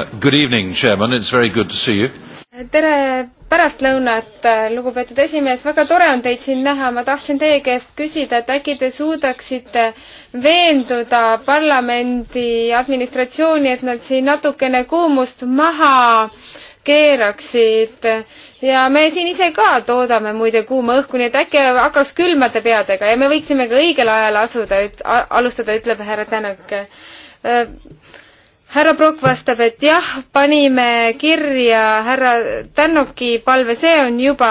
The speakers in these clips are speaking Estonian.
Uh, good evening, chairman, it's very good to see you. tere pärastlõunat, uh, lugupeetud esimees, väga tore on teid siin näha, ma tahtsin teie käest küsida, et äkki te suudaksite veenduda parlamendi administratsiooni, et nad siin natukene kuumust maha keeraksid ja me siin ise ka toodame muide kuuma õhku, nii et äkki hakkaks külmade peadega ja me võiksime ka õigel ajal asuda, alustada, ütleb härra Tänak uh, härra Brock vastab, et jah, panime kirja härra Tännoki palve, see on juba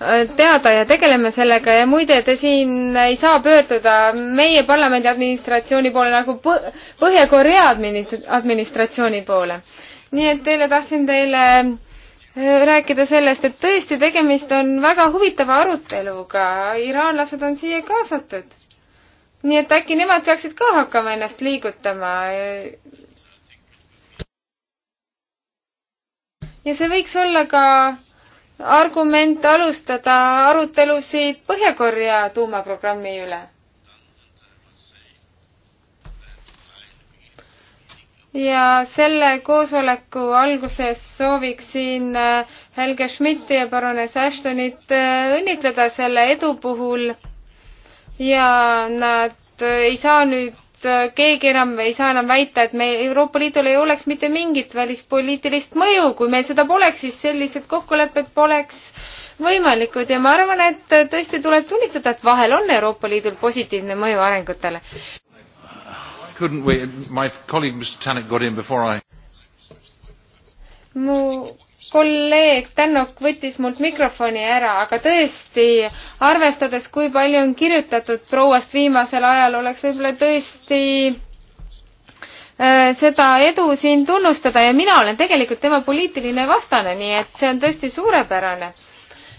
äh, teada ja tegeleme sellega ja muide, te siin ei saa pöörduda meie parlamendi administratsiooni poole nagu Põhja-Korea administratsiooni poole. nii et teile tahtsin teile äh, rääkida sellest, et tõesti, tegemist on väga huvitava aruteluga, iraanlased on siia kaasatud nii et äkki nemad peaksid ka hakkama ennast liigutama. ja see võiks olla ka argument alustada arutelusid Põhja-Korea tuumaprogrammi üle. ja selle koosoleku alguses sooviksin äh, Helge Schmidti ja baroness Ashtonit äh, õnnitleda selle edu puhul ja nad ei saa nüüd, keegi enam ei saa enam väita, et me Euroopa Liidul ei oleks mitte mingit välispoliitilist mõju, kui meil seda poleks, siis sellised kokkulepped poleks võimalikud ja ma arvan, et tõesti tuleb tunnistada, et vahel on Euroopa Liidul positiivne mõju arengutele. Couldn't we, my colleague Mr Tannock got in before I mu kolleeg Tännok võttis mult mikrofoni ära, aga tõesti, arvestades, kui palju on kirjutatud prouast viimasel ajal, oleks võib-olla tõesti äh, seda edu siin tunnustada ja mina olen tegelikult tema poliitiline vastane, nii et see on tõesti suurepärane.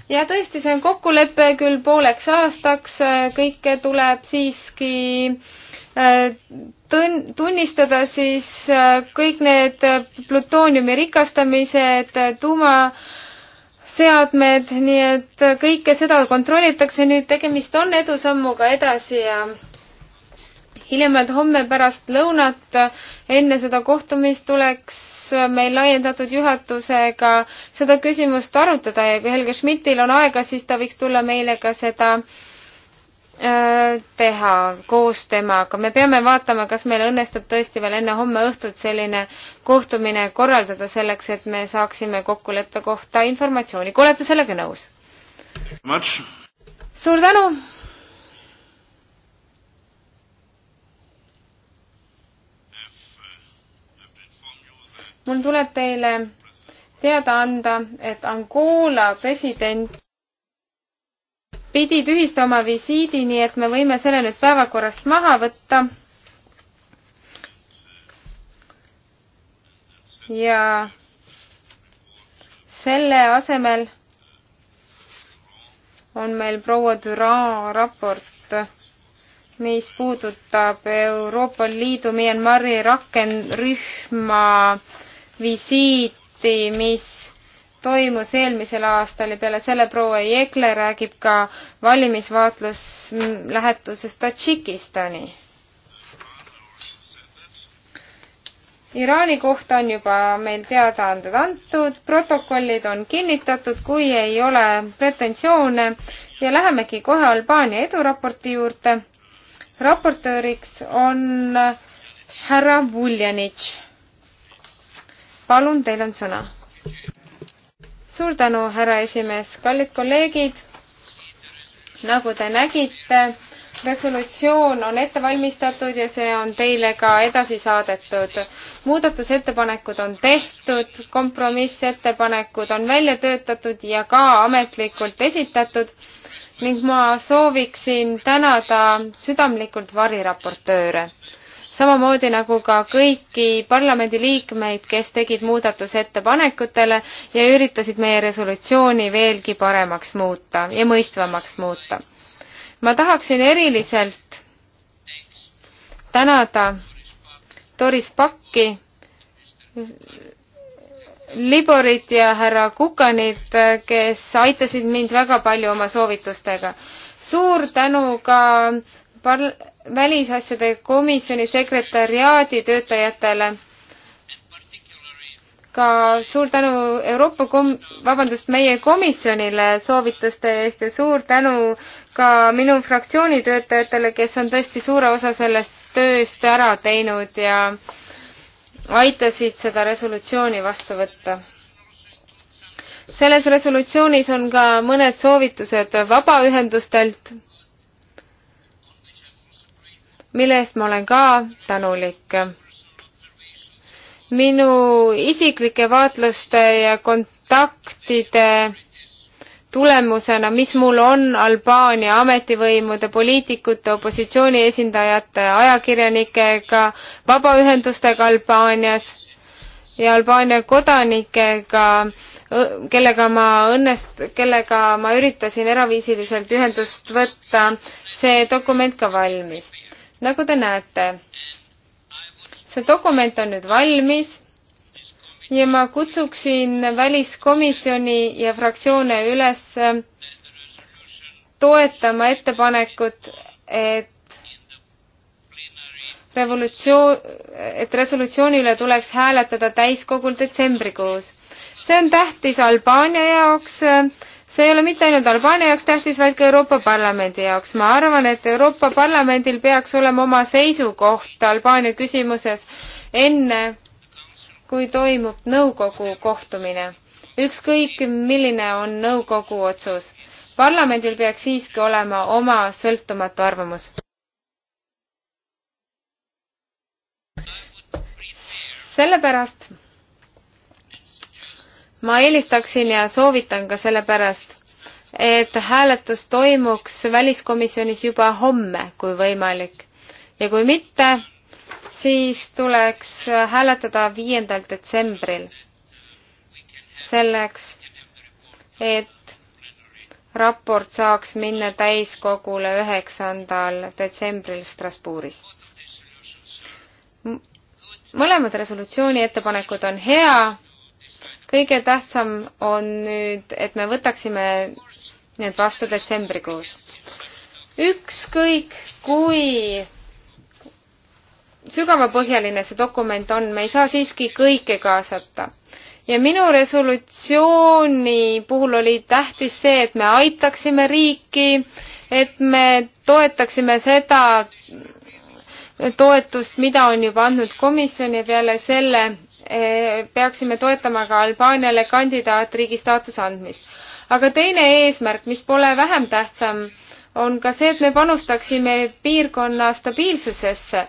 ja tõesti, see on kokkulepe küll pooleks aastaks, äh, kõike tuleb siiski äh, tun-, tunnistada siis äh, kõik need äh, plutooniumi rikastamised, äh, tuumaseadmed, nii et kõike seda kontrollitakse, nüüd tegemist on edusammuga edasi ja hiljemalt homme pärast lõunat enne seda kohtumist tuleks meil laiendatud juhatusega seda küsimust arutada ja kui Helga Schmidtil on aega, siis ta võiks tulla meile ka seda äh, Äh, teha koos temaga. me peame vaatama, kas meil õnnestub tõesti veel enne homme õhtut selline kohtumine korraldada selleks, et me saaksime kokkuleppe kohta informatsiooni. kui olete sellega nõus? suur tänu! mul tuleb teile teada anda, et Angola president pidi tühistama oma visiidi, nii et me võime selle nüüd päevakorrast maha võtta. ja selle asemel on meil proua Düran raport, mis puudutab Euroopa Liidu Myanmari rakendrühma visiiti, mis toimus eelmisel aastal ja peale selle proua Jekle räägib ka valimisvaatluslähetusest Tadžikistani. Iraani kohta on juba meil teadaanded antud, protokollid on kinnitatud, kui ei ole pretensioone ja lähemegi kohe Albaania eduraporti juurde. raportööriks on härra Vuljanitš. palun, teil on sõna suur tänu, härra esimees, kallid kolleegid. nagu te nägite, resolutsioon on ette valmistatud ja see on teile ka edasi saadetud. muudatusettepanekud on tehtud, kompromissettepanekud on välja töötatud ja ka ametlikult esitatud ning ma sooviksin tänada südamlikult variraportööre samamoodi nagu ka kõiki parlamendiliikmeid, kes tegid muudatusettepanekutele ja üritasid meie resolutsiooni veelgi paremaks muuta ja mõistvamaks muuta. ma tahaksin eriliselt tänada Doris Pakki, Liborit ja härra Kukanit, kes aitasid mind väga palju oma soovitustega. suur tänu ka par-, välisasjade komisjoni sekretariaadi töötajatele ka suur tänu Euroopa kom-, vabandust, meie komisjonile soovituste eest ja suur tänu ka minu fraktsiooni töötajatele, kes on tõesti suure osa sellest tööst ära teinud ja aitasid seda resolutsiooni vastu võtta. selles resolutsioonis on ka mõned soovitused vabaühendustelt mille eest ma olen ka tänulik. minu isiklike vaatluste ja kontaktide tulemusena, mis mul on Albaania ametivõimude, poliitikute, opositsiooni esindajate, ajakirjanikega, vabaühendustega Albaanias ja Albaania kodanikega, kellega ma õnnest-, kellega ma üritasin eraviisiliselt ühendust võtta, see dokument ka valmis nagu te näete, see dokument on nüüd valmis ja ma kutsuksin väliskomisjoni ja fraktsioone üles toetama ettepanekut, et revolutsioon, et resolutsiooni üle tuleks hääletada täiskogul detsembrikuus. see on tähtis Albaania jaoks, see ei ole mitte ainult Albaania jaoks tähtis, vaid ka Euroopa Parlamendi jaoks. ma arvan, et Euroopa Parlamendil peaks olema oma seisukoht Albaania küsimuses enne, kui toimub nõukogu kohtumine. ükskõik, milline on nõukogu otsus. parlamendil peaks siiski olema oma sõltumatu arvamus. sellepärast ma eelistaksin ja soovitan ka sellepärast, et hääletus toimuks väliskomisjonis juba homme, kui võimalik. ja kui mitte, siis tuleks hääletada viiendal detsembril. selleks, et raport saaks minna täiskogule üheksandal detsembril Strasbourgis. mõlemad resolutsiooni ettepanekud on hea kõige tähtsam on nüüd, et me võtaksime need vastu detsembrikuus. ükskõik, kui sügavapõhjaline see dokument on, me ei saa siiski kõike kaasata. ja minu resolutsiooni puhul oli tähtis see, et me aitaksime riiki, et me toetaksime seda toetust, mida on juba andnud komisjon ja peale selle Eh, peaksime toetama ka Albaaniale kandidaatriigi staatuse andmist. aga teine eesmärk, mis pole vähem tähtsam, on ka see, et me panustaksime piirkonna stabiilsusesse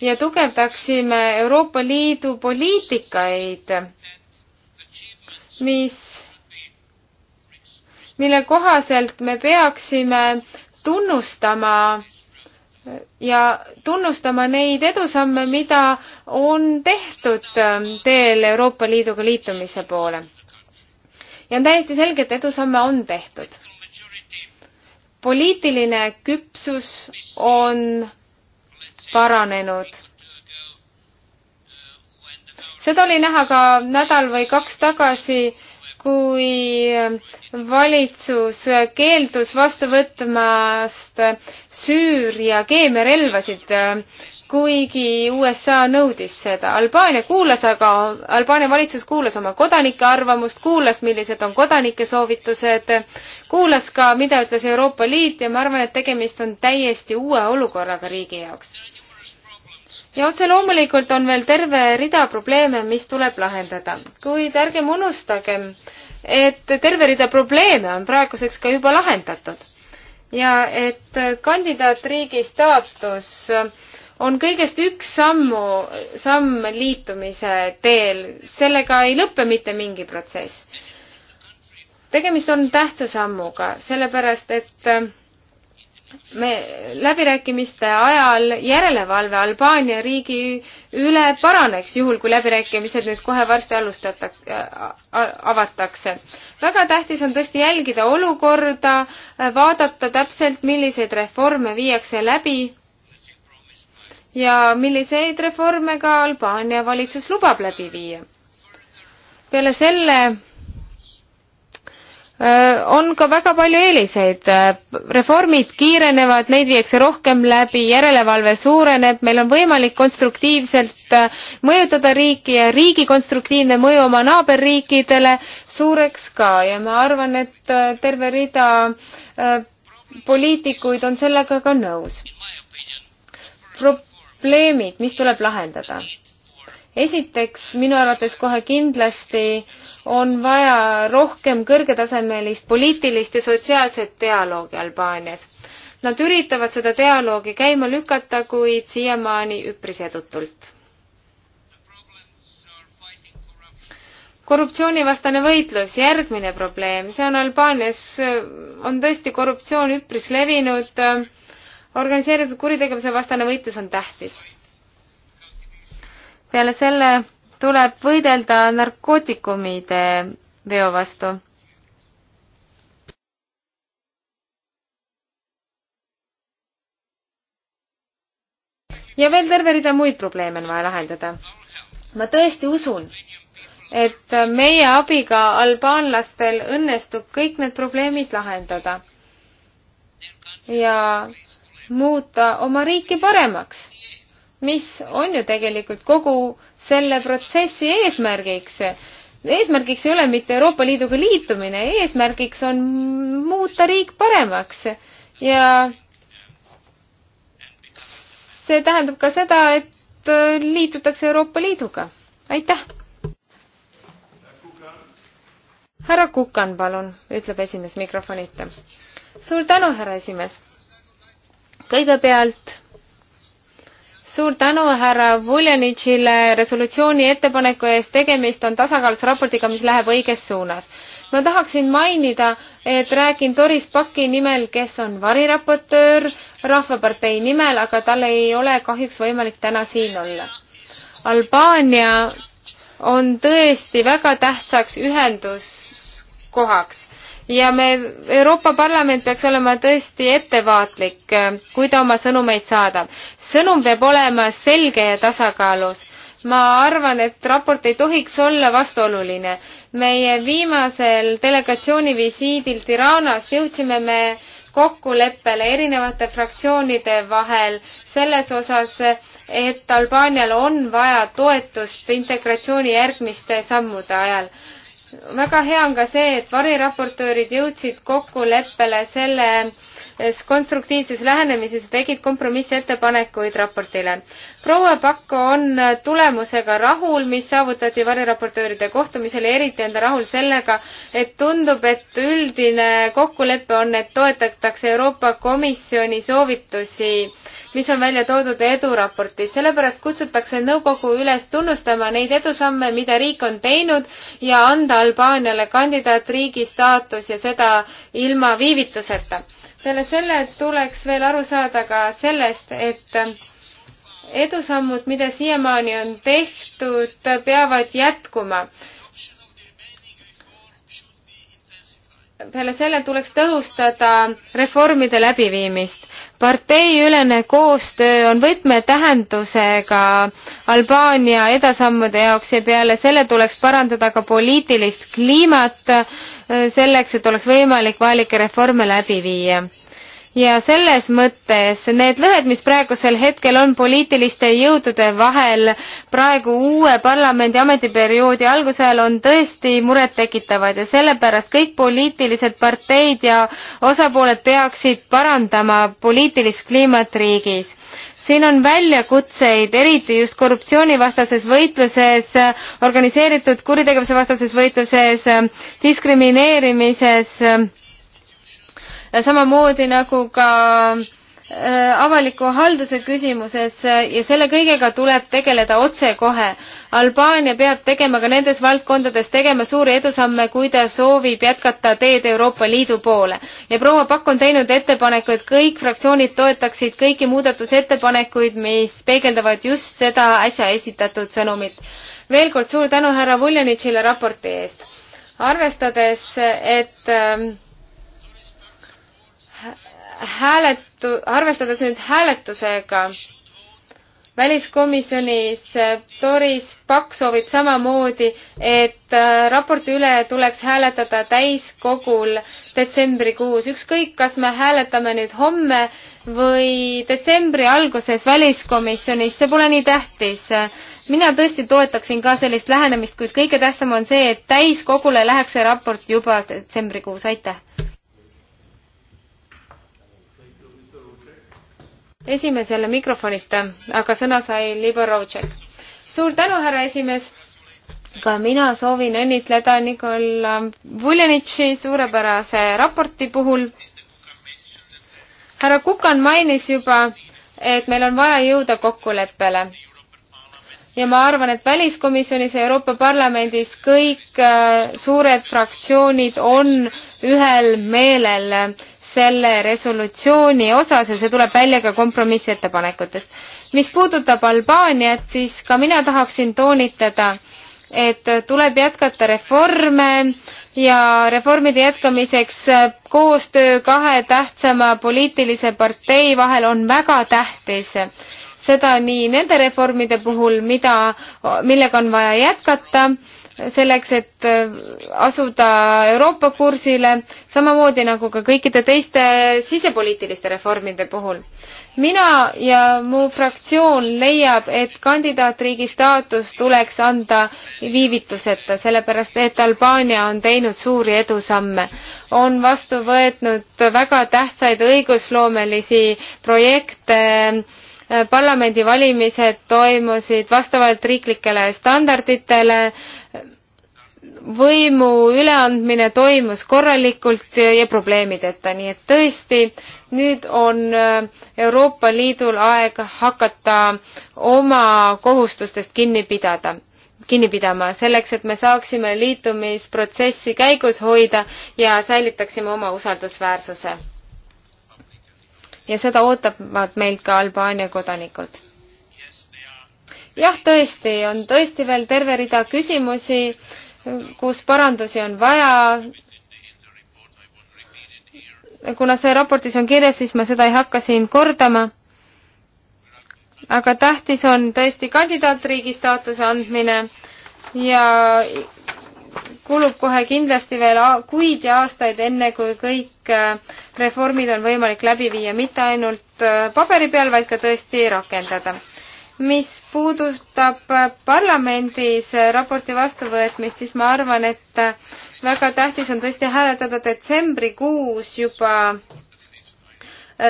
ja tugevdaksime Euroopa Liidu poliitikaid, mis, mille kohaselt me peaksime tunnustama ja tunnustama neid edusamme, mida on tehtud ähm, teel Euroopa Liiduga liitumise poole. ja on täiesti selge, et edusamme on tehtud. poliitiline küpsus on paranenud. seda oli näha ka nädal või kaks tagasi, kui valitsus keeldus vastu võtmast Süüria keemiarelvasid, kuigi USA nõudis seda. Albaania kuulas aga, Albaania valitsus kuulas oma kodanike arvamust, kuulas, millised on kodanike soovitused, kuulas ka, mida ütles Euroopa Liit ja ma arvan, et tegemist on täiesti uue olukorraga riigi jaoks ja otse loomulikult on veel terve rida probleeme, mis tuleb lahendada, kuid ärgem unustagem, et terve rida probleeme on praeguseks ka juba lahendatud ja et kandidaatriigi staatus on kõigest üks sammu, samm liitumise teel, sellega ei lõpe mitte mingi protsess. tegemist on tähtsa sammuga, sellepärast et me läbirääkimiste ajal järelevalve Albaania riigi üle paraneks, juhul kui läbirääkimised nüüd kohe varsti alustatakse, avatakse. väga tähtis on tõesti jälgida olukorda, vaadata täpselt, milliseid reforme viiakse läbi ja milliseid reforme ka Albaania valitsus lubab läbi viia. peale selle Äh, on ka väga palju eeliseid. Äh, reformid kiirenevad, neid viiakse rohkem läbi, järelevalve suureneb, meil on võimalik konstruktiivselt äh, mõjutada riiki ja riigi konstruktiivne mõju oma naaberriikidele suureks ka ja ma arvan, et terve rida poliitikuid on sellega ka nõus. probleemid, mis tuleb lahendada esiteks, minu arvates kohe kindlasti on vaja rohkem kõrgetasemelist poliitilist ja sotsiaalset dialoogi Albaanias. Nad üritavad seda dialoogi käima lükata, kuid siiamaani üpris edutult. korruptsioonivastane võitlus, järgmine probleem, see on Albaanias, on tõesti korruptsioon üpris levinud, organiseeritud kuritegevuse vastane võitlus on tähtis peale selle tuleb võidelda narkootikumide veo vastu. ja veel terve rida muid probleeme on vaja lahendada. ma tõesti usun, et meie abiga albaanlastel õnnestub kõik need probleemid lahendada ja muuta oma riiki paremaks mis on ju tegelikult kogu selle protsessi eesmärgiks. eesmärgiks ei ole mitte Euroopa Liiduga liitumine, eesmärgiks on muuta riik paremaks ja see tähendab ka seda, et äh, liitutakse Euroopa Liiduga. aitäh! härra Kukan, palun, ütleb esimees mikrofonita. suur tänu, härra esimees! kõigepealt suur tänu härra Vuljanitšile resolutsiooni ettepaneku eest, tegemist on tasakaalus raportiga, mis läheb õiges suunas. ma tahaksin mainida, et räägin Doris Paki nimel, kes on variraportöör Rahvapartei nimel, aga tal ei ole kahjuks võimalik täna siin olla. Albaania on tõesti väga tähtsaks ühenduskohaks ja me, Euroopa Parlament peaks olema tõesti ettevaatlik, äh, kui ta oma sõnumeid saadab. sõnum peab olema selge ja tasakaalus. ma arvan, et raport ei tohiks olla vastuoluline. meie viimasel delegatsiooni visiidil Tiranas jõudsime me kokkuleppele erinevate fraktsioonide vahel selles osas, et Albaanial on vaja toetust integratsiooni järgmiste sammude ajal väga hea on ka see, et variraportöörid jõudsid kokkuleppele selles konstruktiivses lähenemises ja tegid kompromissettepanekuid raportile. proua Pakko on tulemusega rahul, mis saavutati variraportööride kohtumisel ja eriti on ta rahul sellega, et tundub, et üldine kokkulepe on, et toetatakse Euroopa Komisjoni soovitusi mis on välja toodud eduraportis. sellepärast kutsutakse nõukogu üles tunnustama neid edusamme, mida riik on teinud ja anda Albaaniale kandidaatriigi staatus ja seda ilma viivituseta. peale selle tuleks veel aru saada ka sellest, et edusammud, mida siiamaani on tehtud, peavad jätkuma. peale selle tuleks tõhustada reformide läbiviimist parteiülene koostöö on võtmetähendusega Albaania edasammude jaoks ja peale selle tuleks parandada ka poliitilist kliimat äh, selleks, et oleks võimalik vajalikke reforme läbi viia ja selles mõttes need lõhed, mis praegusel hetkel on poliitiliste jõudude vahel praegu uue parlamendi ametiperioodi alguse ajal on tõesti murettekitavad ja sellepärast kõik poliitilised parteid ja osapooled peaksid parandama poliitilist kliimat riigis siin on väljakutseid, eriti just korruptsioonivastases võitluses, organiseeritud kuritegevuse vastases võitluses, diskrimineerimises samamoodi nagu ka äh, avaliku halduse küsimuses äh, ja selle kõigega tuleb tegeleda otsekohe. Albaania peab tegema ka nendes valdkondades tegema suuri edusamme, kui ta soovib jätkata teed Euroopa Liidu poole. ja proua Pakk on teinud ettepaneku, et kõik fraktsioonid toetaksid kõiki muudatusettepanekuid, mis peegeldavad just seda äsja esitatud sõnumit. veel kord suur tänu härra Vuljanitšile raporti eest. arvestades, et äh, hääletu, arvestades nüüd hääletusega väliskomisjonis eh, Doris Pakk soovib samamoodi, et eh, raporti üle tuleks hääletada täiskogul detsembrikuus, ükskõik, kas me hääletame nüüd homme või detsembri alguses väliskomisjonis, see pole nii tähtis. mina tõesti toetaksin ka sellist lähenemist, kuid kõige tähtsam on see, et täiskogule läheks see raport juba detsembrikuus, aitäh! esimesele mikrofonita, aga sõna sai Libor Rootšek. suur tänu, härra esimees! ka mina soovin õnnitleda Nikola Vuljanitši suurepärase raporti puhul. härra Kukan mainis juba, et meil on vaja jõuda kokkuleppele. ja ma arvan, et väliskomisjonis ja Euroopa Parlamendis kõik äh, suured fraktsioonid on ühel meelel selle resolutsiooni osas ja see tuleb välja ka kompromissettepanekutest. mis puudutab Albaaniat, siis ka mina tahaksin toonitada, et tuleb jätkata reforme ja reformide jätkamiseks koostöö kahe tähtsama poliitilise partei vahel on väga tähtis. seda nii nende reformide puhul, mida, millega on vaja jätkata, selleks, et äh, asuda Euroopa kursile, samamoodi nagu ka kõikide teiste sisepoliitiliste reformide puhul. mina ja mu fraktsioon leiab, et kandidaatriigi staatus tuleks anda viivituseta, sellepärast et Albaania on teinud suuri edusamme. on vastu võetnud väga tähtsaid õigusloomelisi projekte, äh, parlamendivalimised toimusid vastavalt riiklikele standarditele, võimu üleandmine toimus korralikult ja probleemideta, nii et tõesti, nüüd on äh, Euroopa Liidul aeg hakata oma kohustustest kinni pidada, kinni pidama, selleks et me saaksime liitumisprotsessi käigus hoida ja säilitaksime oma usaldusväärsuse. ja seda ootavad meilt ka Albaania kodanikud. jah, tõesti, on tõesti veel terve rida küsimusi kus parandusi on vaja. kuna see raportis on kirjas, siis ma seda ei hakka siin kordama. aga tähtis on tõesti kandidaatriigi staatuse andmine ja kulub kohe kindlasti veel kuid ja aastaid, enne kui kõik äh, reformid on võimalik läbi viia, mitte ainult äh, paberi peal, vaid ka tõesti rakendada mis puudutab äh, parlamendis äh, raporti vastuvõtmist, siis ma arvan, et äh, väga tähtis on tõesti hääletada detsembrikuus juba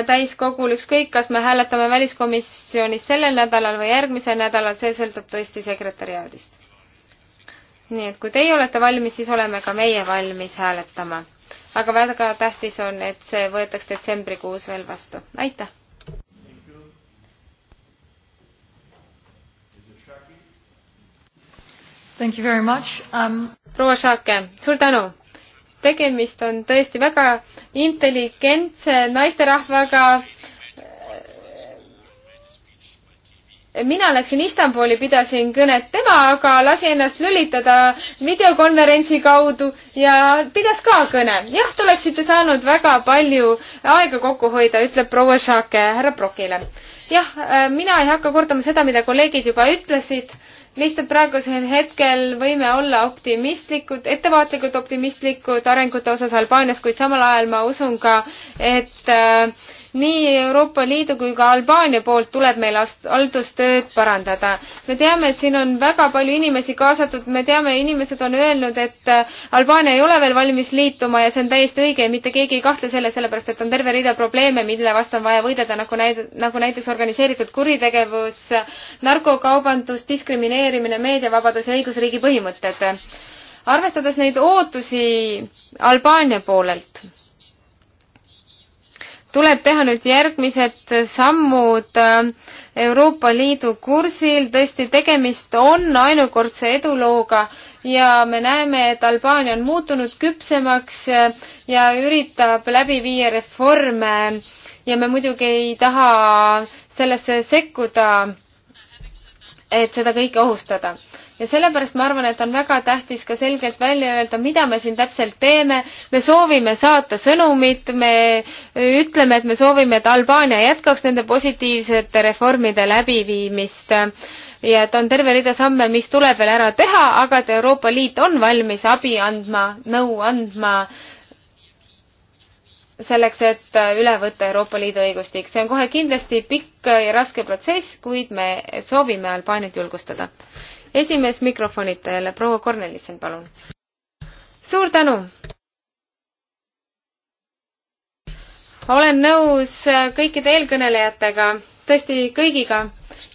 täiskogul, ükskõik, kas me hääletame väliskomisjonis sellel nädalal või järgmisel nädalal, see sõltub tõesti sekretäriaadist. nii et kui teie olete valmis, siis oleme ka meie valmis hääletama. aga väga tähtis on, et see võetaks detsembrikuus veel vastu. aitäh! um... proua Šake, suur tänu! tegemist on tõesti väga intelligentse naisterahvaga. mina läksin Istanbuli, pidasin kõnet tema, aga lasi ennast lülitada videokonverentsi kaudu ja pidas ka kõne. jah, te oleksite saanud väga palju aega kokku hoida, ütleb proua Šake härra Prokile. jah, äh, mina ei hakka kordama seda, mida kolleegid juba ütlesid lihtsalt praegusel hetkel võime olla optimistlikud, ettevaatlikud optimistlikud arengute osas Albaanias, kuid samal ajal ma usun ka, et äh, nii Euroopa Liidu kui ka Albaania poolt tuleb meil haldustööd parandada. me teame, et siin on väga palju inimesi kaasatud, me teame, inimesed on öelnud, et äh, Albaania ei ole veel valmis liituma ja see on täiesti õige ja mitte keegi ei kahtle selles, sellepärast et on terve rida probleeme, mille vastu on vaja võidelda, nagu näide, nagu näiteks organiseeritud kuritegevus, narkokaubandus, diskrimineerimine, meediavabadus ja õigusriigi põhimõtted. arvestades neid ootusi Albaania poolelt tuleb teha nüüd järgmised sammud äh, Euroopa Liidu kursil, tõesti tegemist on ainukordse edulooga ja me näeme, et Albaania on muutunud küpsemaks äh, ja üritab läbi viia reforme ja me muidugi ei taha sellesse sekkuda, et seda kõike ohustada ja sellepärast ma arvan, et on väga tähtis ka selgelt välja öelda, mida me siin täpselt teeme. me soovime saata sõnumit, me ütleme, et me soovime, et Albaania jätkaks nende positiivsete reformide läbiviimist ja et on terve rida samme, mis tuleb veel ära teha, aga et Euroopa Liit on valmis abi andma, nõu andma selleks, et üle võtta Euroopa Liidu õigustik. see on kohe kindlasti pikk ja raske protsess, kuid me soovime Albaaniat julgustada esimees mikrofonita jälle, proua Kornelissen, palun. suur tänu! olen nõus kõikide eelkõnelejatega, tõesti kõigiga.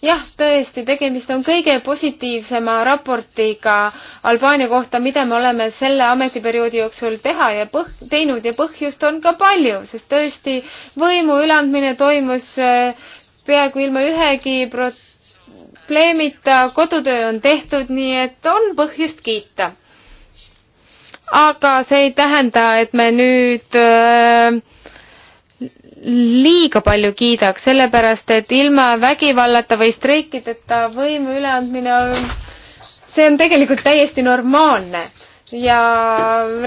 jah, tõesti, tegemist on kõige positiivsema raportiga Albaania kohta, mida me oleme selle ametiperioodi jooksul teha ja põh-, teinud ja põhjust on ka palju, sest tõesti võimu üleandmine toimus äh, peaaegu ilma ühegi prot-, probleemita, kodutöö on tehtud, nii et on põhjust kiita. aga see ei tähenda, et me nüüd öö, äh, liiga palju kiidaks, sellepärast et ilma vägivallata või streikideta võimu üleandmine, see on tegelikult täiesti normaalne ja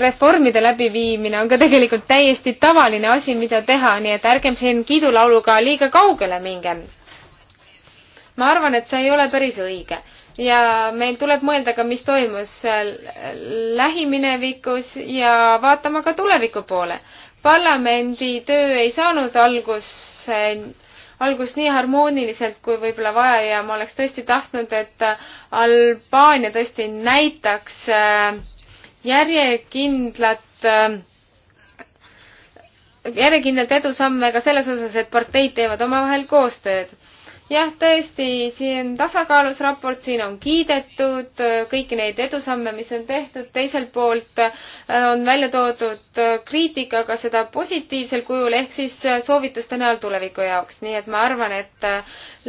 reformide läbiviimine on ka tegelikult täiesti tavaline asi, mida teha, nii et ärgem siin kiidulauluga liiga kaugele mingem ma arvan, et see ei ole päris õige ja meil tuleb mõelda ka, mis toimus lähiminevikus ja vaatama ka tuleviku poole. parlamendi töö ei saanud algust algust nii harmooniliselt kui võib-olla vaja ja ma oleks tõesti tahtnud, et Albaania tõesti näitaks äh, järjekindlat, äh, järjekindlat edusamme ka selles osas, et parteid teevad omavahel koostööd jah, tõesti, siin tasakaalus raport, siin on kiidetud kõiki neid edusamme, mis on tehtud, teiselt poolt äh, on välja toodud äh, kriitika, aga seda positiivsel kujul ehk siis äh, soovituste näol tuleviku jaoks, nii et ma arvan, et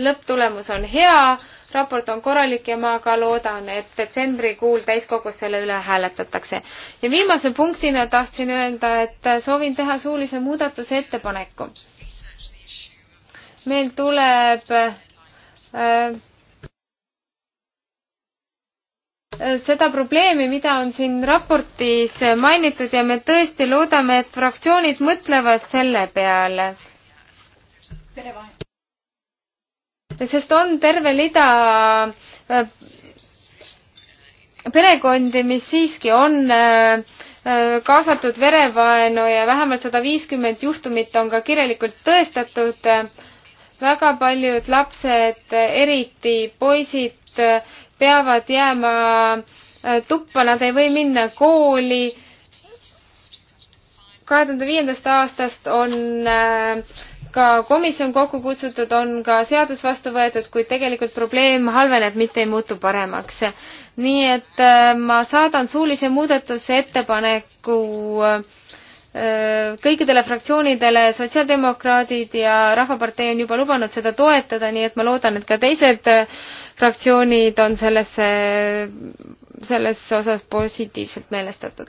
lõpptulemus on hea, raport on korralik ja ma ka loodan, et detsembrikuul täiskogus selle üle hääletatakse. ja viimase punktina tahtsin öelda, et soovin teha suulise muudatusettepaneku meil tuleb äh, seda probleemi, mida on siin raportis mainitud ja me tõesti loodame, et fraktsioonid mõtlevad selle peale. sest on terve rida äh, perekondi, mis siiski on äh, äh, kaasatud verevaenu ja vähemalt sada viiskümmend juhtumit on ka kirjalikult tõestatud väga paljud lapsed, eriti poisid, peavad jääma äh, tuppa, nad ei või minna kooli. kahe tuhande viiendast aastast on äh, ka komisjon kokku kutsutud, on ka seadus vastu võetud, kuid tegelikult probleem halveneb, mitte ei muutu paremaks. nii et äh, ma saadan suulise muudatuse ettepaneku äh, Äh, kõikidele fraktsioonidele, sotsiaaldemokraadid ja Rahvapartei on juba lubanud seda toetada, nii et ma loodan, et ka teised äh, fraktsioonid on sellesse, selles osas positiivselt meelestatud.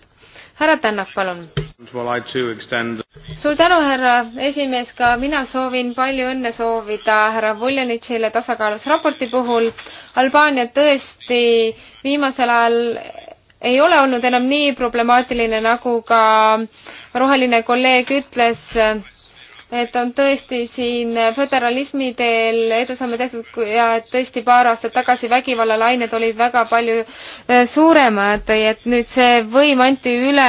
härra Tännak, palun! suur tänu, härra esimees, ka mina soovin palju õnne soovida härra Vuljanitšile tasakaalus raporti puhul. Albaania tõesti viimasel ajal ei ole olnud enam nii problemaatiline, nagu ka roheline kolleeg ütles, et on tõesti siin föderalismi teel edusamme tehtud ja et tõesti paar aastat tagasi vägivallalained olid väga palju eh, suuremad ja et nüüd see võim anti üle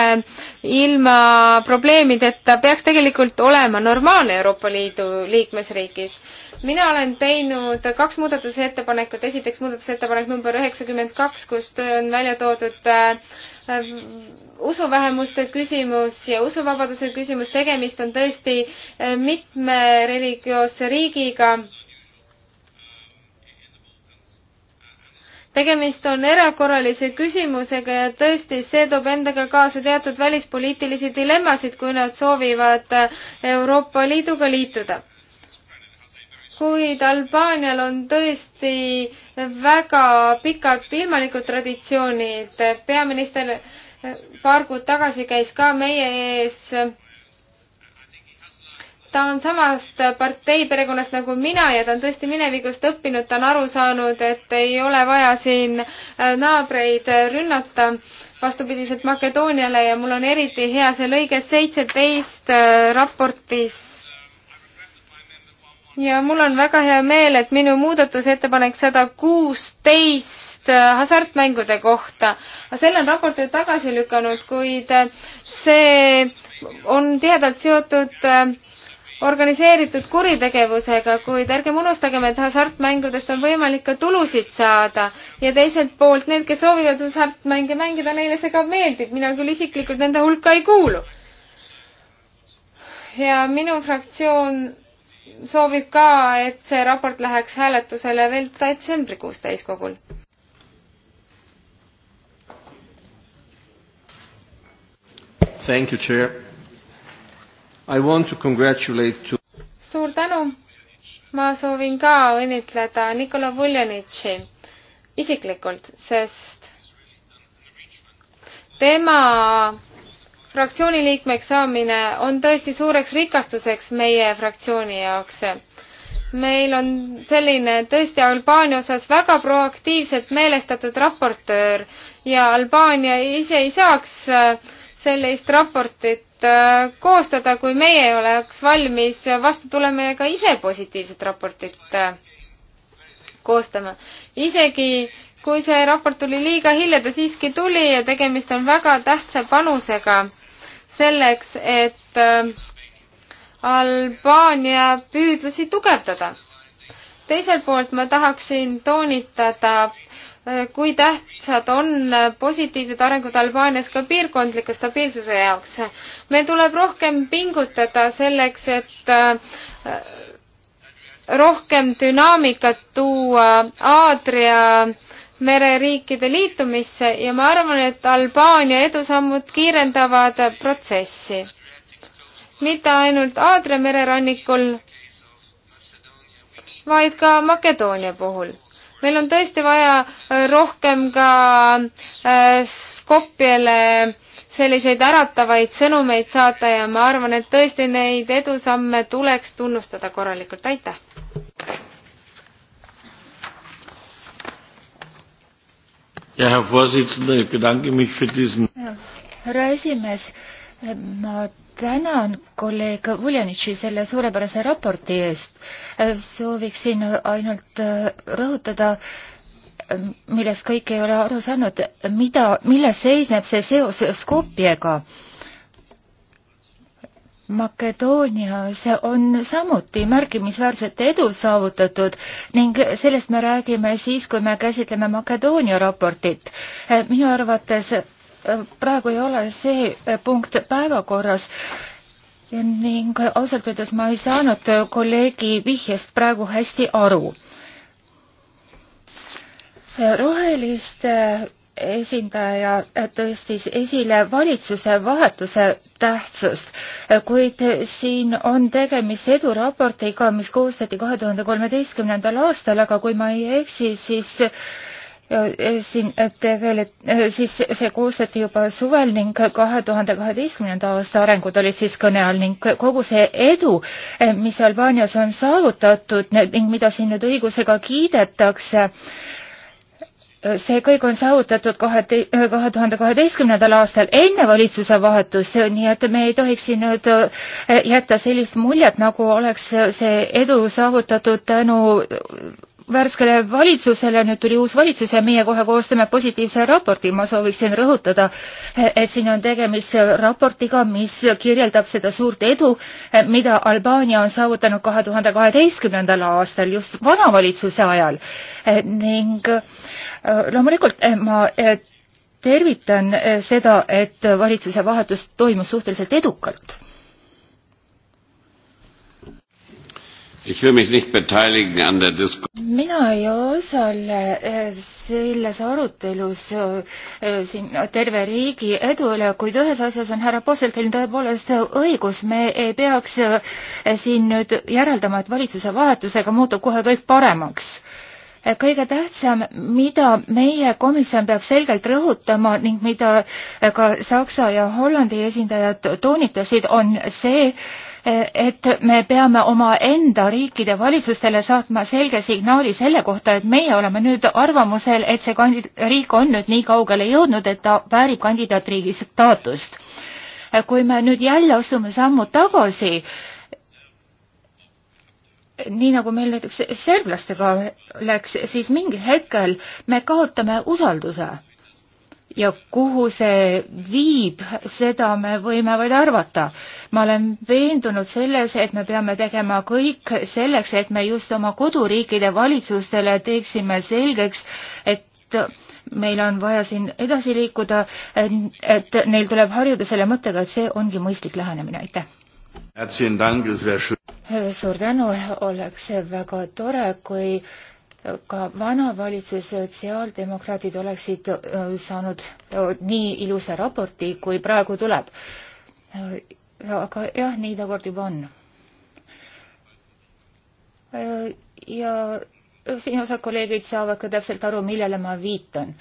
ilma probleemideta peaks tegelikult olema normaalne Euroopa Liidu liikmesriigis mina olen teinud kaks muudatusettepanekut, esiteks muudatusettepanek number üheksakümmend kaks, kus on välja toodud äh, usuvähemuste küsimus ja usuvabaduse küsimus, tegemist on tõesti äh, mitme religioosse riigiga. tegemist on erakorralise küsimusega ja tõesti, see toob endaga kaasa teatud välispoliitilisi dilemmasid, kui nad soovivad äh, Euroopa Liiduga liituda kuid Albaanial on tõesti väga pikad ilmalikud traditsioonid. peaminister paar kuud tagasi käis ka meie ees. ta on samast parteiperekonnast nagu mina ja ta on tõesti minevikust õppinud, ta on aru saanud, et ei ole vaja siin äh, naabreid rünnata, vastupidiselt Makedooniale ja mul on eriti hea see lõige seitseteist äh, raportis ja mul on väga hea meel, et minu muudatusettepanek sada kuusteist äh, hasartmängude kohta, selle on raport ju tagasi lükanud, kuid äh, see on tihedalt seotud äh, organiseeritud kuritegevusega, kuid ärgem unustagem, et hasartmängudest on võimalik ka tulusid saada ja teiselt poolt need, kes soovivad hasartmänge mängida, neile see ka meeldib, mina küll isiklikult nende hulka ei kuulu. ja minu fraktsioon soovib ka, et see raport läheks hääletusele veel detsembrikuus täiskogul. Thank you, Chair. I want to congratulate to suur tänu. ma soovin ka õnnitleda Nikola Vuljanitši isiklikult, sest tema fraktsiooni liikmeks saamine on tõesti suureks rikastuseks meie fraktsiooni jaoks. meil on selline tõesti Albaania osas väga proaktiivselt meelestatud raportöör ja Albaania ise ei saaks äh, sellist raportit äh, koostada, kui meie oleks valmis vastu tulema ja ka ise positiivset raportit äh, koostama. isegi kui see raport tuli liiga hilja, ta siiski tuli ja tegemist on väga tähtsa panusega selleks, et äh, Albaania püüdlusi tugevdada. teiselt poolt ma tahaksin toonitada, äh, kui tähtsad on positiivsed arengud Albaanias ka piirkondliku stabiilsuse jaoks. meil tuleb rohkem pingutada selleks, et äh, rohkem dünaamikat tuua Aadria mereriikide liitumisse ja ma arvan, et Albaania edusammud kiirendavad protsessi. mitte ainult Aadria mererannikul, vaid ka Makedoonia puhul. meil on tõesti vaja äh, rohkem ka äh, Skopjele selliseid äratavaid sõnumeid saata ja ma arvan, et tõesti neid edusamme tuleks tunnustada korralikult, aitäh! härra esimees, ma tänan kolleeg Uljanitši selle suurepärase raporti eest. sooviksin ainult äh, rõhutada, äh, millest kõik ei ole aru saanud, mida, milles seisneb see seos Skopjega Makedoonias on samuti märkimisväärset edu saavutatud ning sellest me räägime siis, kui me käsitleme Makedoonia raportit. minu arvates äh, praegu ei ole see äh, punkt päevakorras ning ausalt öeldes ma ei saanud kolleegi vihjest praegu hästi aru roheliste esindaja tõstis esile valitsuse vahetuse tähtsust, kuid siin on tegemist eduraportiga, mis koostati kahe tuhande kolmeteistkümnendal aastal, aga kui ma ei eksi, siis siin tegelet-, siis see koostati juba suvel ning kahe tuhande kaheteistkümnenda aasta arengud olid siis kõne all ning kogu see edu, mis Albaanias on saavutatud ning mida siin nüüd õigusega kiidetakse, see kõik on saavutatud kahe tuhande kaheteistkümnendal aastal enne valitsuse vahetust, nii et me ei tohiks siin nüüd eh, jätta sellist muljet, nagu oleks see edu saavutatud tänu värskele valitsusele, nüüd tuli uus valitsus ja meie kohe koostame positiivse raporti. ma sooviksin rõhutada, eh, et siin on tegemist raportiga, mis kirjeldab seda suurt edu, eh, mida Albaania on saavutanud kahe tuhande kaheteistkümnendal aastal just vana valitsuse ajal ning Äh, loomulikult eh, ma eh, tervitan eh, seda, et valitsuse vahetus toimus suhteliselt edukalt. mina ei osale selles arutelus siin terve riigi edu üle, kuid ühes asjas on härra Posselfeld tõepoolest õigus, me ei peaks siin nüüd järeldama, et valitsuse vahetusega muutub kohe kõik paremaks kõige tähtsam, mida meie komisjon peab selgelt rõhutama ning mida ka Saksa ja Hollandi esindajad toonitasid, on see, et me peame omaenda riikide valitsustele saatma selge signaali selle kohta, et meie oleme nüüd arvamusel, et see kandi-, riik on nüüd nii kaugele jõudnud, et ta väärib kandidaatriigi staatust. kui me nüüd jälle astume sammu tagasi äh, nii nagu meil näiteks serblastega läks, siis mingil hetkel me kaotame usalduse. ja kuhu see viib, seda me võime vaid arvata. ma olen veendunud selles, et me peame tegema kõik selleks, et me just oma koduriikide valitsustele teeksime selgeks, et meil on vaja siin edasi liikuda, et neil tuleb harjuda selle mõttega, et see ongi mõistlik lähenemine, aitäh! suur tänu, oleks väga tore, kui ka vana valitsuse sotsiaaldemokraadid oleksid äh, saanud äh, nii ilusa raporti, kui praegu tuleb. aga jah, nii ta kord juba on. Äh, ja siin osad kolleegid saavad ka täpselt aru, millele ma viitan.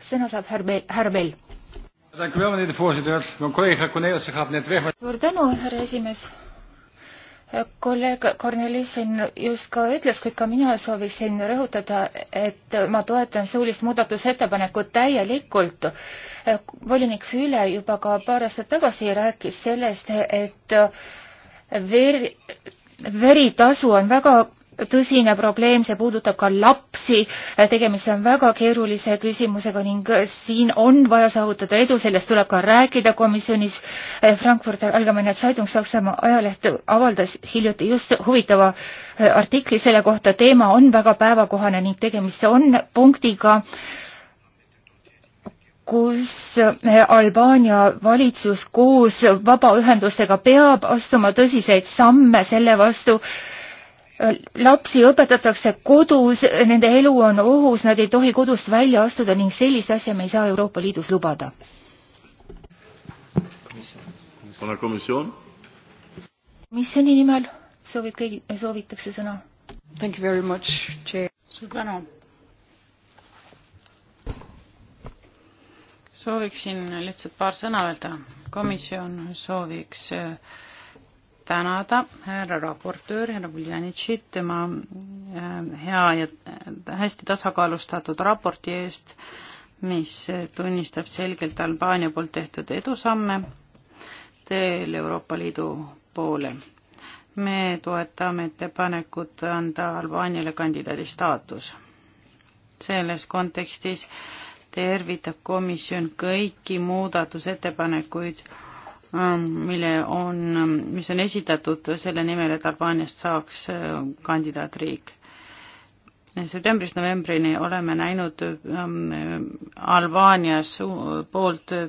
sõna saab härra Bell suur tänu, härra esimees. kolleeg Kornelissin just ka ütles, kuid ka mina sooviksin rõhutada, et ma toetan suulist muudatusettepanekut täielikult. volinik Füüle juba ka paar aastat tagasi rääkis sellest, et ver-, veritasu on väga tõsine probleem, see puudutab ka lapsi, tegemist on väga keerulise küsimusega ning siin on vaja saavutada edu, sellest tuleb ka rääkida komisjonis. Frankfurter Allgemeine Zeitung, Saksamaa ajaleht, avaldas hiljuti just huvitava äh, artikli selle kohta, teema on väga päevakohane ning tegemist on punktiga, kus äh, Albaania valitsus koos vabaühendustega peab astuma tõsiseid samme selle vastu, lapsi õpetatakse kodus, nende elu on ohus, nad ei tohi kodust välja astuda ning sellist asja me ei saa Euroopa Liidus lubada. komisjoni nimel soovib keegi, soovitakse sõna? suur tänu. sooviksin lihtsalt paar sõna öelda. komisjon sooviks äh, tänada härra raportöör, härra Viljanitšit tema äh, hea ja hästi tasakaalustatud raporti eest, mis tunnistab selgelt Albaania poolt tehtud edusamme teel Euroopa Liidu poole. me toetame ettepanekut anda Albaaniale kandidaadi staatus. selles kontekstis tervitab komisjon kõiki muudatusettepanekuid Ähm, mille on, mis on esitatud selle nimel, et Albaaniast saaks äh, kandidaatriik. septembrist novembrini oleme näinud ähm, Albaanias äh, poolt äh,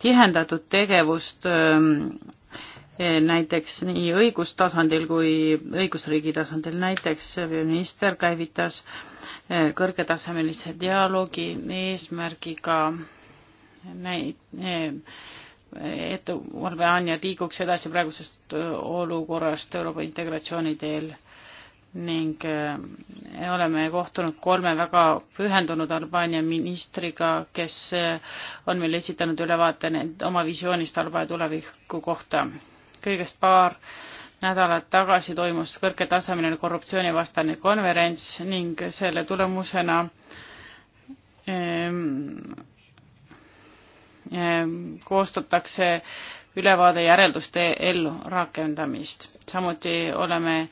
tihendatud tegevust ähm, näiteks nii õigustasandil kui õigusriigi tasandil. näiteks minister käivitas kõrgetasemelise dialoogi eesmärgiga näit-, et Albaania liiguks edasi praegusest äh, olukorrast Euroopa integratsiooni teel ning äh, oleme kohtunud kolme väga pühendunud Albaania ministriga, kes äh, on meile esitanud ülevaate oma visioonist Albaania tuleviku kohta. kõigest paar nädalat tagasi toimus kõrgetasemeline korruptsioonivastane konverents ning selle tulemusena ähm, Ehm, koostatakse ülevaade järelduste ellurakendamist. samuti oleme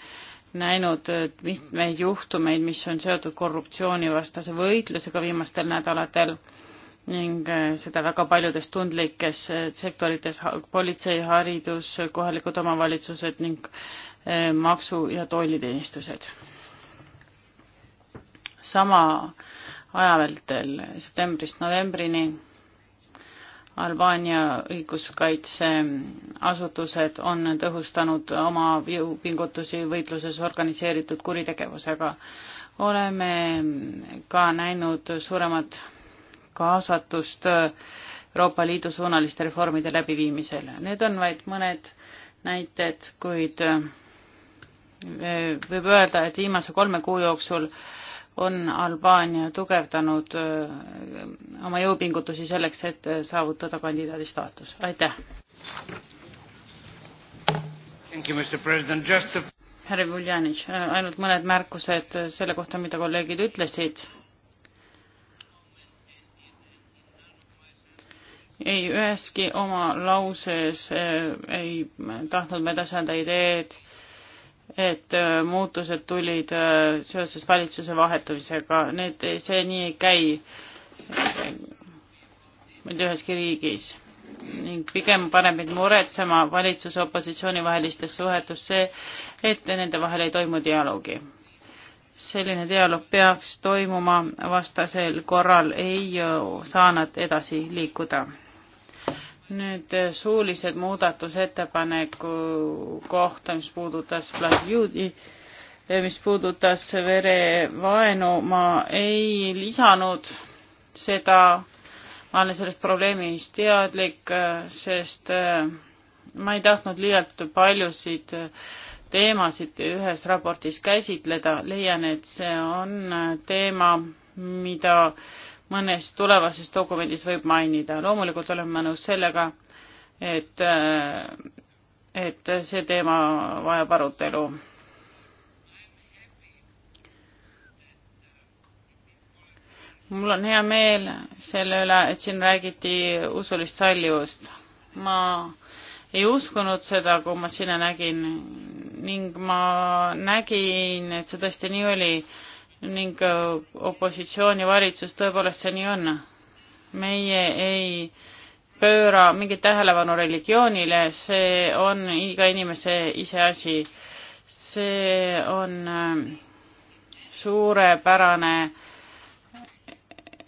näinud mitmeid juhtumeid, mis on seotud korruptsioonivastase võitlusega viimastel nädalatel ning eh, seda väga paljudes tundlikes eh, sektorites, politsei, haridus, kohalikud omavalitsused ning eh, maksu- ja tolliteenistused. sama ajavältel septembrist novembrini Albaania õiguskaitseasutused on tõhustanud oma jõupingutusi võitluses organiseeritud kuritegevusega. oleme ka näinud suuremat kaasatust Euroopa Liidu suunaliste reformide läbiviimisel. Need on vaid mõned näited, kuid võib öelda, et viimase kolme kuu jooksul äh, on Albaania tugevdanud äh, oma jõupingutusi selleks, et äh, saavutada kandidaadi staatus. aitäh! härra Vuljanitš, äh, ainult mõned märkused selle kohta, mida kolleegid ütlesid. ei, üheski oma lauses ei tahtnud me tasandada ideed et äh, muutused tulid äh, seoses valitsuse vahetumisega, need, see nii ei käi äh, mitte üheski riigis ning pigem paneb meid muretsema valitsuse opositsiooni vahelistes suhetes see, et nende vahel ei toimu dialoogi. selline dialoog peaks toimuma, vastasel korral ei saa nad edasi liikuda nüüd eh, suulised muudatusettepaneku kohta, mis puudutas Plavjudi, eh, mis puudutas verevaenu, ma ei lisanud seda, ma olen sellest probleemist teadlik, eh, sest ma ei tahtnud liialt paljusid teemasid ühes raportis käsitleda, leian, et see on teema, mida mõnes tulevases dokumendis võib mainida. loomulikult olen ma nõus sellega, et, et see teema vajab arutelu. mul on hea meel selle üle, et siin räägiti usulist sallivust. ma ei uskunud seda, kui ma sinna nägin ning ma nägin, et see tõesti nii oli ning äh, opositsioon ja valitsus, tõepoolest see nii on. meie ei pööra mingit tähelepanu religioonile, see on iga inimese iseasi. see on äh, suurepärane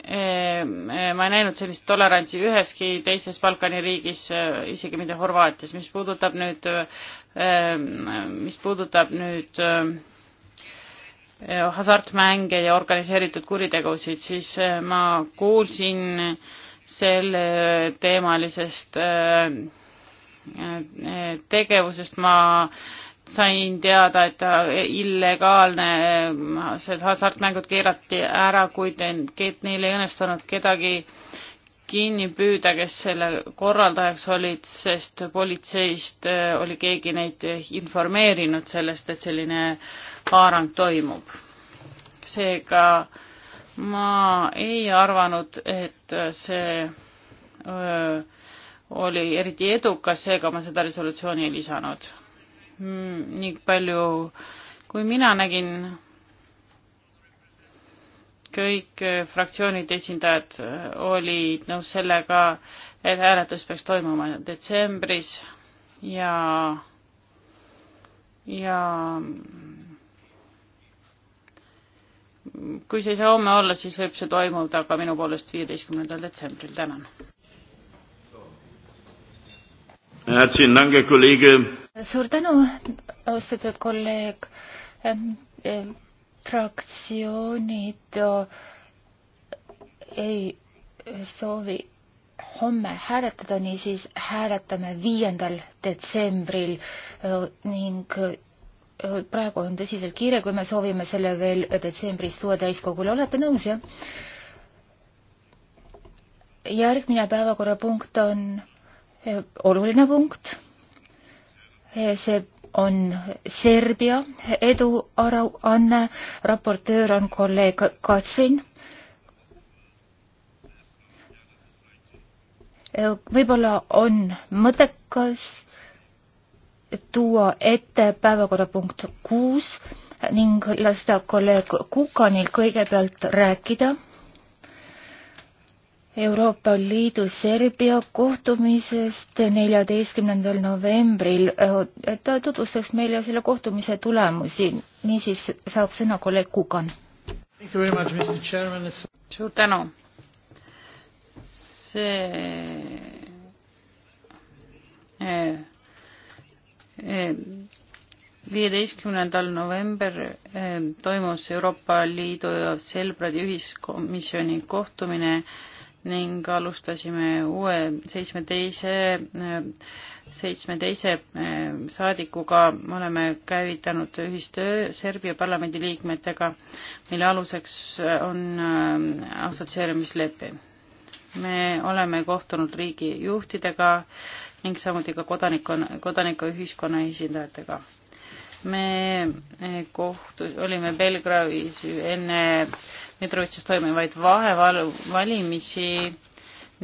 äh, ma ei näinud sellist tolerantsi üheski teises Balkani riigis, isegi mitte Horvaatias, mis puudutab nüüd, mis puudutab nüüd Eh, hasartmänge ja organiseeritud kuritegusid, siis eh, ma kuulsin selle teemalisest eh, tegevusest, ma sain teada, et illegaalne, see hasartmängud keerati ära, kuid neil ei õnnestunud kedagi äh, kinni püüda, kes selle korraldajaks olid, sest politseist äh, oli keegi neid informeerinud sellest, et selline haarang toimub. seega ma ei arvanud, et see öö, äh, oli eriti edukas, seega ma seda resolutsiooni ei lisanud. Mm, nii palju, kui mina nägin kõik eh, fraktsioonide esindajad eh, olid nõus sellega, et hääletus peaks toimuma detsembris ja, ja kui see ei saa homme olla, siis võib see toimuda ka minu poolest viieteistkümnendal detsembril, tänan. suur tänu, austatud kolleeg ehm, ehm, fraktsioonid äh, ei soovi homme hääletada, niisiis hääletame viiendal detsembril äh, ning äh, praegu on tõsiselt kiire, kui me soovime selle veel detsembris tuua täiskogule, olete nõus, jah? järgmine päevakorrapunkt on oluline punkt. see on Serbia eduaruanne, raportöör on kolleeg Katsin. võib-olla on mõttekas tuua ette päevakorrapunkt kuus ning lasta kolleeg Kukanil kõigepealt rääkida Euroopa Liidu Serbia kohtumisest neljateistkümnendal novembril. ta tutvustaks meile selle kohtumise tulemusi. niisiis saab sõna kolleeg Kukan. suur tänu. see eh, eh, viieteistkümnendal november eh, toimus Euroopa Liidu ja Selbradi ühiskomisjoni kohtumine ning alustasime uue seitsme teise, seitsme teise äh, saadikuga, me oleme käivitanud ühistöö Serbia parlamendi liikmetega, mille aluseks on äh, assotsieerimislepe. me oleme kohtunud riigijuhtidega ning samuti ka kodanik, kodanikuühiskonna esindajatega me eh, kohtu-, olime Belgravis enne Mitrovitšis toimivaid vahevalimisi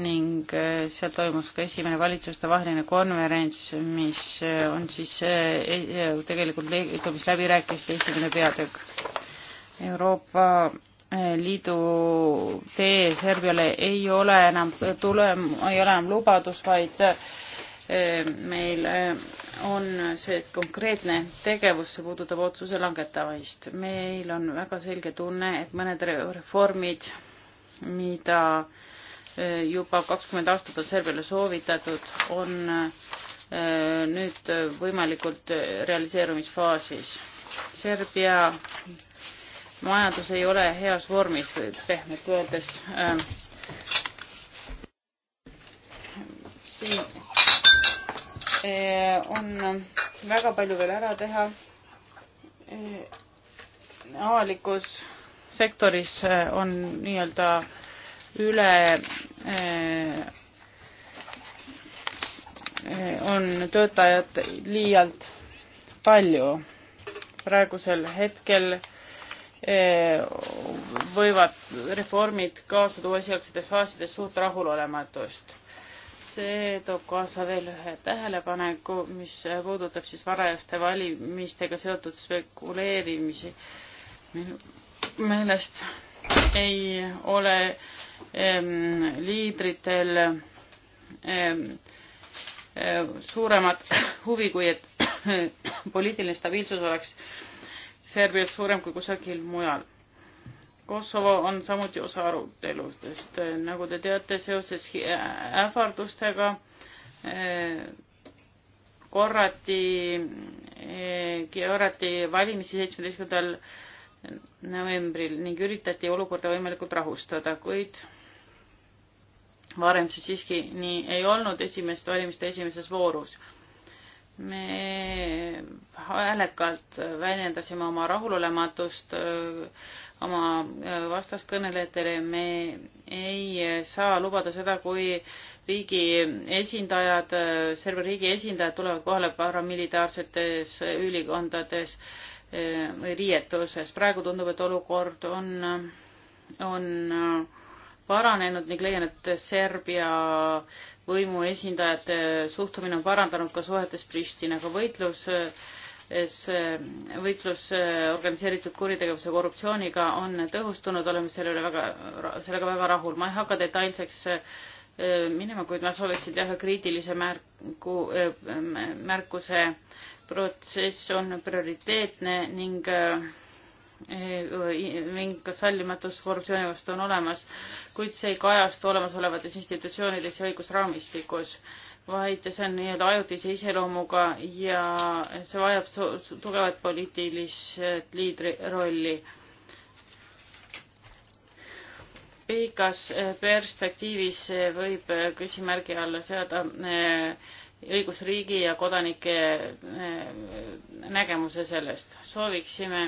ning eh, seal toimus ka esimene valitsustevaheline konverents, mis eh, on siis e-, tegelikult liitumisläbirääkimiste esimene peatükk. Euroopa Liidu tee Serbiale ei ole enam tulem-, ei ole enam lubadus, vaid meil äh, on see konkreetne tegevus, see puudutab otsuse langetamist. meil on väga selge tunne, et mõned reformid, mida äh, juba kakskümmend aastat on Serbiale soovitatud, on äh, nüüd võimalikult realiseerumisfaasis. Serbia majandus ei ole heas vormis, pehmelt öeldes. siin Eh, on väga palju veel ära teha. Eh, avalikus sektoris eh, on nii-öelda üle, on töötajad liialt palju. praegusel hetkel võivad reformid kaasa tuua esialgsetes faasides suurt rahulolematust see toob kaasa veel ühe tähelepaneku, mis puudutab siis varajaste valimistega seotud spekuleerimisi. minu meelest ei ole ähm, liidritel ähm, äh, suuremat huvi, kui et äh, poliitiline stabiilsus oleks Serbias suurem kui kusagil mujal Kosovo on samuti osa aruteludest, nagu te teate, seoses äh, ähvardustega äh, korrati, äh, korrati valimisi seitsmeteistkümnendal novembril ning üritati olukorda võimalikult rahustada, kuid varem see siiski nii ei olnud esimest valimiste esimeses voorus. me häälekalt väljendasime oma rahulolematust äh, oma äh, vastaskõnelejatele, me ei äh, saa lubada seda, kui riigi esindajad, äh, Serbia riigi esindajad tulevad kohale paramilitaarsetes ülikondades või riietuses. praegu tundub, et olukord on, on paranenud ning leian, et Serbia võimuesindajate suhtumine on parandanud ka suhetes Pristinaga. võitlus Eh, võitlus eh, organiseeritud kuritegevuse korruptsiooniga on tõhustunud, oleme selle üle väga, sellega väga rahul. ma ei hakka detailseks eh, minema, kuid ma sooviksin teha kriitilise märku, märkuse. protsess on prioriteetne ning ning sallimatus korruptsiooni vastu on olemas, kuid see ei kajastu olemasolevates institutsioonides ja õigusraamistikus vaid see on nii-öelda ajutise iseloomuga ja see vajab tugevat poliitilist liidri rolli. pikas eh, perspektiivis eh, võib eh, küsimärgi alla seada õigusriigi ja kodanike nägemuse sellest. sooviksime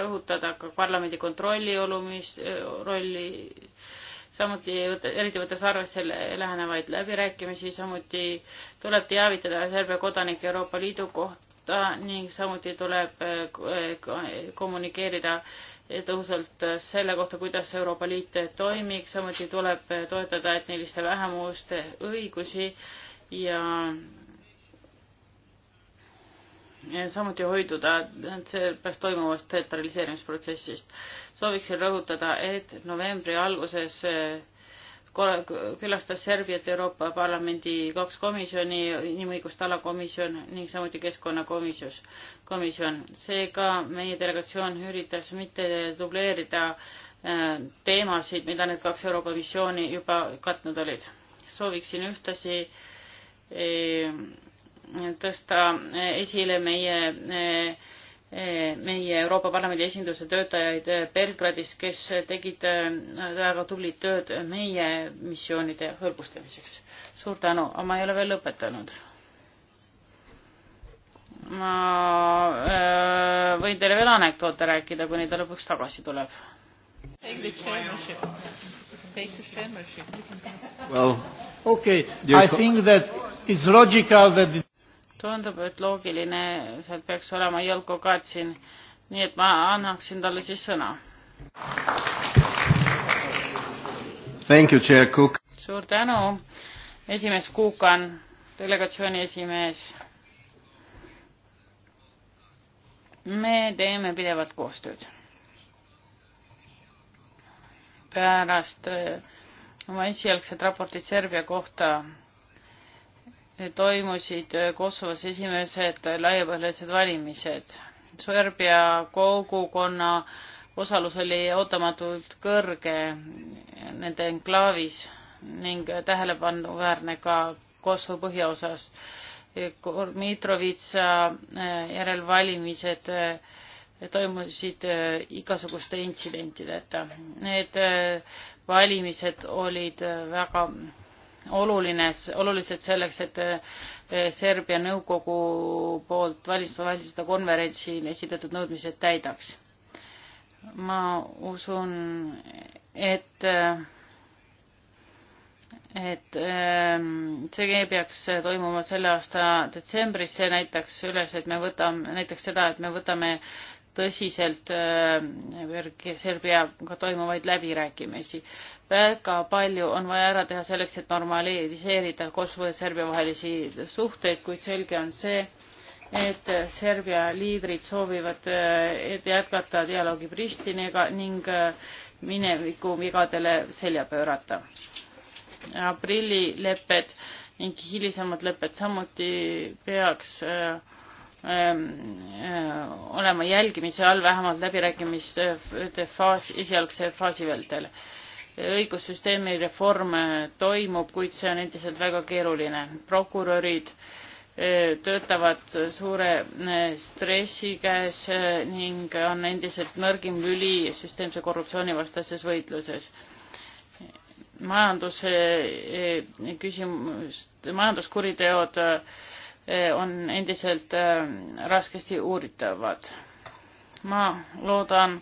rõhutada ka parlamendi kontrolli olumis-, rolli samuti eriti võttes arvesse lähenevaid läbirääkimisi, samuti tuleb teavitada Serbia kodanikke Euroopa Liidu kohta ning samuti tuleb eh, eh, kommunikeerida eh, tõhusalt selle kohta, kuidas Euroopa Liit toimib, samuti tuleb toetada etniliste vähemuste õigusi ja samuti hoiduda seepärast toimuvast tsentraliseerimisprotsessist. sooviksin rõhutada, et novembri alguses eh, korra-, külastas Serbiat Euroopa Parlamendi kaks komisjoni, inimõiguste alakomisjon ning samuti keskkonnakomisjon, komisjon. seega meie delegatsioon üritas mitte dubleerida eh, teemasid, mida need kaks Eurokomisjoni juba katnud olid. sooviksin ühtlasi eh, tõsta esile meie meie Euroopa Parlamendi esinduse töötajaid Belgradis, kes tegid väga tublit tööd meie missioonide hõlbustamiseks. suur tänu, aga ma ei ole veel lõpetanud. ma öö, äh, võin teile veel anekdoote rääkida, kuni ta lõpuks tagasi tuleb. Well, okay. I think that it's logical that tundub, et loogiline seal peaks olema Jelko Katsin, nii et ma annaksin talle siis sõna. suur tänu, esimees Kukan, delegatsiooni esimees. me teeme pidevalt koostööd. pärast äh, oma esialgset raportit Serbia kohta toimusid Kosovos esimesed laiapõhjalised valimised. Serbia kogukonna osalus oli ootamatult kõrge nende enklaavis ning tähelepanuväärne ka Kosovo põhjaosas. Mitrovitsa eh, järelvalimised eh, toimusid eh, igasuguste intsidentideta. Need valimised olid väga oluline, olulised selleks, et eh, Serbia nõukogu poolt valitsusvalitsuste konverentsil esitatud nõudmised täidaks. ma usun, et et ehm, see peaks toimuma selle aasta detsembris, see näitaks üles, et me võtame, näiteks seda, et me võtame tõsiselt äh, Serbiaga toimuvaid läbirääkimisi. väga palju on vaja ära teha selleks, et normaliseerida Kosovo ja Serbia vahelisi suhteid, kuid selge on see, et Serbia liidrid soovivad äh, jätkata dialoogi Pristiniga ning äh, mineviku vigadele selja pöörata. aprillilepped ning hilisemad lepped samuti peaks äh, Ähm, äh, olema jälgimise all vähemalt läbirääkimiste faas, esialgse faasi vältel. õigussüsteemi reform toimub, kuid see on endiselt väga keeruline. prokurörid äh, töötavad suure äh, stressi käes ning on endiselt nõrgim lüli süsteemse korruptsiooni vastases võitluses. majanduse küsimus, majanduskuriteod Eh, on endiselt eh, raskesti uuritavad. ma loodan,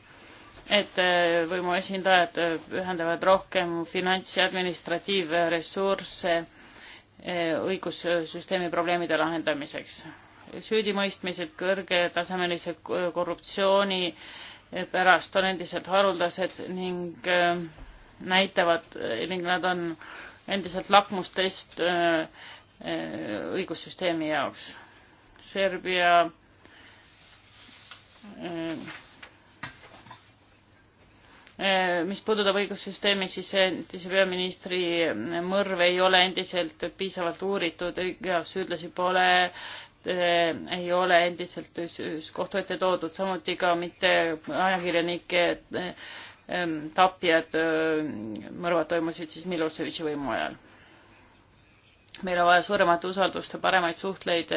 et eh, võimu esindajad ühendavad rohkem finants- ja administratiivressursse õigussüsteemi probleemide lahendamiseks. süüdimõistmised kõrgetasemelise korruptsiooni pärast on endiselt haruldased ning näitavad ning nad on endiselt lakmustest Eh, õigussüsteemi jaoks. Serbia eh, eh, mis puudutab õigussüsteemi, siis endise peaministri mõrv ei ole endiselt piisavalt uuritud ja süüdlasi pole, ei ole endiselt kohtu ette toodud, samuti ka mitte ajakirjanike tapjad, mõrvad toimusid siis Miloševiči võimu ajal meil on vaja suuremat usaldust ja paremaid suhtleid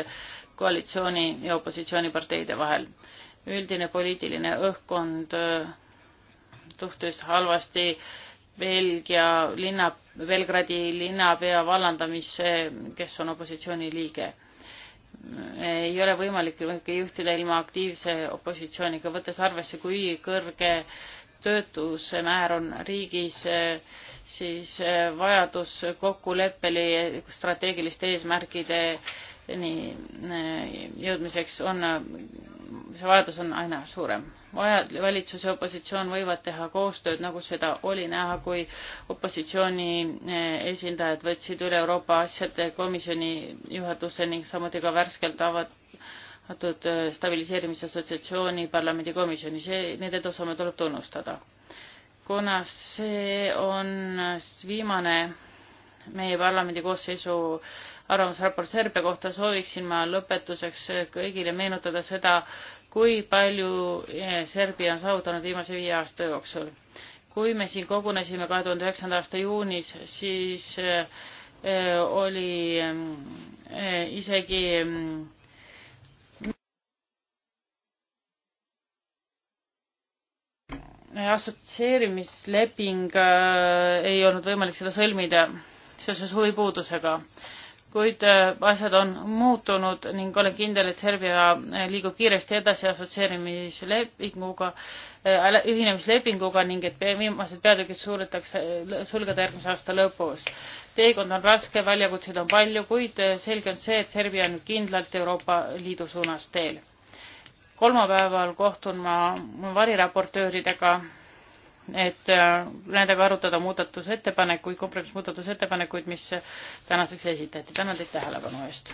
koalitsiooni ja opositsiooniparteide vahel. üldine poliitiline õhkkond äh, suhtes halvasti Belgia linna, Belgradi linnapea vallandamisse, kes on opositsiooni liige. ei ole võimalik juhtida ilma aktiivse opositsiooniga, võttes arvesse, kui kõrge äh, töötuse määr on riigis, eh, siis eh, vajadus kokkuleppeli strateegiliste eesmärkideni eh, jõudmiseks on, see vajadus on aina suurem. vaja, valitsus ja opositsioon võivad teha koostööd, nagu seda oli näha, kui opositsiooni esindajad võtsid üle Euroopa asjade komisjoni juhatuse ning samuti ka värskelt avat-, antud äh, stabiliseerimise assotsiatsiooni parlamendikomisjoni, see, nende edusamme tuleb tunnustada. kuna see on äh, viimane meie parlamendi koosseisu arvamusraport Serbia kohta, sooviksin ma lõpetuseks äh, kõigile meenutada seda, kui palju Serbia on saavutanud viimase viie aasta jooksul. kui me siin kogunesime kahe tuhande üheksanda aasta juunis, siis oli isegi mm, assotsieerimisleping äh, ei olnud võimalik seda sõlmida seoses huvipuudusega, kuid äh, asjad on muutunud ning olen kindel, et Serbia äh, liigub kiiresti edasi assotsieerimislepinguga, ühinemislepinguga ning et viimased peatükid suudetakse sulgeda järgmise aasta lõpus. teekond on raske, väljakutseid on palju, kuid selge on see, et Serbia on kindlalt Euroopa Liidu suunas teel kolmapäeval kohtun ma variraportööridega, et äh, nendega arutada muudatusettepanekuid, kompromissmuudatusettepanekuid, mis tänaseks esitati. tänan teid tähelepanu eest.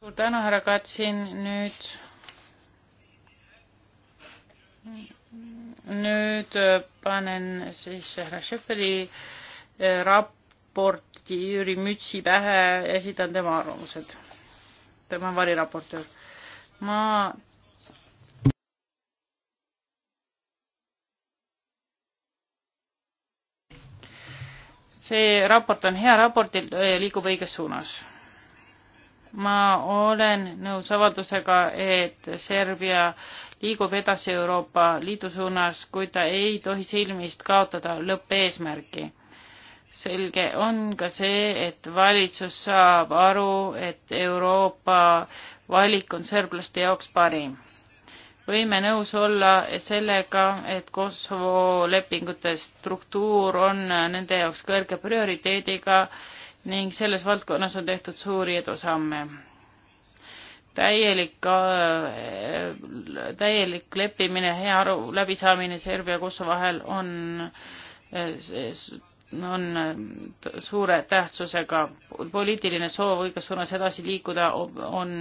suur tänu, härra Katsin, nüüd nüüd äh, panen siis härra Schöpfeli äh, raporti Jüri Mütsi pähe, esitan tema arvamused tema on variraportöör. ma see raport on hea raport, liigub õiges suunas. ma olen nõus avaldusega, et Serbia liigub edasi Euroopa Liidu suunas, kuid ta ei tohi silmist kaotada lõppeesmärki selge on ka see, et valitsus saab aru, et Euroopa valik on serblaste jaoks parim. võime nõus olla sellega, et Kosovo lepingute struktuur on nende jaoks kõrge prioriteediga ning selles valdkonnas on tehtud suuri edusamme. täielik, täielik leppimine, hea aru, läbisaamine Serbia ja Kosovo vahel on eh, on äh, suure tähtsusega. poliitiline soov õiges suunas edasi liikuda on,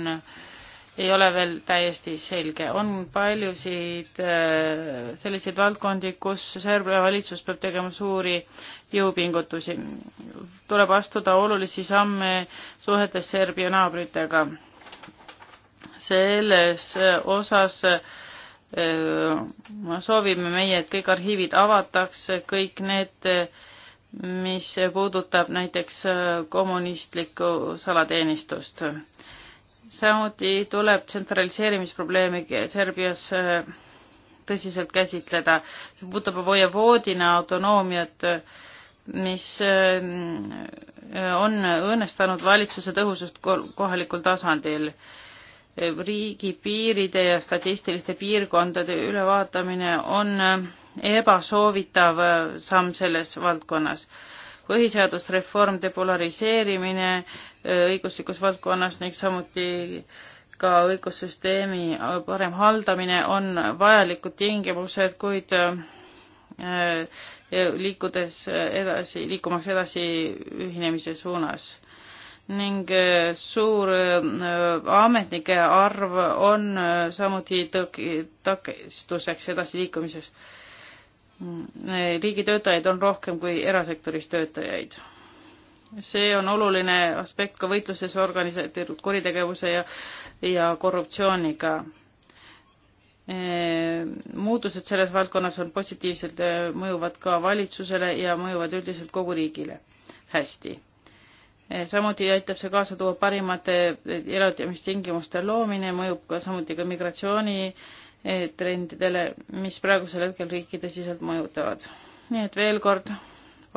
ei ole veel täiesti selge. on paljusid äh, selliseid valdkondi, kus Serbia valitsus peab tegema suuri jõupingutusi. tuleb astuda olulisi samme suhetes Serbia naabritega. selles äh, osas soovime meie, et kõik arhiivid avatakse, kõik need mis puudutab näiteks äh, kommunistlikku salateenistust. samuti tuleb tsentraliseerimisprobleemi Serbias äh, tõsiselt käsitleda. see puudutab vojevoodina autonoomiat, mis äh, on õõnestanud valitsuse tõhusust kohalikul tasandil. riigipiiride ja statistiliste piirkondade ülevaatamine on ebasoovitav äh, samm selles valdkonnas. põhiseadusreform, depolariseerimine äh, õiguslikus valdkonnas ning samuti ka õigussüsteemi äh, parem haldamine on vajalikud tingimused, kuid liikudes edasi, liikumaks edasi ühinemise suunas ning suur ametnike arv on samuti tõk-, takistuseks edasiliikumises. Mm, riigitöötajaid on rohkem kui erasektoris töötajaid. see on oluline aspekt ka võitluses organiseeritud kuritegevuse ja, ja korruptsiooniga. E, muutused selles valdkonnas on positiivselt, e, mõjuvad ka valitsusele ja mõjuvad üldiselt kogu riigile hästi. E, samuti aitab see kaasa tuua parimate elatimistingimuste loomine, mõjub ka samuti ka migratsiooni äh, Eh, trendidele, mis praegusel hetkel riikide siselt mõjutavad. nii et veel kord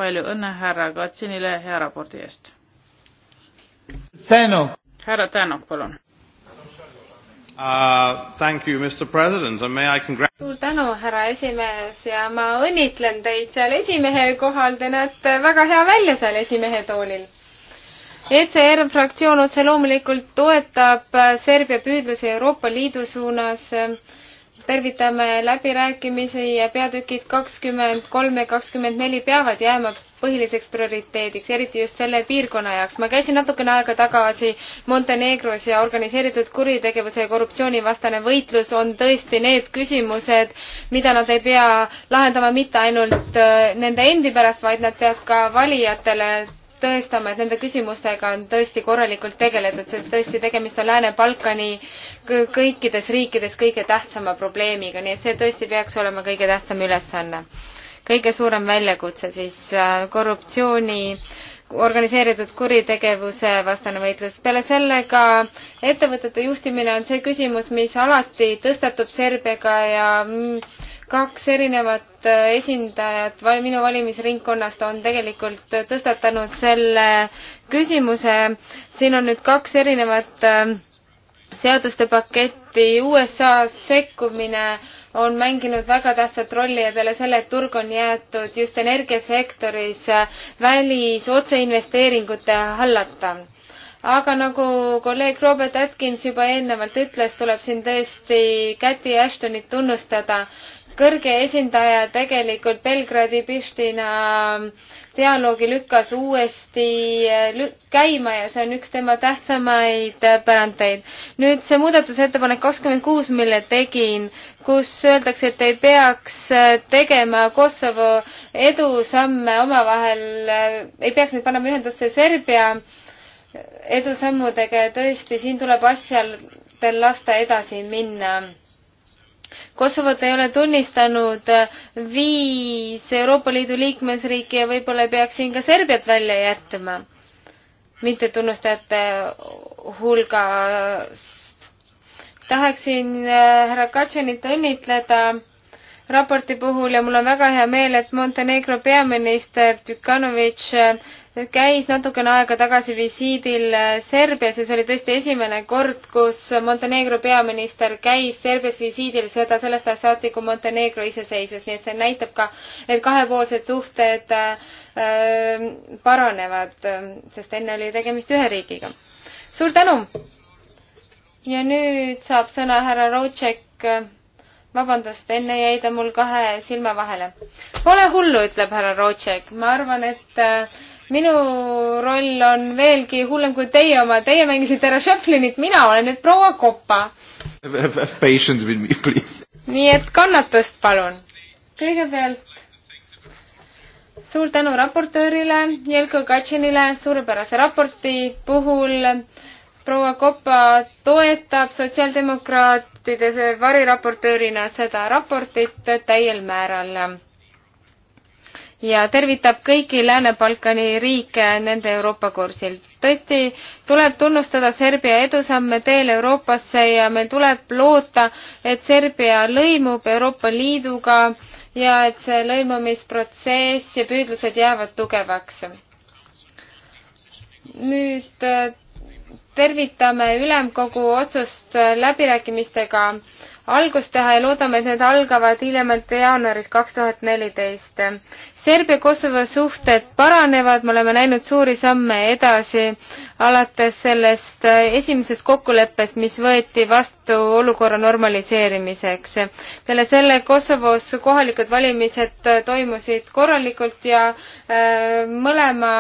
palju õnne härra Katsinile hea raporti eest. Tänu. härra Tänok, palun. Uh, thank you, Mr President and may I congratulate suur tänu, härra esimees ja ma õnnitlen teid seal esimehe kohal, te näete väga hea välja seal esimehe toolil ECR fraktsioon otse loomulikult toetab Serbia püüdlusi Euroopa Liidu suunas tervitame läbirääkimisi ja peatükid kakskümmend kolm ja kakskümmend neli peavad jääma põhiliseks prioriteediks, eriti just selle piirkonna jaoks. ma käisin natukene aega tagasi Montenegros ja organiseeritud kuritegevuse ja korruptsioonivastane võitlus on tõesti need küsimused, mida nad ei pea lahendama mitte ainult äh, nende endi pärast, vaid nad peavad ka valijatele tõestama, et nende küsimustega on tõesti korralikult tegeletud, sest tõesti tegemist on Lääne-Balkani kõikides riikides kõige tähtsama probleemiga, nii et see tõesti peaks olema kõige tähtsam ülesanne. kõige suurem väljakutse siis äh, korruptsiooni organiseeritud kuritegevuse vastane võitlus. peale sellega ettevõtete juhtimine on see küsimus, mis alati tõstatub Serbiaga ja mm, kaks erinevat tuhat äh, esindajat val, minu valimisringkonnast on tegelikult tõstatanud selle küsimuse. siin on nüüd kaks erinevat äh, seaduste paketti, USA sekkumine on mänginud väga tähtsat rolli ja peale selle, et turg on jäetud just energiasektoris äh, välis otseinvesteeringute hallata aga nagu kolleeg Robert Atkins juba eelnevalt ütles, tuleb siin tõesti Käti Ashtonit tunnustada kõrge esindaja tegelikult Belgradi Pristina dialoogi lükkas uuesti käima ja see on üks tema tähtsamaid pärandeid. nüüd see muudatusettepanek kakskümmend kuus, mille tegin, kus öeldakse, et ei peaks tegema Kosovo edusamme omavahel, ei peaks neid panema ühendusse Serbia edusammudega ja tõesti, siin tuleb asjadel lasta edasi minna Kosovot ei ole tunnistanud äh, viis Euroopa Liidu liikmesriiki ja võib-olla ei peaks siin ka Serbiat välja jätma mittetunnustajate hulgast. tahaksin äh, härra Katšenit õnnitleda raporti puhul ja mul on väga hea meel, et Montenegro peaminister Tükanovitš äh, käis natukene aega tagasi visiidil äh, Serbias ja see oli tõesti esimene kord, kus Montenegro peaminister käis Serbias visiidil, seda sellest ajast saati, kui Montenegro iseseisvus, nii et see näitab ka, et kahepoolsed suhted äh, äh paranevad, äh, sest enne oli tegemist ühe riigiga. suur tänu! ja nüüd saab sõna härra Rootšek. vabandust, enne jäi ta mul kahe silma vahele. Pole hullu, ütleb härra Rootšek, ma arvan, et äh, minu roll on veelgi hullem kui teie oma, teie mängisite härra Šeflinit, mina olen nüüd proua Kopa. nii et kannatust palun. kõigepealt suur tänu raportöörile Jelko Katšinile suurepärase raporti puhul. proua Kopa toetab sotsiaaldemokraatide variraportöörina seda raportit täiel määral ja tervitab kõiki Lääne-Balkani riike nende Euroopa kursil. tõesti, tuleb tunnustada Serbia edusamme teel Euroopasse ja meil tuleb loota, et Serbia lõimub Euroopa Liiduga ja et see lõimumisprotsess ja püüdlused jäävad tugevaks. nüüd äh, tervitame ülemkogu otsust läbirääkimistega algust teha ja loodame, et need algavad hiljemalt jaanuaris kaks tuhat neliteist. Serbia-Kosovo suhted paranevad, me oleme näinud suuri samme edasi alates sellest esimesest kokkuleppest, mis võeti vastu olukorra normaliseerimiseks. peale selle Kosovos kohalikud valimised toimusid korralikult ja äh, mõlema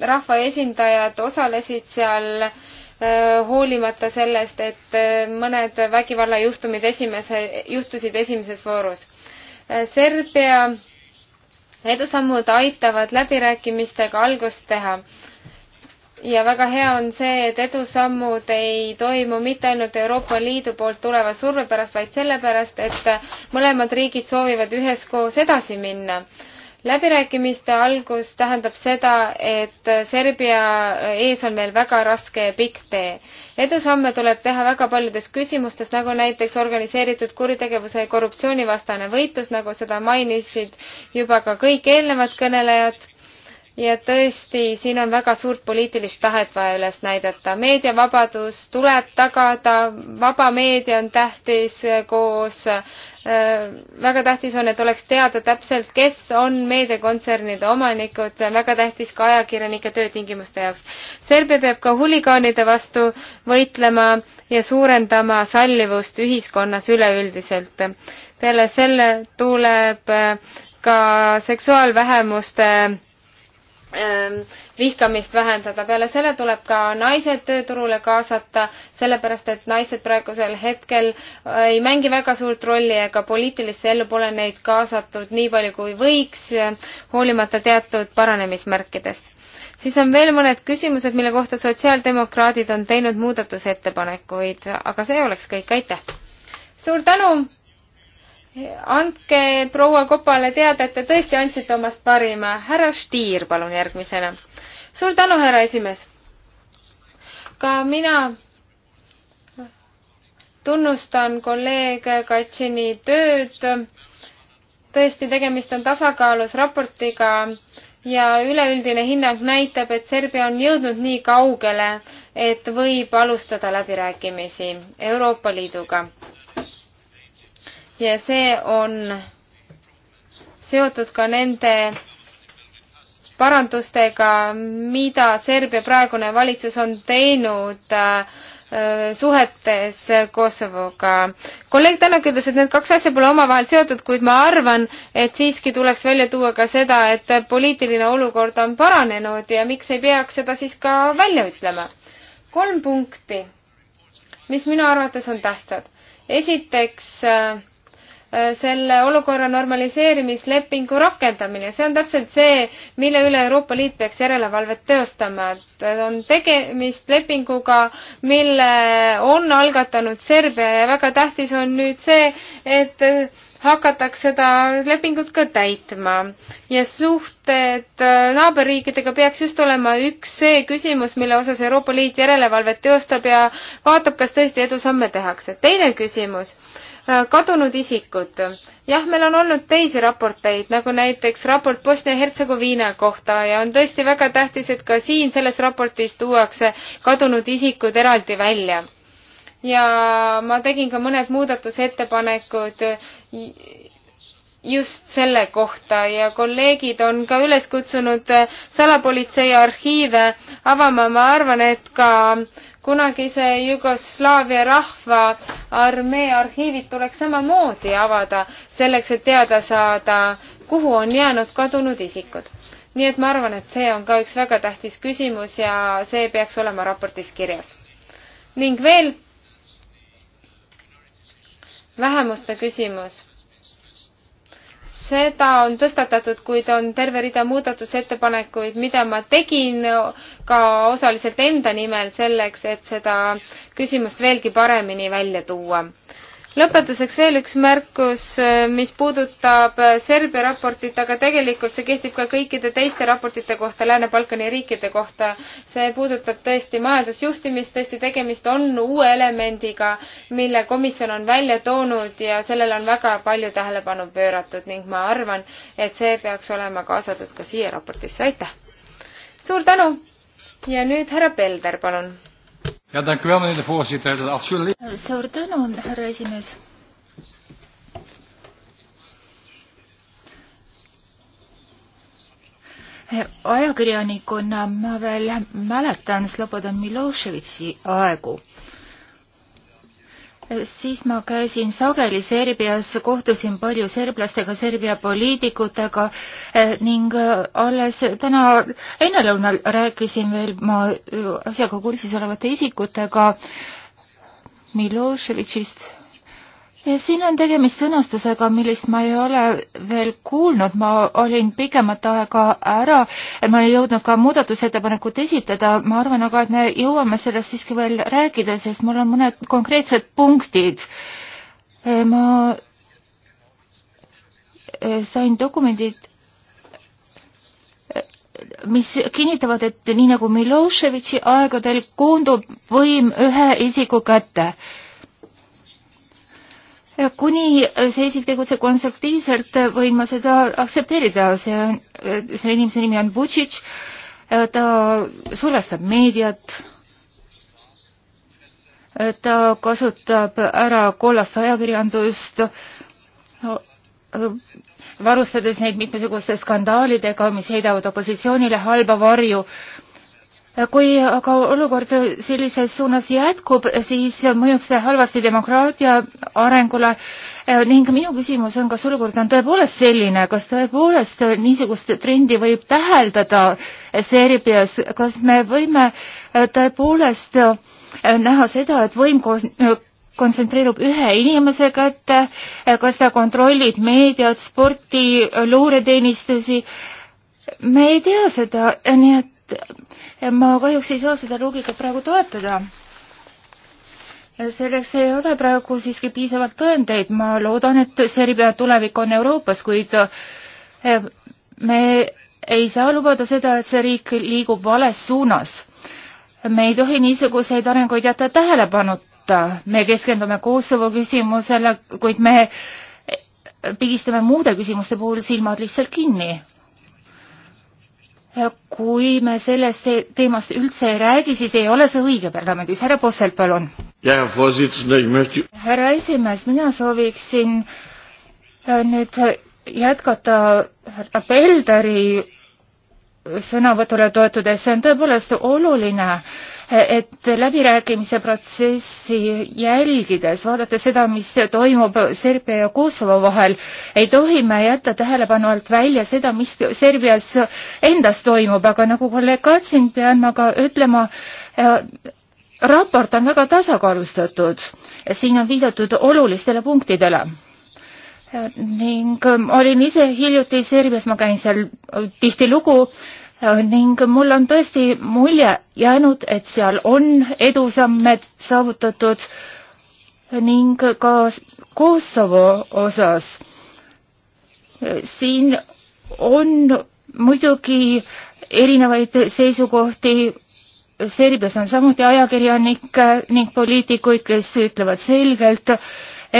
rahva esindajad osalesid seal äh, Äh, hoolimata sellest, et äh, mõned vägivallajuhtumid esimese, juhtusid esimeses voorus. Äh, Serbia edusammud aitavad läbirääkimistega algust teha. ja väga hea on see, et edusammud ei toimu mitte ainult Euroopa Liidu poolt tuleva surve pärast, vaid sellepärast, et mõlemad riigid soovivad üheskoos edasi minna läbirääkimiste algus tähendab seda, et Serbia ees on veel väga raske ja pikk tee. edusamme tuleb teha väga paljudes küsimustes, nagu näiteks organiseeritud kuritegevuse ja korruptsioonivastane võitlus, nagu seda mainisid juba ka kõik eelnevad kõnelejad ja tõesti, siin on väga suurt poliitilist tahet vaja üles näidata. meediavabadus tuleb tagada, vaba meedia on tähtis koos äh, väga tähtis on, et oleks teada täpselt, kes on meediakontsernide omanikud, see on väga tähtis ka ajakirjanike töötingimuste jaoks. Serbia peab ka huligaanide vastu võitlema ja suurendama sallivust ühiskonnas üleüldiselt. peale selle tuleb ka seksuaalvähemuste Ähm, vihkamist vähendada. peale selle tuleb ka naised tööturule kaasata, sellepärast et naised praegusel hetkel äh, ei mängi väga suurt rolli ega poliitilisse ellu pole neid kaasatud nii palju kui võiks, hoolimata teatud paranemismärkidest. siis on veel mõned küsimused, mille kohta sotsiaaldemokraadid on teinud muudatusettepanekuid, aga see oleks kõik, aitäh! suur tänu! andke proua Kopale teada, et te tõesti andsite omast parima. härra Stier, palun järgmisena. suur tänu, härra esimees. ka mina tunnustan kolleeg Katšini tööd. tõesti, tegemist on tasakaalus raportiga ja üleüldine hinnang näitab, et Serbia on jõudnud nii kaugele, et võib alustada läbirääkimisi Euroopa Liiduga ja see on seotud ka nende parandustega, mida Serbia praegune valitsus on teinud äh, suhetes Kosovoga. kolleeg Tänak ütles, et need kaks asja pole omavahel seotud, kuid ma arvan, et siiski tuleks välja tuua ka seda, et poliitiline olukord on paranenud ja miks ei peaks seda siis ka välja ütlema. kolm punkti, mis minu arvates on tähtsad. esiteks äh, Äh, selle olukorra normaliseerimislepingu rakendamine, see on täpselt see, mille üle Euroopa Liit peaks järelevalvet teostama, et on tegemist lepinguga, mille on algatanud Serbia ja väga tähtis on nüüd see, et hakataks seda lepingut ka täitma ja suhted äh, naaberriikidega peaks just olema üks see küsimus, mille osas Euroopa Liit järelevalvet teostab ja vaatab, kas tõesti edusamme tehakse. teine küsimus äh, Äh, kadunud isikud. jah, meil on olnud teisi raporteid, nagu näiteks raport Bosnia-Hertsegoviina kohta ja on tõesti väga tähtis, et ka siin selles raportis tuuakse kadunud isikud eraldi välja. ja ma tegin ka mõned muudatusettepanekud just selle kohta ja kolleegid on ka üles kutsunud salapolitsei arhiive avama, ma arvan, et ka äh, kunagise Jugoslaavia rahvaarmee arhiivid tuleks samamoodi avada selleks, et teada saada, kuhu on jäänud kadunud isikud. nii et ma arvan, et see on ka üks väga tähtis küsimus ja see peaks olema raportis kirjas. ning veel vähemuste küsimus seda on tõstatatud, kuid on terve rida muudatusettepanekuid, mida ma tegin ka osaliselt enda nimel selleks, et seda küsimust veelgi paremini välja tuua lõpetuseks veel üks märkus, äh, mis puudutab äh, Serbia raportit, aga tegelikult see kehtib ka kõikide teiste raportite kohta Lääne-Balkani riikide kohta. see puudutab tõesti majandusjuhtimist, tõesti tegemist on uue elemendiga, mille komisjon on välja toonud ja sellele on väga palju tähelepanu pööratud ning ma arvan, et see peaks olema kaasatud ka siia raportisse, aitäh! suur tänu ja nüüd härra Pelder, palun! ja tänku ja meile voorzitter, absoluut. Eh, suur tänu, härra esimees. Eh, ajakirjanikuna ma veel mäletan Slobodan Miloševitši aegu siis ma käisin sageli Serbias, kohtusin palju serblastega, Serbia poliitikutega eh, ning eh, alles täna ennelõunal rääkisin veel ma eh, asjaga kursis olevate isikutega Miloševitšist ja siin on tegemist sõnastusega, millist ma ei ole veel kuulnud, ma olin pikemat aega ära, ma ei jõudnud ka muudatusettepanekut esitada, ma arvan aga, et me jõuame sellest siiski veel rääkida, sest mul on mõned konkreetsed punktid. ma sain dokumendid mis kinnitavad, et nii nagu Miloševitši aegadel koondub võim ühe isiku kätte kuni see isik tegutseb konstruktiivselt, võin ma seda aktsepteerida, see on, selle inimese nimi on Vutšitš, ta survestab meediat, ta kasutab ära kollast ajakirjandust, varustades neid mitmesuguste skandaalidega, mis heidavad opositsioonile halba varju kui aga olukord sellises suunas jätkub, siis mõjub see halvasti demokraatia arengule ning minu küsimus on, kas olukord on tõepoolest selline, kas tõepoolest niisugust trendi võib täheldada Serbias, kas me võime tõepoolest näha seda, et võim koos kontsentreerub ühe inimese kätte, kas ta kontrollib meediat, sporti, luureteenistusi, me ei tea seda, nii et et ma kahjuks ei saa seda loogikat praegu toetada. selleks ei ole praegu siiski piisavalt tõendeid, ma loodan, et Serbia tulevik on Euroopas, kuid e, me ei saa lubada seda, et see riik liigub vales suunas. me ei tohi niisuguseid arenguid jätta tähelepanuta, me keskendume Kosovo küsimusele, kuid me e, pigistame muude küsimuste puhul silmad lihtsalt kinni kui me sellest te teemast üldse ei räägi, siis ei ole see õige parlamendis. härra Posselt, palun. härra esimees, mina sooviksin äh, nüüd äh, jätkata härra Pelderi sõnavõtule toetudes, see on tõepoolest oluline äh, et läbirääkimise protsessi jälgides, vaadates seda, mis toimub Serbia ja Kosovo vahel, ei tohi me jätta tähelepanu alt välja seda, mis Serbias endas toimub, aga nagu kolleeg Katsin, pean ma ka ütlema, äh, raport on väga tasakaalustatud. siin on viidatud olulistele punktidele äh, ning ähm, olin ise hiljuti Serbias, ma käin seal äh, tihtilugu Äh, ning mul on tõesti mulje jäänud, et seal on edusamme saavutatud ning ka Kosovo osas. Äh, siin on muidugi erinevaid seisukohti, Serbias on samuti ajakirjanikke ning poliitikuid, kes ütlevad selgelt,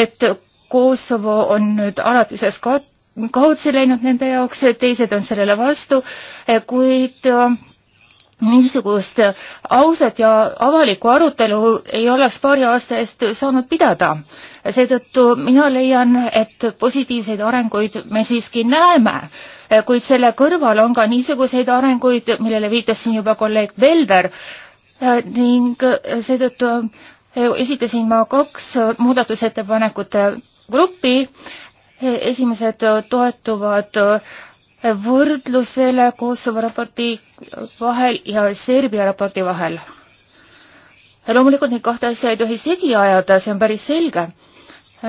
et Kosovo on nüüd alatises kat-, kaotsi läinud nende jaoks, teised on sellele vastu, eh, kuid eh, niisugust eh, ausat ja avalikku arutelu ei oleks paari aasta eest saanud pidada. seetõttu mina leian, et positiivseid arenguid me siiski näeme, kuid selle kõrval on ka niisuguseid arenguid, millele viitas siin juba kolleeg Velder ning seetõttu esitasin ma kaks muudatusettepanekute gruppi, esimesed toetuvad äh, võrdlusele Kosovo raporti vahel ja Serbia raporti vahel. loomulikult neid kahte asja ei tohi segi ajada, see on päris selge.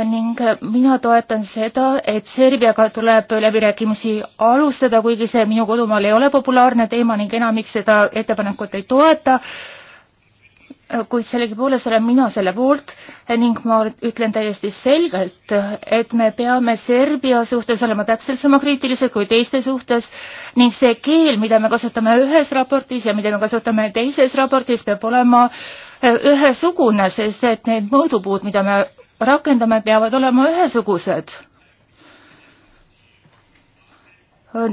ning mina toetan seda, et Serbiaga tuleb läbirääkimisi alustada, kuigi see minu kodumaal ei ole populaarne teema ning enamik seda ettepanekut ei toeta kuid sellegipoolest olen mina selle poolt ning ma ütlen täiesti selgelt, et me peame Serbia suhtes olema täpselt sama kriitilised kui teiste suhtes ning see keel, mida me kasutame ühes raportis ja mida me kasutame teises raportis, peab olema äh, ühesugune, sest et need mõõdupuud, mida me rakendame, peavad olema ühesugused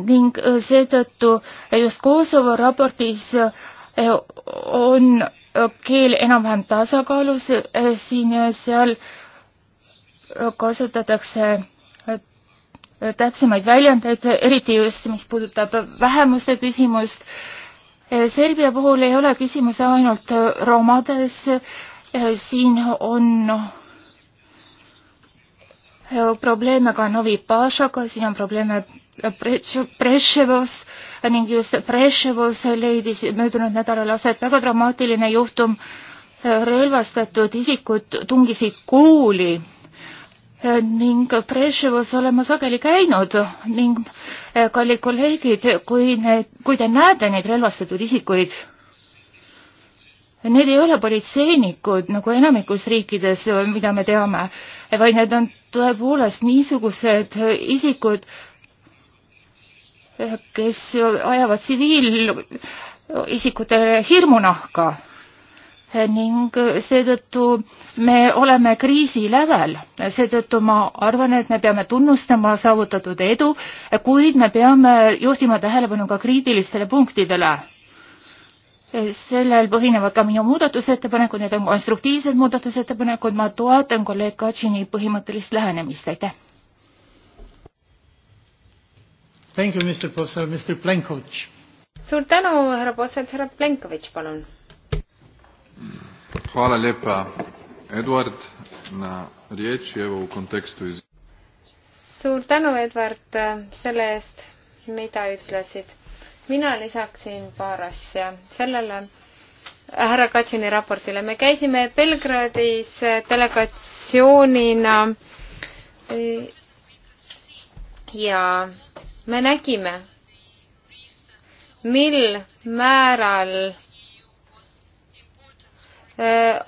ning äh, seetõttu just Kosovo raportis äh, Äh, on äh, keel enam-vähem tasakaalus, äh, siin ja seal kasutatakse täpsemaid väljendeid, eriti just, mis puudutab vähemuste küsimust. Serbia puhul ei ole küsimus ainult romades, siin on noh, probleeme ka Novi Pašaga, siin on probleeme Preševos ning just Preševos leidis möödunud nädalal aset väga dramaatiline juhtum. relvastatud isikud tungisid kooli ning Brežnevus olen ma sageli käinud ning kallid kolleegid, kui need, kui te näete neid relvastatud isikuid, need ei ole politseinikud nagu enamikus riikides, mida me teame, vaid need on tõepoolest niisugused isikud, kes ajavad tsiviilisikutele hirmunahka ning seetõttu me oleme kriisi lävel, seetõttu ma arvan, et me peame tunnustama saavutatud edu, kuid me peame juhtima tähelepanu ka kriitilistele punktidele. sellel põhinevad ka minu muudatusettepanekud, need on konstruktiivsed muudatusettepanekud, ma toetan kolleeg Katšini põhimõttelist lähenemist, aitäh! Thank you, Mr Possel, uh, Mr Plenkovitš. suur tänu, härra Possel, härra Plenkovitš, palun. Hvala lijepa, Eduard, na riječi, evo u kontekstu iz... suur tänu, Eduard, selle eest, mida ütlesid. mina lisaksin paar asja sellele äh, härra Katšini raportile. me käisime Belgradis äh, delegatsioonina äh, ja me nägime, mil määral äh,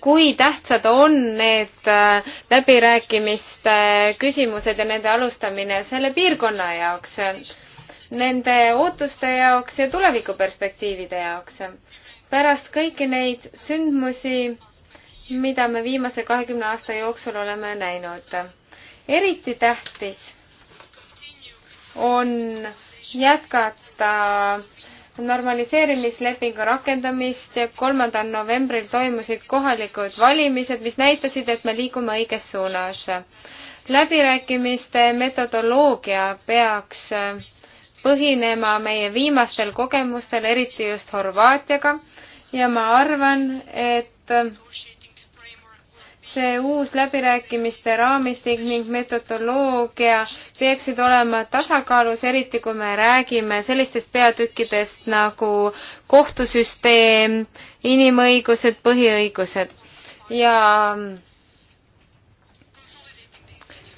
kui tähtsad on need äh, läbirääkimiste küsimused ja nende alustamine selle piirkonna jaoks, nende ootuste jaoks ja tulevikuperspektiivide jaoks. pärast kõiki neid sündmusi, mida me viimase kahekümne aasta jooksul oleme näinud, eriti tähtis on jätkata normaliseerimislepingu rakendamist ja kolmandal novembril toimusid kohalikud valimised, mis näitasid, et me liigume õiges suunas. läbirääkimiste metodoloogia peaks põhinema meie viimastel kogemustel, eriti just Horvaatiaga ja ma arvan, et see uus läbirääkimiste raamistik ning metodoloogia peaksid olema tasakaalus, eriti kui me räägime sellistest peatükkidest nagu kohtusüsteem, inimõigused, põhiõigused ja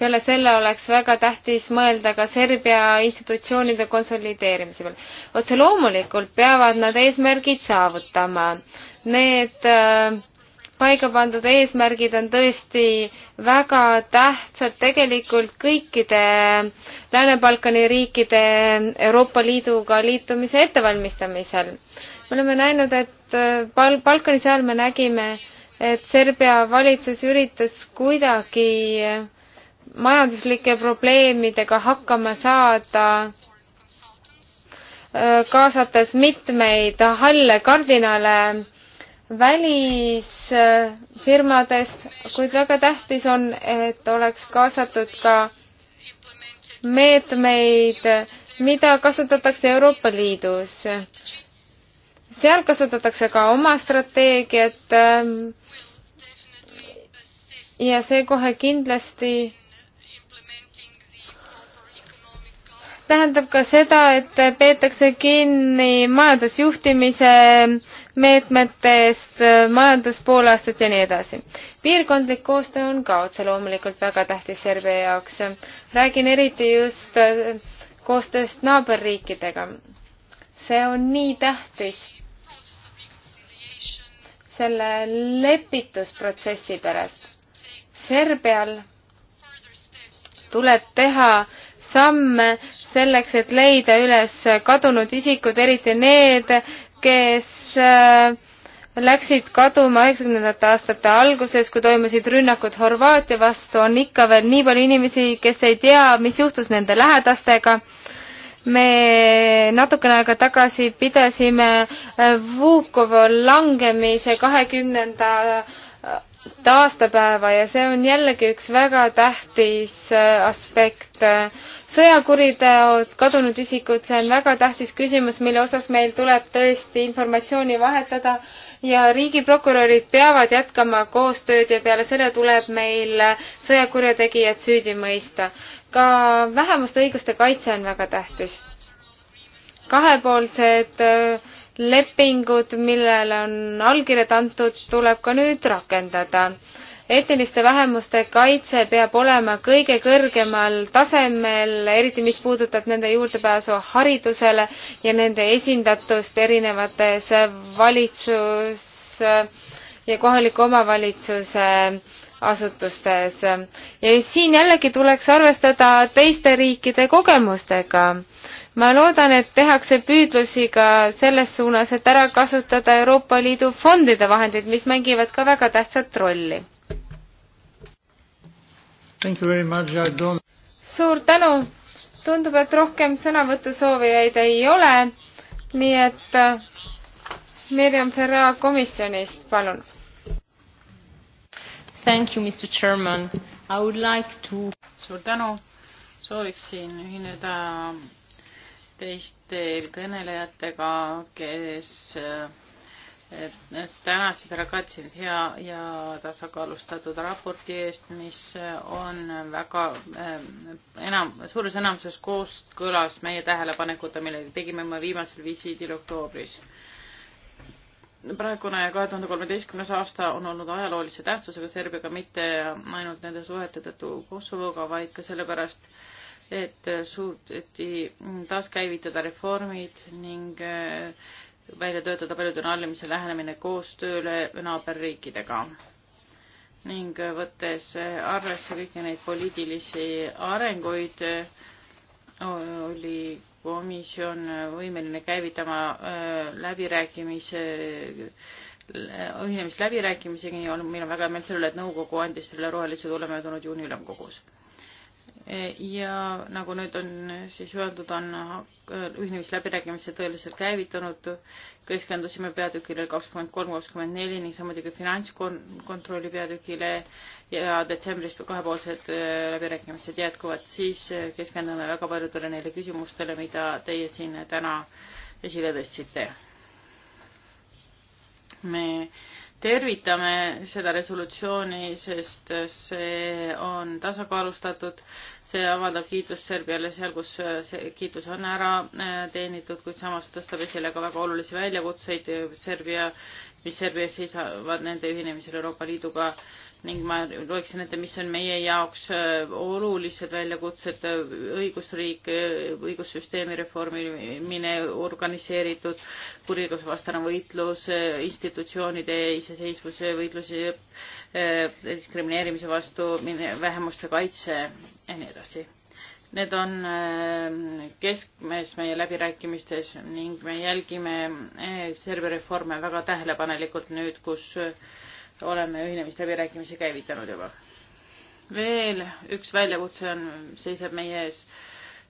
peale selle oleks väga tähtis mõelda ka Serbia institutsioonide konsolideerimise peale. otse loomulikult peavad nad eesmärgid saavutama. Need äh, paika pandud eesmärgid on tõesti väga tähtsad tegelikult kõikide Lääne-Balkani riikide Euroopa Liiduga liitumise ettevalmistamisel. me oleme näinud, et äh, Bal-, Balkani seal me nägime, et Serbia valitsus üritas kuidagi majanduslike probleemidega hakkama saada äh, kaasates mitmeid halle kardinale välisfirmadest, kuid väga tähtis on, et oleks kaasatud ka meetmeid, mida kasutatakse Euroopa Liidus. seal kasutatakse ka oma strateegiat ähm, ja see kohe kindlasti tähendab ka seda, et peetakse kinni majandusjuhtimise meetmetest, äh, majanduspoolaastat ja nii edasi. piirkondlik koostöö on ka otse loomulikult väga tähtis Serbia jaoks. räägin eriti just äh, koostööst naaberriikidega. see on nii tähtis selle lepitusprotsessi pärast. Serbial tuleb teha samme selleks, et leida üles kadunud isikud, eriti need, kes äh, läksid kaduma üheksakümnendate aastate alguses, kui toimusid rünnakud Horvaatia vastu, on ikka veel nii palju inimesi, kes ei tea, mis juhtus nende lähedastega. me natukene aega tagasi pidasime äh, Vukovo langemise kahekümnenda äh, aastapäeva ja see on jällegi üks väga tähtis aspekt sõjakuriteod, kadunud isikud, see on väga tähtis küsimus, mille osas meil tuleb tõesti informatsiooni vahetada ja riigiprokurörid peavad jätkama koostööd ja peale selle tuleb meil sõjakurjategijad süüdi mõista. ka vähemuste õiguste kaitse on väga tähtis. kahepoolsed äh, lepingud, millele on allkirjad antud, tuleb ka nüüd rakendada etniliste vähemuste kaitse peab olema kõige kõrgemal tasemel, eriti mis puudutab nende juurdepääsu haridusele ja nende esindatust erinevates valitsus ja kohaliku omavalitsuse asutustes. ja siin jällegi tuleks arvestada teiste riikide kogemustega ma loodan, et tehakse püüdlusi ka selles suunas, et ära kasutada Euroopa Liidu fondide vahendeid, mis mängivad ka väga tähtsat rolli suur tänu, tundub, et rohkem sõnavõtusoovijaid ei ole, nii et äh, Mirjam Ferra komisjonist, palun. Thank you, Mr Chairman. I would like to suur tänu, sooviksin ühineda teiste eelkõnelejatega, kes äh, tänasid härra Katsil hea ja tasakaalustatud raporti eest, mis on väga eh, enam, suures enamuses kooskõlas meie tähelepanekute, mille tegime me viimasel visiidil oktoobris. praegune kahe tuhande kolmeteistkümnes aasta on olnud ajaloolise tähtsusega Serbiaga mitte ainult nende suhete tõttu Kosovoga, vaid ka sellepärast, et suudeti taaskäivitada reformid ning äh, välja töötada paljudenonaalimise lähenemine koostööle naaberriikidega ning võttes arvesse kõiki neid poliitilisi arenguid, oli komisjon võimeline käivitama äh, läbirääkimise, äh, ühinemisläbirääkimisega, meil on väga hea meel selle üle, et nõukogu andis selle rohelise tule möödunud juuni ülemkogus ja nagu nüüd on siis öeldud, on äh, ühinemisläbirääkimised tõeliselt käivitunud, keskendusime peatükile kakskümmend kolm, kakskümmend neli ning samuti ka finantskontrolli peatükile ja detsembris kahepoolsed äh, läbirääkimised jätkuvad, siis äh, keskendume väga paljudele neile küsimustele, mida teie siin täna esile tõstsite. me tervitame seda resolutsiooni, sest see on tasakaalustatud, see avaldab kiitust Serbiale seal, kus see kiitus on ära äh, teenitud, kuid samas tõstab esile ka väga olulisi väljakutseid Serbia, mis Serbias seisavad nende ühinemisel Euroopa Liiduga äh, ning ma loeksin ette, mis on meie jaoks äh, olulised väljakutsed, äh, õigusriik, äh, õigussüsteemi reformimine, organiseeritud kuriteosvastane võitlus, institutsioonide iseseisvuse võitlus, diskrimineerimise vastu, vähemuste kaitse ja nii edasi. Need on keskmes meie läbirääkimistes ning me jälgime Serbia reforme väga tähelepanelikult nüüd, kus oleme ühinemisläbirääkimisi käivitanud juba. veel üks väljakutse on, seisab meie ees.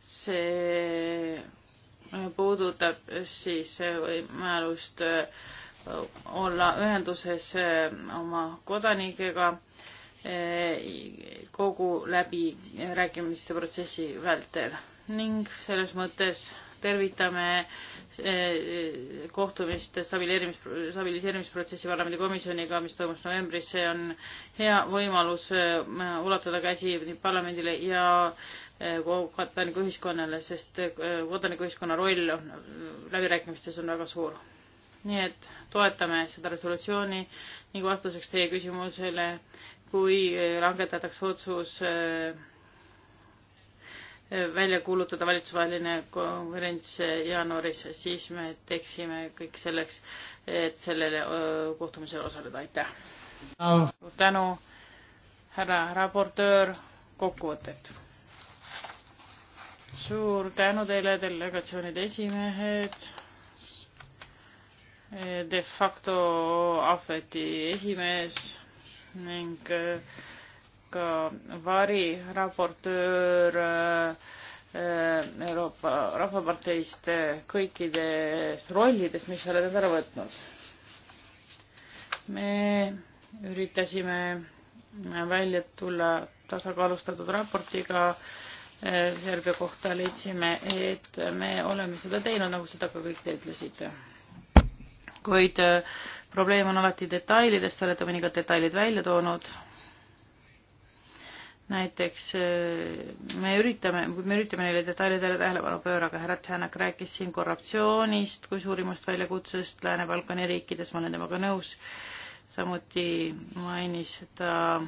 see puudutab siis võimalust äh, olla ühenduses äh, oma kodanikega äh, kogu läbirääkimiste protsessi vältel ning selles mõttes tervitame eh, kohtumist stabiliseerimis, stabiliseerimisprotsessi parlamendikomisjoniga, mis toimus novembris, see on hea võimalus eh, ulatada käsi nii parlamendile ja eh, kodanikuühiskonnale, sest kodanikuühiskonna roll on, läbirääkimistes on väga suur. nii et toetame seda resolutsiooni ning nagu vastuseks teie küsimusele, kui langetatakse otsus välja kuulutada valitsusvaheline konverents jaanuaris, siis me teeksime kõik selleks, et sellele kohtumisel osaleda, aitäh no.. tänu, härra raportöör, kokkuvõtet. suur tänu teile, delegatsioonide esimehed, de facto ahveti esimees ning äh, ka variraportöör äh, äh, Euroopa Rahvaparteist äh, kõikides rollides, mis sa oled ära võtnud. me üritasime välja tulla tasakaalustatud raportiga Serbia kohta, leidsime, et me oleme seda teinud, nagu seda ka kõik te ütlesite. kuid probleem on alati detailides, te olete mõningad detailid välja toonud näiteks äh, me üritame, me üritame neile detailidele tähelepanu pöörata, härra Tšanak rääkis siin korruptsioonist kui suurimast väljakutsest Lääne-Balkani riikides, ma olen temaga nõus. samuti mainis ta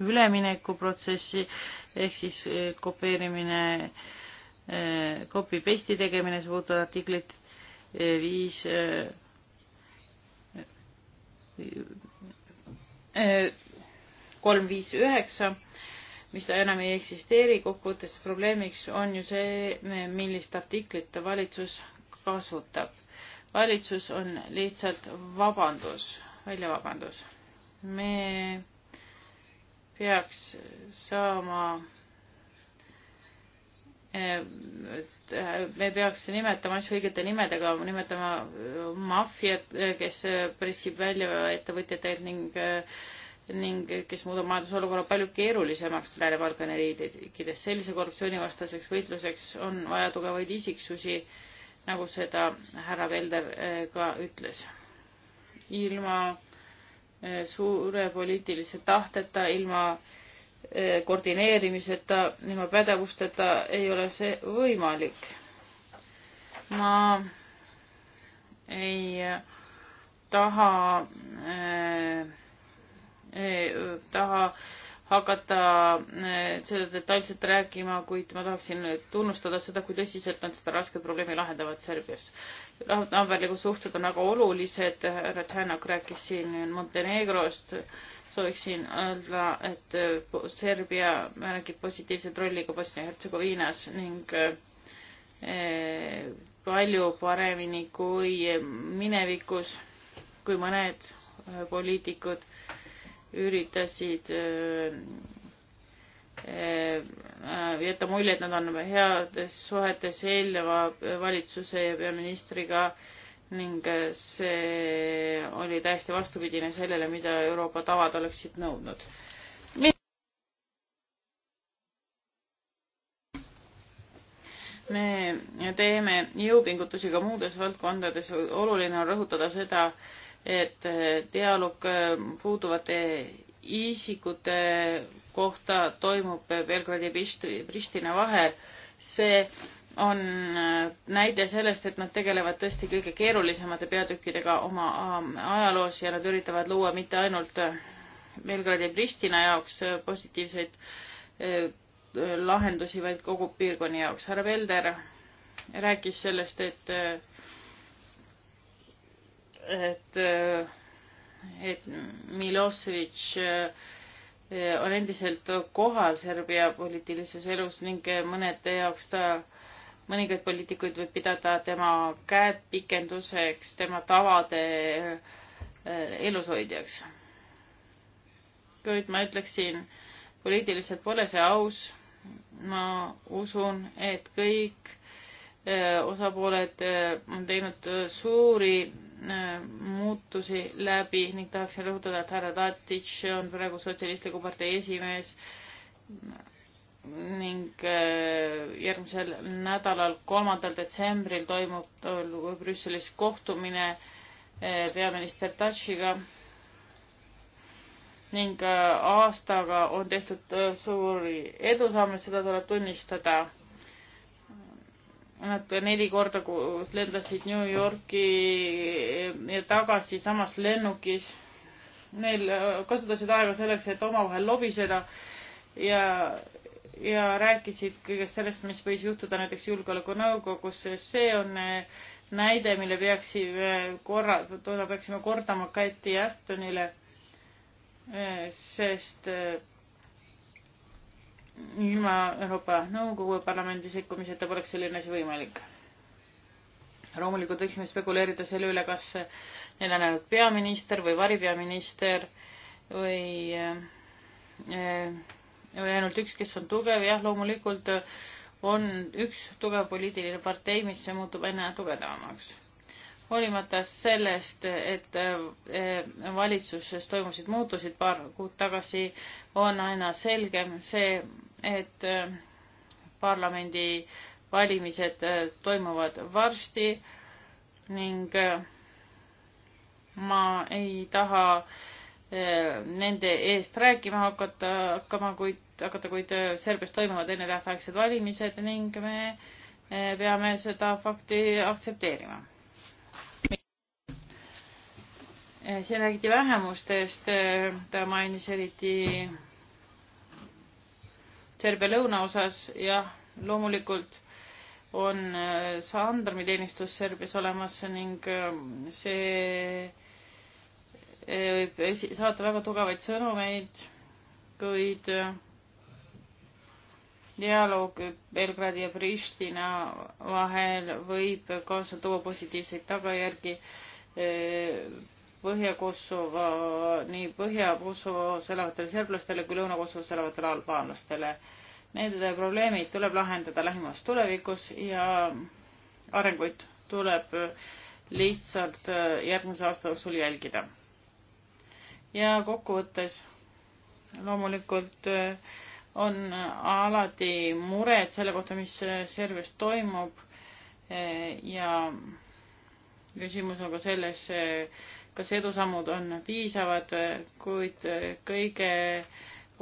üleminekuprotsessi ehk siis äh, kopeerimine, äh, copy-paste'i tegemine, see puudutab artiklit viis kolm, viis, üheksa, mis enam ei eksisteeri, kokkuvõttes probleemiks on ju see, millist artiklit valitsus kasutab. valitsus on lihtsalt vabandus, väljavabandus. me peaks saama eh, me peaks nimetama asju õigete nimedega, nimetama maffiat, kes pressib välja ettevõtjatelt ning eh, ning kes muudab majandusolukorra palju keerulisemaks Lääne-Balkani riikides. sellise korruptsioonivastaseks võitluseks on vaja tugevaid isiksusi, nagu seda härra Velder eh, ka ütles. ilma eh, suure poliitilise tahteta, ilma eh, koordineerimiseta, ilma pädevusteta ei ole see võimalik. ma ei taha äh, taha hakata eh, seda detailselt rääkima, kuid ma tahaksin tunnustada seda, kui tõsiselt nad seda rasket probleemi lahendavad Serbias. rahvusvahelikud suhted on väga olulised, härra Tšernok rääkis siin Montenegrost, sooviksin öelda, et eh, Serbia mängib positiivset rolli ka Bosnia-Hertsegoviinas ning eh, palju paremini kui minevikus, kui mõned poliitikud üritasid äh, äh, jätta mulje, et nad on heades suhetes eelneva valitsuse ja peaministriga ning see oli täiesti vastupidine sellele, mida Euroopa tavad oleksid nõudnud. me teeme jõupingutusi ka muudes valdkondades, oluline on rõhutada seda, et äh, dialoog äh, puuduvate isikute kohta toimub Belgradi ja Pristina vahel. see on äh, näide sellest, et nad tegelevad tõesti kõige keerulisemate peatükkidega oma ajaloos ja nad üritavad luua mitte ainult Belgradi ja Pristina jaoks positiivseid lahendusi, vaid kogu piirkonna jaoks. härra Pelder rääkis sellest, et et, äh, et Milosevic äh, on endiselt kohal Serbia poliitilises elus ning äh, mõnede jaoks ta, mõningaid poliitikuid võib pidada tema käepikenduseks, tema tavade elushoidjaks. kuid ma ütleksin, poliitiliselt pole see aus. ma usun, et kõik osapooled on teinud suuri Äh, muutusi läbi ning tahaksin rõhutada, et härra Tatitš on praegu Sotsialistliku partei esimees ning äh, järgmisel nädalal, kolmandal detsembril toimub Brüsselis kohtumine äh, peaminister Tatšiga ning aastaga on tehtud suuri edusamme, seda tuleb tunnistada Nad neli korda lendasid New Yorki ja tagasi samas lennukis. Neil äh, kasutasid aega selleks, et omavahel lobiseda ja, ja rääkisid kõigest sellest, mis võis juhtuda näiteks julgeolekunõukogus. see on äh, näide, mille peaksime korra, toona peaksime kordama Käti Astonile, äh, sest ilma Euroopa Nõukogu parlamendi sekkumiseta poleks selline asi võimalik. loomulikult võiksime spekuleerida selle üle, kas neil on ainult peaminister või varipeaminister või, eh, või ainult üks, kes on tugev, jah, loomulikult on üks tugev poliitiline partei, mis muutub aina tugevamaks hoolimata sellest, et eh, valitsuses toimusid muutusid paar kuud tagasi, on aina selgem see, et eh, parlamendi valimised eh, toimuvad varsti ning ma ei taha nende eest rääkima hakata, hakkama, kuid, hakata, kuid Serbias toimuvad ennetähtaegsed valimised ning me peame seda fakti aktsepteerima Eh, siin räägiti vähemustest, eh, ta mainis eriti Serbia lõunaosas, jah, loomulikult on eh, sandarmiteenistus Serbias olemas ning see võib esi-, saata väga tugevaid sõnumeid, kuid dialoog Belgradi ja Pristina vahel võib kaasa tuua positiivseid tagajärgi Põhja-Kosovo, nii Põhja-Kosovos elavatele serblastele kui Lõuna-Kosovos elavatele albaanlastele. Need probleemid tuleb lahendada lähimas tulevikus ja arenguid tuleb lihtsalt äh, järgmise aasta jooksul jälgida. ja kokkuvõttes loomulikult äh, on alati mured selle kohta, mis äh, Serbias toimub ja küsimus on ka selles, kas edusammud on piisavad, kuid kõige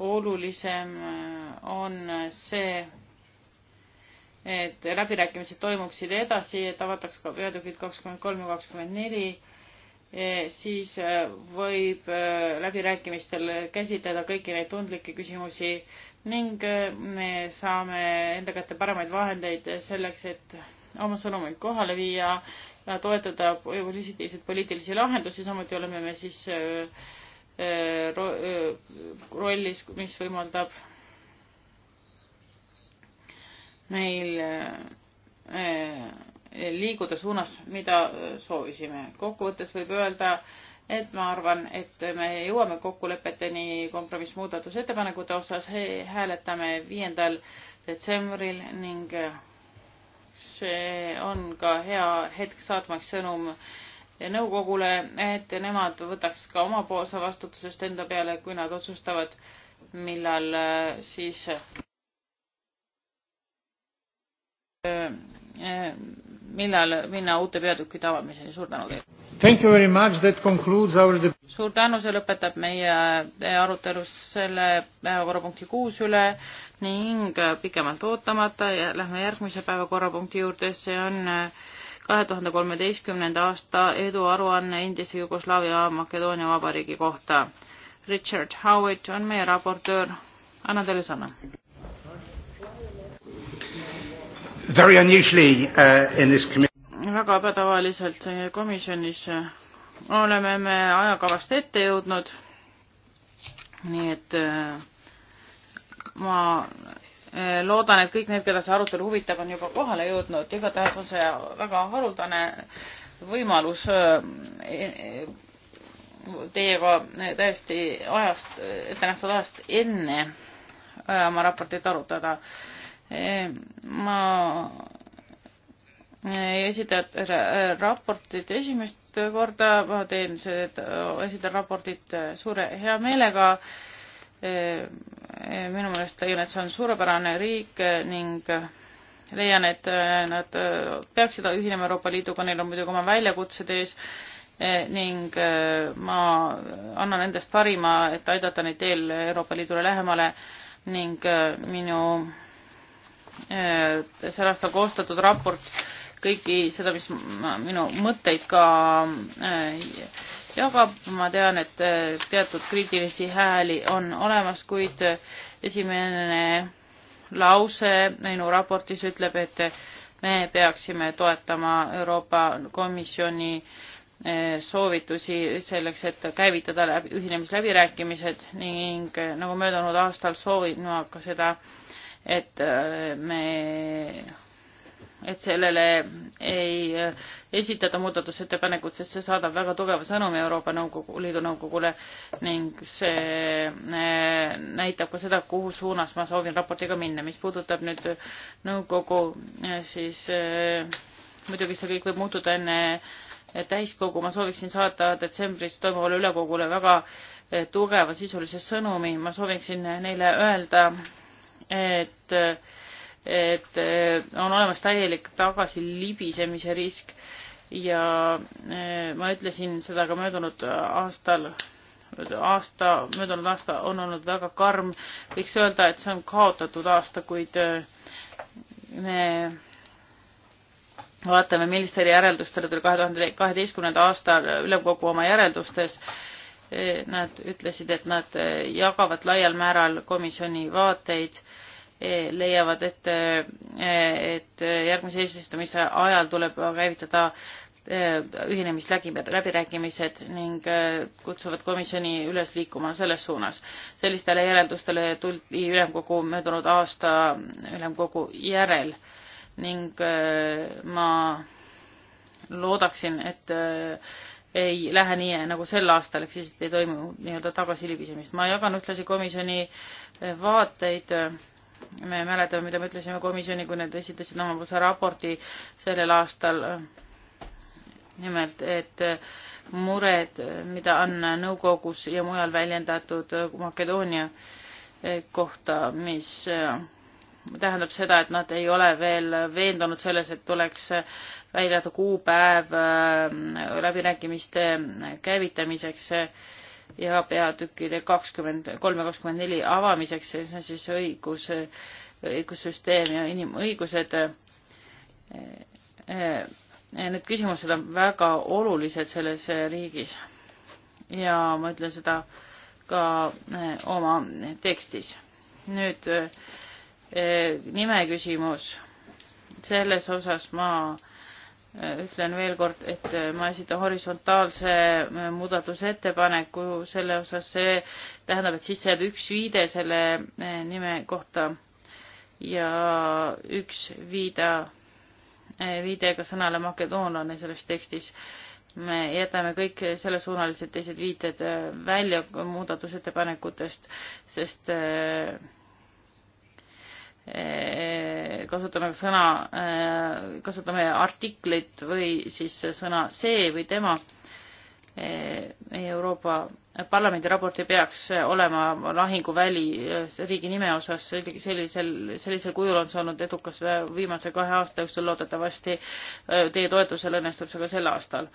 olulisem on see, et läbirääkimised toimuksid edasi, et avataks ka peatükid kakskümmend kolm ja kakskümmend neli, e, siis võib e, läbirääkimistel käsitleda kõiki neid tundlikke küsimusi ning e, me saame enda kätte paremaid vahendeid selleks, et oma sõnumeid kohale viia ja toetada positiivseid poliitilisi lahendusi, samuti oleme me siis äh, äh, äh, rollis, mis võimaldab meil liiguda suunas, mida soovisime. kokkuvõttes võib öelda, et ma arvan, et me jõuame kokkulepeteni kompromissmuudatusettepanekute osas, hääletame viiendal detsembril ning see on ka hea hetk saatmaks sõnum nõukogule, et nemad võtaks ka omapoolse vastutusest enda peale, kui nad otsustavad, millal äh, siis äh, äh, millal minna uute peatükkide avamiseni. suur tänu teile! suur tänu, see lõpetab meie arutelu selle päevakorrapunkti kuus üle ning äh, pikemalt ootamata ja lähme järgmise päevakorrapunkti juurde, see on äh, kahe tuhande kolmeteistkümnenda aasta eduaruanne endise Jugoslaavia Makedoonia Vabariigi kohta. Richard Howitt on meie raportöör, annan teile sõna. Very unusually uh, in this committee väga ebatavaliselt komisjonis äh, oleme me ajakavast ette jõudnud. nii et ma eh, loodan, et kõik need, keda see arutelu huvitab, on juba kohale jõudnud, igatahes on see väga haruldane võimalus eh, eh, teiega täiesti ajast, ettenähtud ajast enne oma raportit arutada. ma esitad raportit esimest korda, ma teen seda, esitan raportit suure heameelega minu meelest leian, et see on suurepärane riik ning leian, et äh, nad äh, peaksid ühinema Euroopa Liiduga, neil on muidugi oma väljakutsed ees äh, ning ma annan endast parima, et aidata neid teel Euroopa Liidule lähemale ning minu sel aastal koostatud raport kõiki seda, mis ma, minu mõtteid ka äh, jagab, ma tean, et äh, teatud kriitilisi hääli on olemas, kuid äh, esimene lause minu raportis ütleb, et äh, me peaksime toetama Euroopa Komisjoni äh, soovitusi selleks, et käivitada läbi, ühinemisläbirääkimised ning äh, nagu möödunud aastal soovin ma ka seda, et me et sellele ei äh, esitata muudatusettepanekut, sest see saadab väga tugeva sõnumi Euroopa Nõukogu, Liidu Nõukogule ning see äh, näitab ka seda, kuhu suunas ma soovin raportiga minna. mis puudutab nüüd nõukogu, äh, siis muidugi see kõik võib muutuda enne täiskogu, ma sooviksin saata detsembris toimuvale ülekogule väga tugeva sisulise sõnumi, ma sooviksin neile öelda, et äh, et eh, on olemas täielik tagasilibisemise risk ja eh, ma ütlesin seda ka möödunud aastal, aasta, möödunud aasta on olnud väga karm, võiks öelda, et see on kaotatud aasta, kuid eh, me vaatame, millistele järeldustele tuli kahe tuhande kaheteistkümnenda aasta ülemkogu oma järeldustes. Nad ütlesid, et nad jagavad laial määral komisjoni vaateid äh, leiavad, et, et järgmise eesistumise ajal tuleb käivitada e, ühinemisläbirääkimised ning e, kutsuvad komisjoni üles liikuma selles suunas. sellistele järeldustele tuldi ülemkogu möödunud aasta ülemkogu järel ning e, ma loodaksin, et ei lähe nii nagu sel aastal, ehk siis ei toimu nii-öelda tagasilibisemist. ma jagan ühtlasi komisjoni vaateid me mäletame, mida me ütlesime komisjoni, kui nad esitasid omapoolse raporti sellel aastal. nimelt, et mured, mida on nõukogus ja mujal väljendatud Makedoonia kohta, mis äh, tähendab seda, et nad ei ole veel veendunud selles, et tuleks välja kuupäev äh, läbirääkimiste käivitamiseks ja peatükkide kakskümmend kolm ja kakskümmend neli avamiseks, see on siis õigus, õigussüsteem ja inimõigused. Need küsimused on väga olulised selles riigis ja ma ütlen seda ka eh, oma tekstis. nüüd eh, nime küsimus, selles osas ma äh, ütlen veel kord, et ma esitan horisontaalse äh, muudatusettepaneku selle osas, see tähendab, et sisse jääb üks viide selle äh, nime kohta ja üks viida, äh, viide ka sõnale makedoonlane selles tekstis. me jätame kõik sellesuunalised teised viited välja muudatusettepanekutest, sest äh, Eh, kasutame sõna, eh, kasutame artiklit või siis sõna see või tema. Eh, Euroopa Parlamendi raport ei peaks olema lahinguväli riigi nime osas, sellisel, sellisel kujul on see olnud edukas viimase kahe aasta jooksul, loodetavasti teie toetusel õnnestub see ka sel aastal.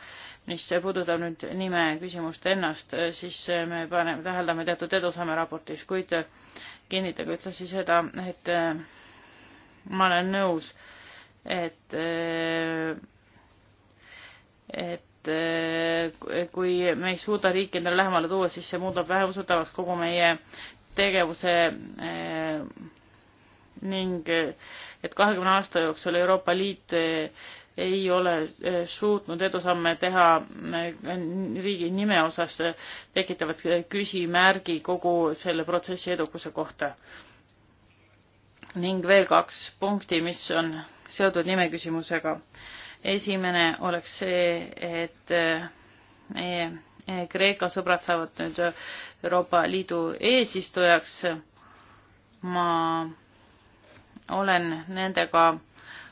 mis puudutab nüüd nime küsimust ennast, siis me paneme, täheldame teatud edusamme raportis, kuid kinnitage ühtlasi seda, et äh, ma olen nõus, et, äh, et äh, kui me ei suuda riiki endale lähemale tuua, siis see muudab väheusutavaks kogu meie tegevuse ning et kahekümne aasta jooksul Euroopa Liit ei ole eh, suutnud edusamme teha eh, riigi nime osas, eh, tekitavad küsimärgi kogu selle protsessi edukuse kohta. ning veel kaks punkti, mis on seotud nimeküsimusega. esimene oleks see, et meie Kreeka sõbrad saavad nüüd Euroopa Liidu eesistujaks. ma olen nendega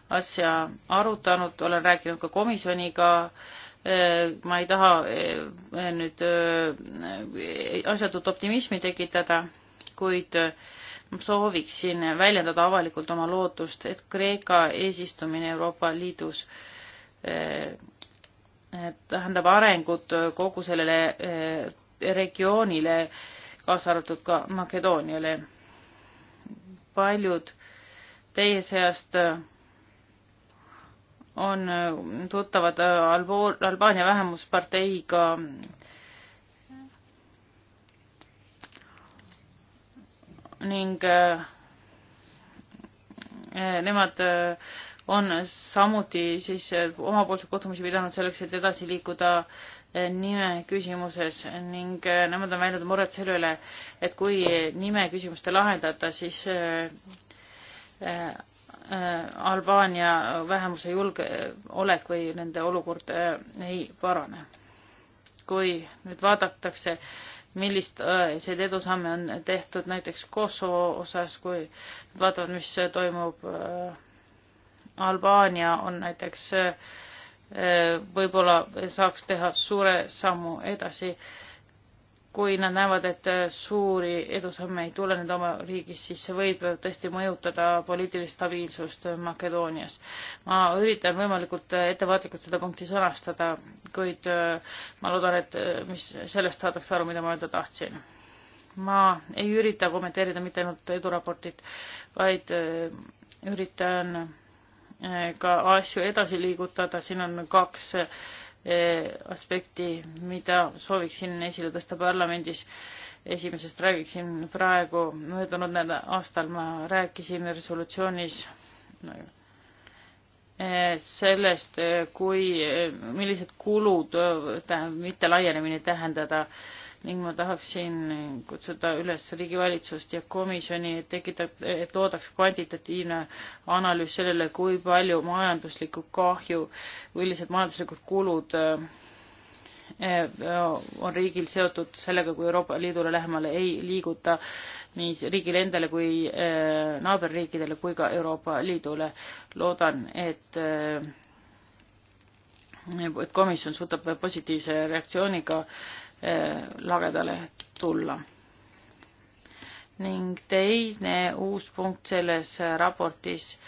asja arutanud, olen rääkinud ka komisjoniga, äh, ma ei taha äh, nüüd äh, asjatut optimismi tekitada, kuid sooviksin väljendada avalikult oma lootust, et Kreeka eesistumine Euroopa Liidus tähendab arengut kogu sellele regioonile, kaasa arvatud ka Makedooniale. paljud teie seast on äh, tuttavad äh, Albo-, Albaania vähemusparteiga ning äh, nemad on samuti siis omapoolseid kohtumisi pidanud selleks, et edasi liikuda nime küsimuses ning nemad on väljendanud muret selle üle, et kui nime küsimust ei lahendata, siis Äh, Albaania vähemuse julgeolek või nende olukord äh, ei parane. kui nüüd vaadatakse, millist, äh, selliseid edusamme on tehtud näiteks Kosovo osas, kui vaatavad, mis toimub Albaania on näiteks võib-olla saaks teha suure sammu edasi kui nad näevad, et äh, suuri edusamme ei tule nüüd oma riigis, siis see võib tõesti mõjutada poliitilist stabiilsust äh, Makedoonias. ma üritan võimalikult äh, ettevaatlikult seda punkti sõnastada, kuid ma loodan, et mis sellest saadakse aru, mida ma öelda tahtsin. ma ei ürita kommenteerida mitte ainult eduraportit, vaid üritan ka asju edasi liigutada, siin on kaks Eh, aspekti, mida sooviksin esile tõsta parlamendis. esimesest räägiksin praegu, möödunud aastal ma rääkisin resolutsioonis eh, sellest, eh, kui, millised kulud mitte laienemine tähendada ning ma tahaksin kutsuda üles riigivalitsust ja komisjoni, et tekitada, et loodaks kvantitatiivne analüüs sellele, kui palju majanduslikku kahju või lihtsalt majanduslikud kulud eh, eh, on riigil seotud sellega, kui Euroopa Liidule lähemale ei liiguta nii riigile endale kui eh, naaberriikidele kui ka Euroopa Liidule. loodan, et et komisjon suudab positiivse reaktsiooniga äh, Äh, lagedale tulla. ning teine uus punkt selles raportis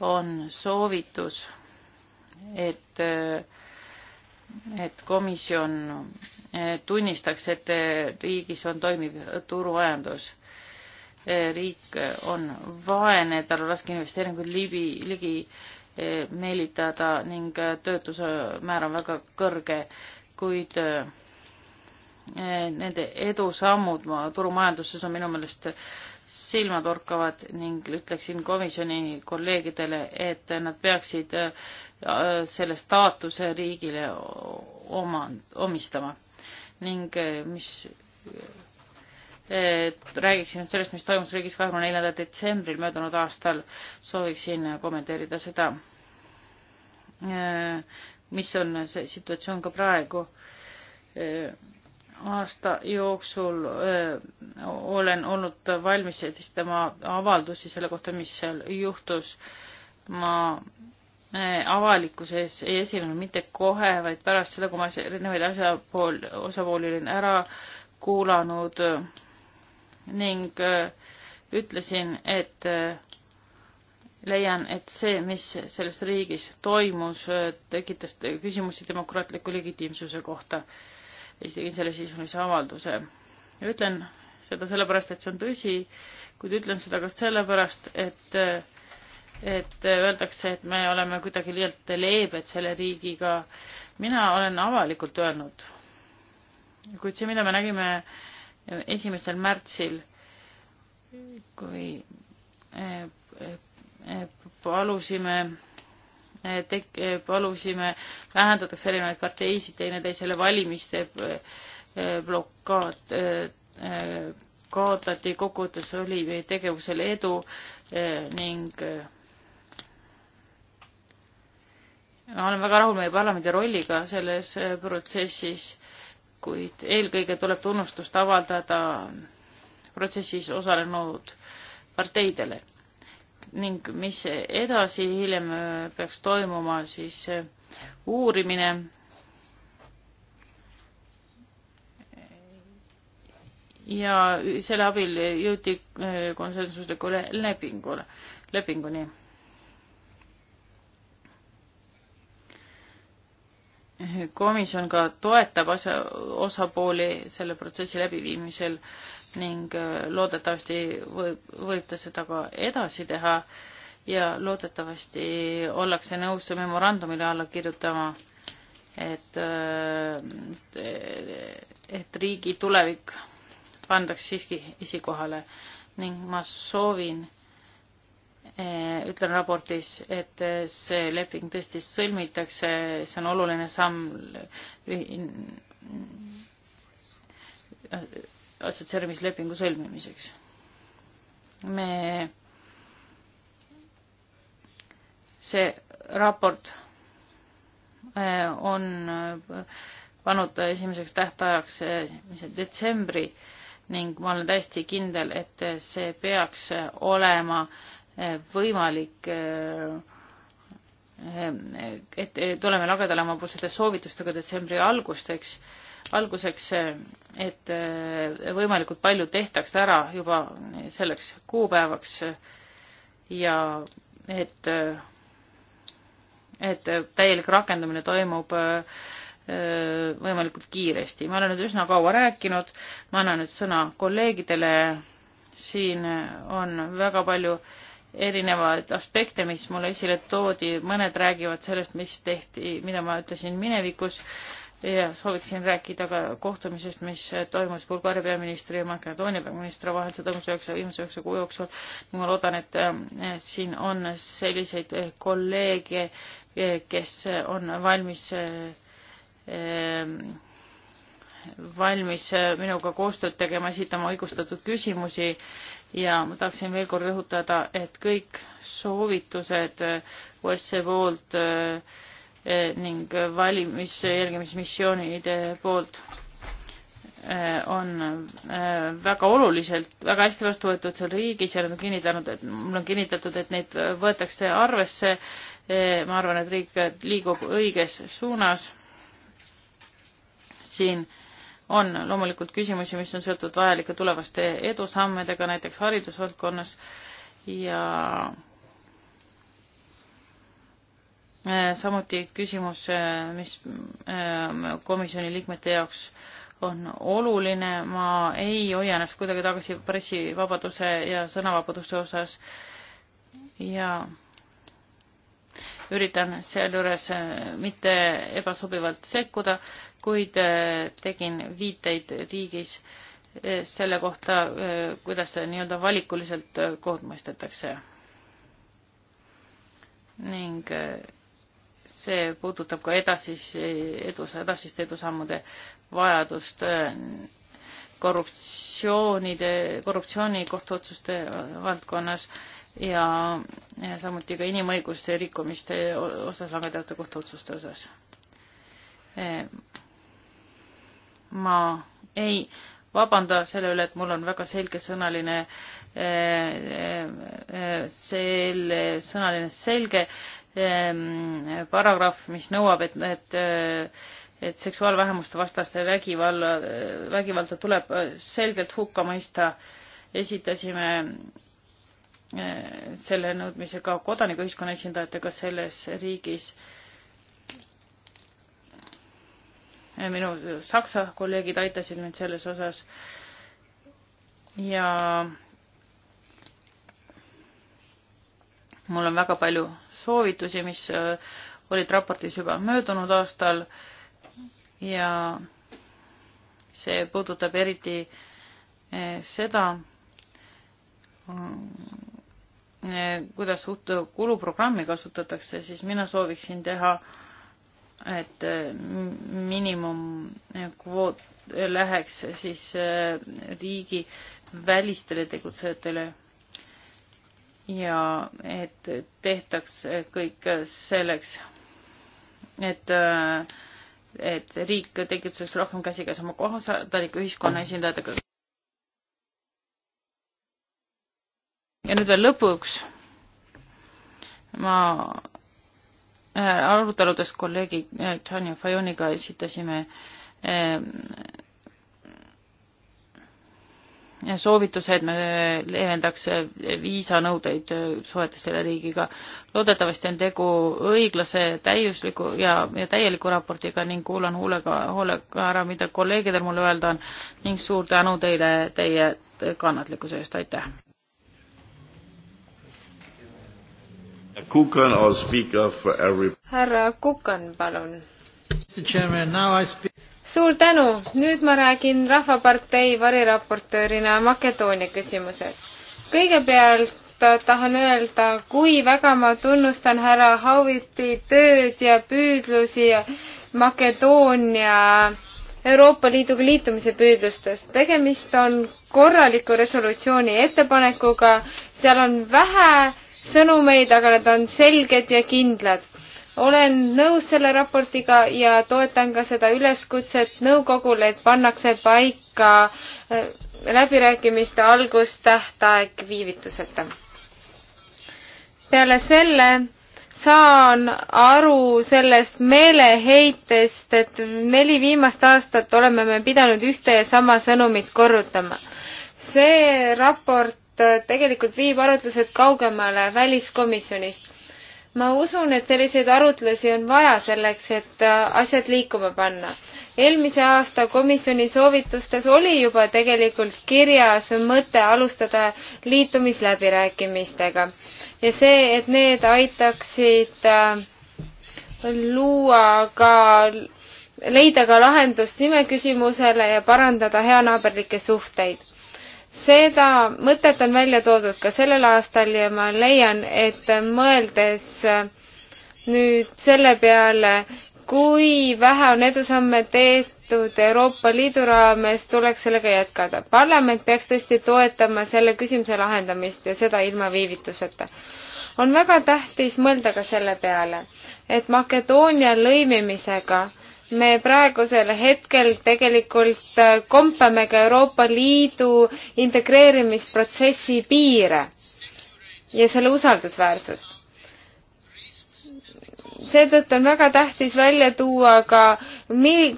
on soovitus, et, äh, et komisjon äh, tunnistaks, et riigis on toimiv turumajandus riik on vaene, tal on raske investeeringuid libi, ligi meelitada ning töötuse määr on väga kõrge, kuid Eh, nende edusammud turumajanduses on minu meelest silmatorkavad ning ütleksin komisjoni kolleegidele, et nad peaksid eh, selle staatuse riigile oma, omistama. ning eh, mis, räägiksin nüüd sellest, mis toimus riigis kahekümne neljandal detsembril möödunud aastal, sooviksin kommenteerida seda, mis on see situatsioon ka praegu aasta jooksul öö, olen olnud valmis esitama avaldusi selle kohta, mis seal juhtus. ma avalikkuse ees ei esinenud mitte kohe, vaid pärast seda, kui ma erinevaid asjapool, osapooli olin ära kuulanud ning öö, ütlesin, et öö, leian, et see, mis selles riigis toimus, tekitas küsimusi demokraatliku legitiimsuse kohta ja siis tegin selle sisulise avalduse. ütlen seda sellepärast, et see on tõsi, kuid ütlen seda ka sellepärast, et, et öeldakse, et me oleme kuidagi liialt leebed selle riigiga. mina olen avalikult öelnud, kuid see, mida me nägime esimesel märtsil, kui palusime eh, eh, eh, tek-, palusime, vähendatakse erinevaid parteisid teineteisele valimiste eh, eh, blokaad eh, kaotati, kokkuvõttes oli meie tegevusel edu ning ma olen väga rahul meie parlamendi rolliga selles protsessis, kuid eelkõige tuleb tunnustust avaldada protsessis osalenud parteidele ning mis edasi hiljem äh, peaks toimuma, siis äh, uurimine. ja selle abil jõuti äh, konsensuslikule lepingule, lepinguni. komisjon ka toetab asja, osapooli selle protsessi läbiviimisel äh, ning äh, loodetavasti võib, võib ta seda ka edasi teha ja loodetavasti ollakse nõus memorandumile alla kirjutama, et, äh, et riigi tulevik pandaks siiski esikohale ning ma soovin, äh, ütlen raportis, et see leping tõesti sõlmitakse, see on oluline samm assotsieerimislepingu sõlmimiseks. me, see raport eh, on eh, pannud esimeseks tähtajaks eh, detsembri ning ma olen täiesti kindel, et see peaks olema võimalik, et tuleme lagedale oma soovitustega detsembri algusteks alguseks, et eh, võimalikult palju tehtaks ära juba selleks kuupäevaks ja et, et täielik rakendamine toimub eh, võimalikult kiiresti. ma olen nüüd üsna kaua rääkinud, ma annan nüüd sõna kolleegidele, siin on väga palju erinevaid aspekte, mis mulle esile toodi, mõned räägivad sellest, mis tehti, mida ma ütlesin minevikus, ja sooviksin rääkida ka kohtumisest, mis toimus Bulgaaria peaministri ja Makedoonia peaministri vahel, see toimus üheksa, viimase üheksa kuu jooksul. ma loodan, et ähm, siin on selliseid äh, kolleege, äh, kes on valmis, äh, ähm, valmis minuga koostööd tegema, esitama õigustatud küsimusi ja ma tahaksin veel kord rõhutada, et kõik soovitused USA poolt äh, Eh, ning valimis jälgimismissioonide poolt eh, on eh, väga oluliselt, väga hästi vastu võetud seal riigis ja nad on kinnitanud, et mul on kinnitatud, et neid võetakse arvesse. ma arvan, et riik liigub õiges suunas. siin on loomulikult küsimusi, mis on seotud vajalike tulevaste edusammedega, näiteks haridusvaldkonnas ja Äh, samuti küsimus, äh, mis äh, komisjoni liikmete jaoks on oluline, ma ei hoia ennast kuidagi tagasi pressivabaduse ja sõnavabaduse osas ja üritan sealjuures mitte ebasobivalt sekkuda, kuid tegin viiteid riigis selle kohta, kuidas nii-öelda valikuliselt kohut mõistetakse. ning see puudutab ka edasis, edus, edasiste edusammude vajadust äh, korruptsioonide, korruptsiooni kohtuotsuste valdkonnas ja, ja samuti ka inimõiguste rikkumiste osas langetavate kohtuotsuste osas. Äh, ma ei vabanda selle üle, et mul on väga selgesõnaline eh, eh, selle sõnaline selge ehm, paragrahv, mis nõuab, et, et et seksuaalvähemuste vastaste vägivalla, vägivalda tuleb eh, selgelt hukka mõista. esitasime selle nõudmise ka kodanikuühiskonna esindajatega selles riigis äh, minu saksa kolleegid aitasid mind selles osas ja mul on väga palju soovitusi, mis äh, olid raportis juba möödunud aastal ja see puudutab eriti äh, seda, äh, kuidas uut kuluprogrammi kasutatakse, siis mina sooviksin teha äh, et äh, miinimumkvoot äh, läheks siis äh, riigi välistele tegutsejatele ja et tehtaks kõik selleks, et, et riik tegutseks rohkem käsikäes oma kohasõjaliku ühiskonna esindajatega. ja nüüd veel lõpuks ma Äh, aruteludes kolleegi äh, Tanja Fajoniga esitasime äh, soovituse, et me leevendaks viisanõudeid suhetes selle riigiga. loodetavasti on tegu õiglase, täiusliku ja, ja täieliku raportiga ning kuulan hoolega, hoolega ära, mida kolleegidel mulle öelda on ning suur tänu teile teie kannatlikkuse eest, aitäh! Kukan, our speaker for every. härra Kukan, palun. suur tänu, nüüd ma räägin Rahvapartei variraportöörina Makedoonia küsimuses. kõigepealt tahan öelda, kui väga ma tunnustan härra Hauiti tööd ja püüdlusi Makedoonia Euroopa Liiduga liitumise püüdlustest. tegemist on korraliku resolutsiooni ettepanekuga, seal on vähe sõnumeid, aga nad on selged ja kindlad. olen nõus selle raportiga ja toetan ka seda üleskutset nõukogule, et pannakse paika äh, läbirääkimiste algustähtaeg viivituseta. peale selle saan aru sellest meeleheitest, et neli viimast aastat oleme me pidanud ühte ja sama sõnumit korrutama. see raport Äh, tegelikult viib arutlused kaugemale väliskomisjonist. ma usun, et selliseid arutlusi on vaja selleks, et äh, asjad liikuma panna. eelmise aasta komisjoni soovitustes oli juba tegelikult kirjas mõte alustada liitumisläbirääkimistega ja see, et need aitaksid äh, luua ka, leida ka lahendust nimeküsimusele ja parandada heanaaberlikke suhteid seda mõtet on välja toodud ka sellel aastal ja ma leian, et mõeldes nüüd selle peale, kui vähe on edusamme tehtud Euroopa Liidu raames, tuleks sellega jätkada. parlament peaks tõesti toetama selle küsimuse lahendamist ja seda ilma viivituseta. on väga tähtis mõelda ka selle peale, et Makedoonia lõimimisega me praegusel hetkel tegelikult äh, kompame ka Euroopa Liidu integreerimisprotsessi piire ja selle usaldusväärsust. seetõttu on väga tähtis välja tuua ka,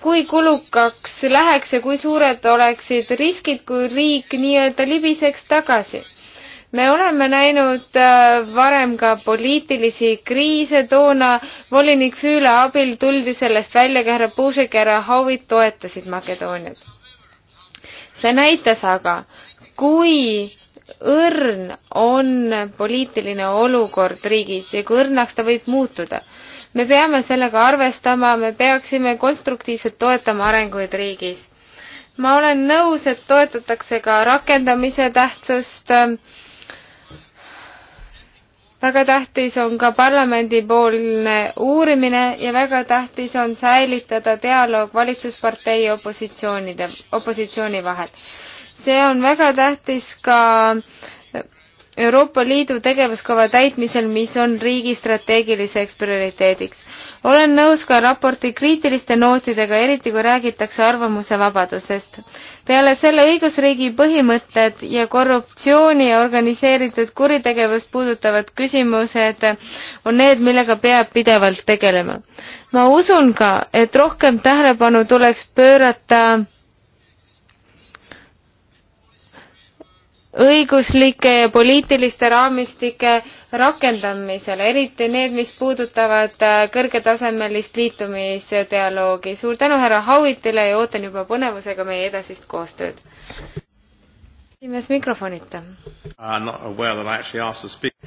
kui kulukaks läheks ja kui suured oleksid riskid, kui riik nii-öelda libiseks tagasi me oleme näinud äh, varem ka poliitilisi kriise, toona volinik Füüle abil tuldi sellest välja, ka härra Puusek ja härra Howitt toetasid Makedooniat. see näitas aga, kui õrn on poliitiline olukord riigis ja kui õrnaks ta võib muutuda. me peame sellega arvestama, me peaksime konstruktiivselt toetama arenguid riigis. ma olen nõus, et toetatakse ka rakendamise tähtsust äh, väga tähtis on ka parlamendipoolne uurimine ja väga tähtis on säilitada dialoog valitsuspartei ja opositsioonide, opositsiooni vahel. see on väga tähtis ka Euroopa Liidu tegevuskava täitmisel, mis on riigi strateegiliseks prioriteediks olen nõus ka raporti kriitiliste nootidega, eriti kui räägitakse arvamuse vabadusest. peale selle õigusriigi põhimõtted ja korruptsiooni ja organiseeritud kuritegevust puudutavad küsimused on need, millega peab pidevalt tegelema. ma usun ka, et rohkem tähelepanu tuleks pöörata õiguslike ja poliitiliste raamistike rakendamisel, eriti need, mis puudutavad äh, kõrgetasemelist liitumisdialoogi. suur tänu härra Hauitile ja ootan juba põnevusega meie edasist koostööd. esimees mikrofonita.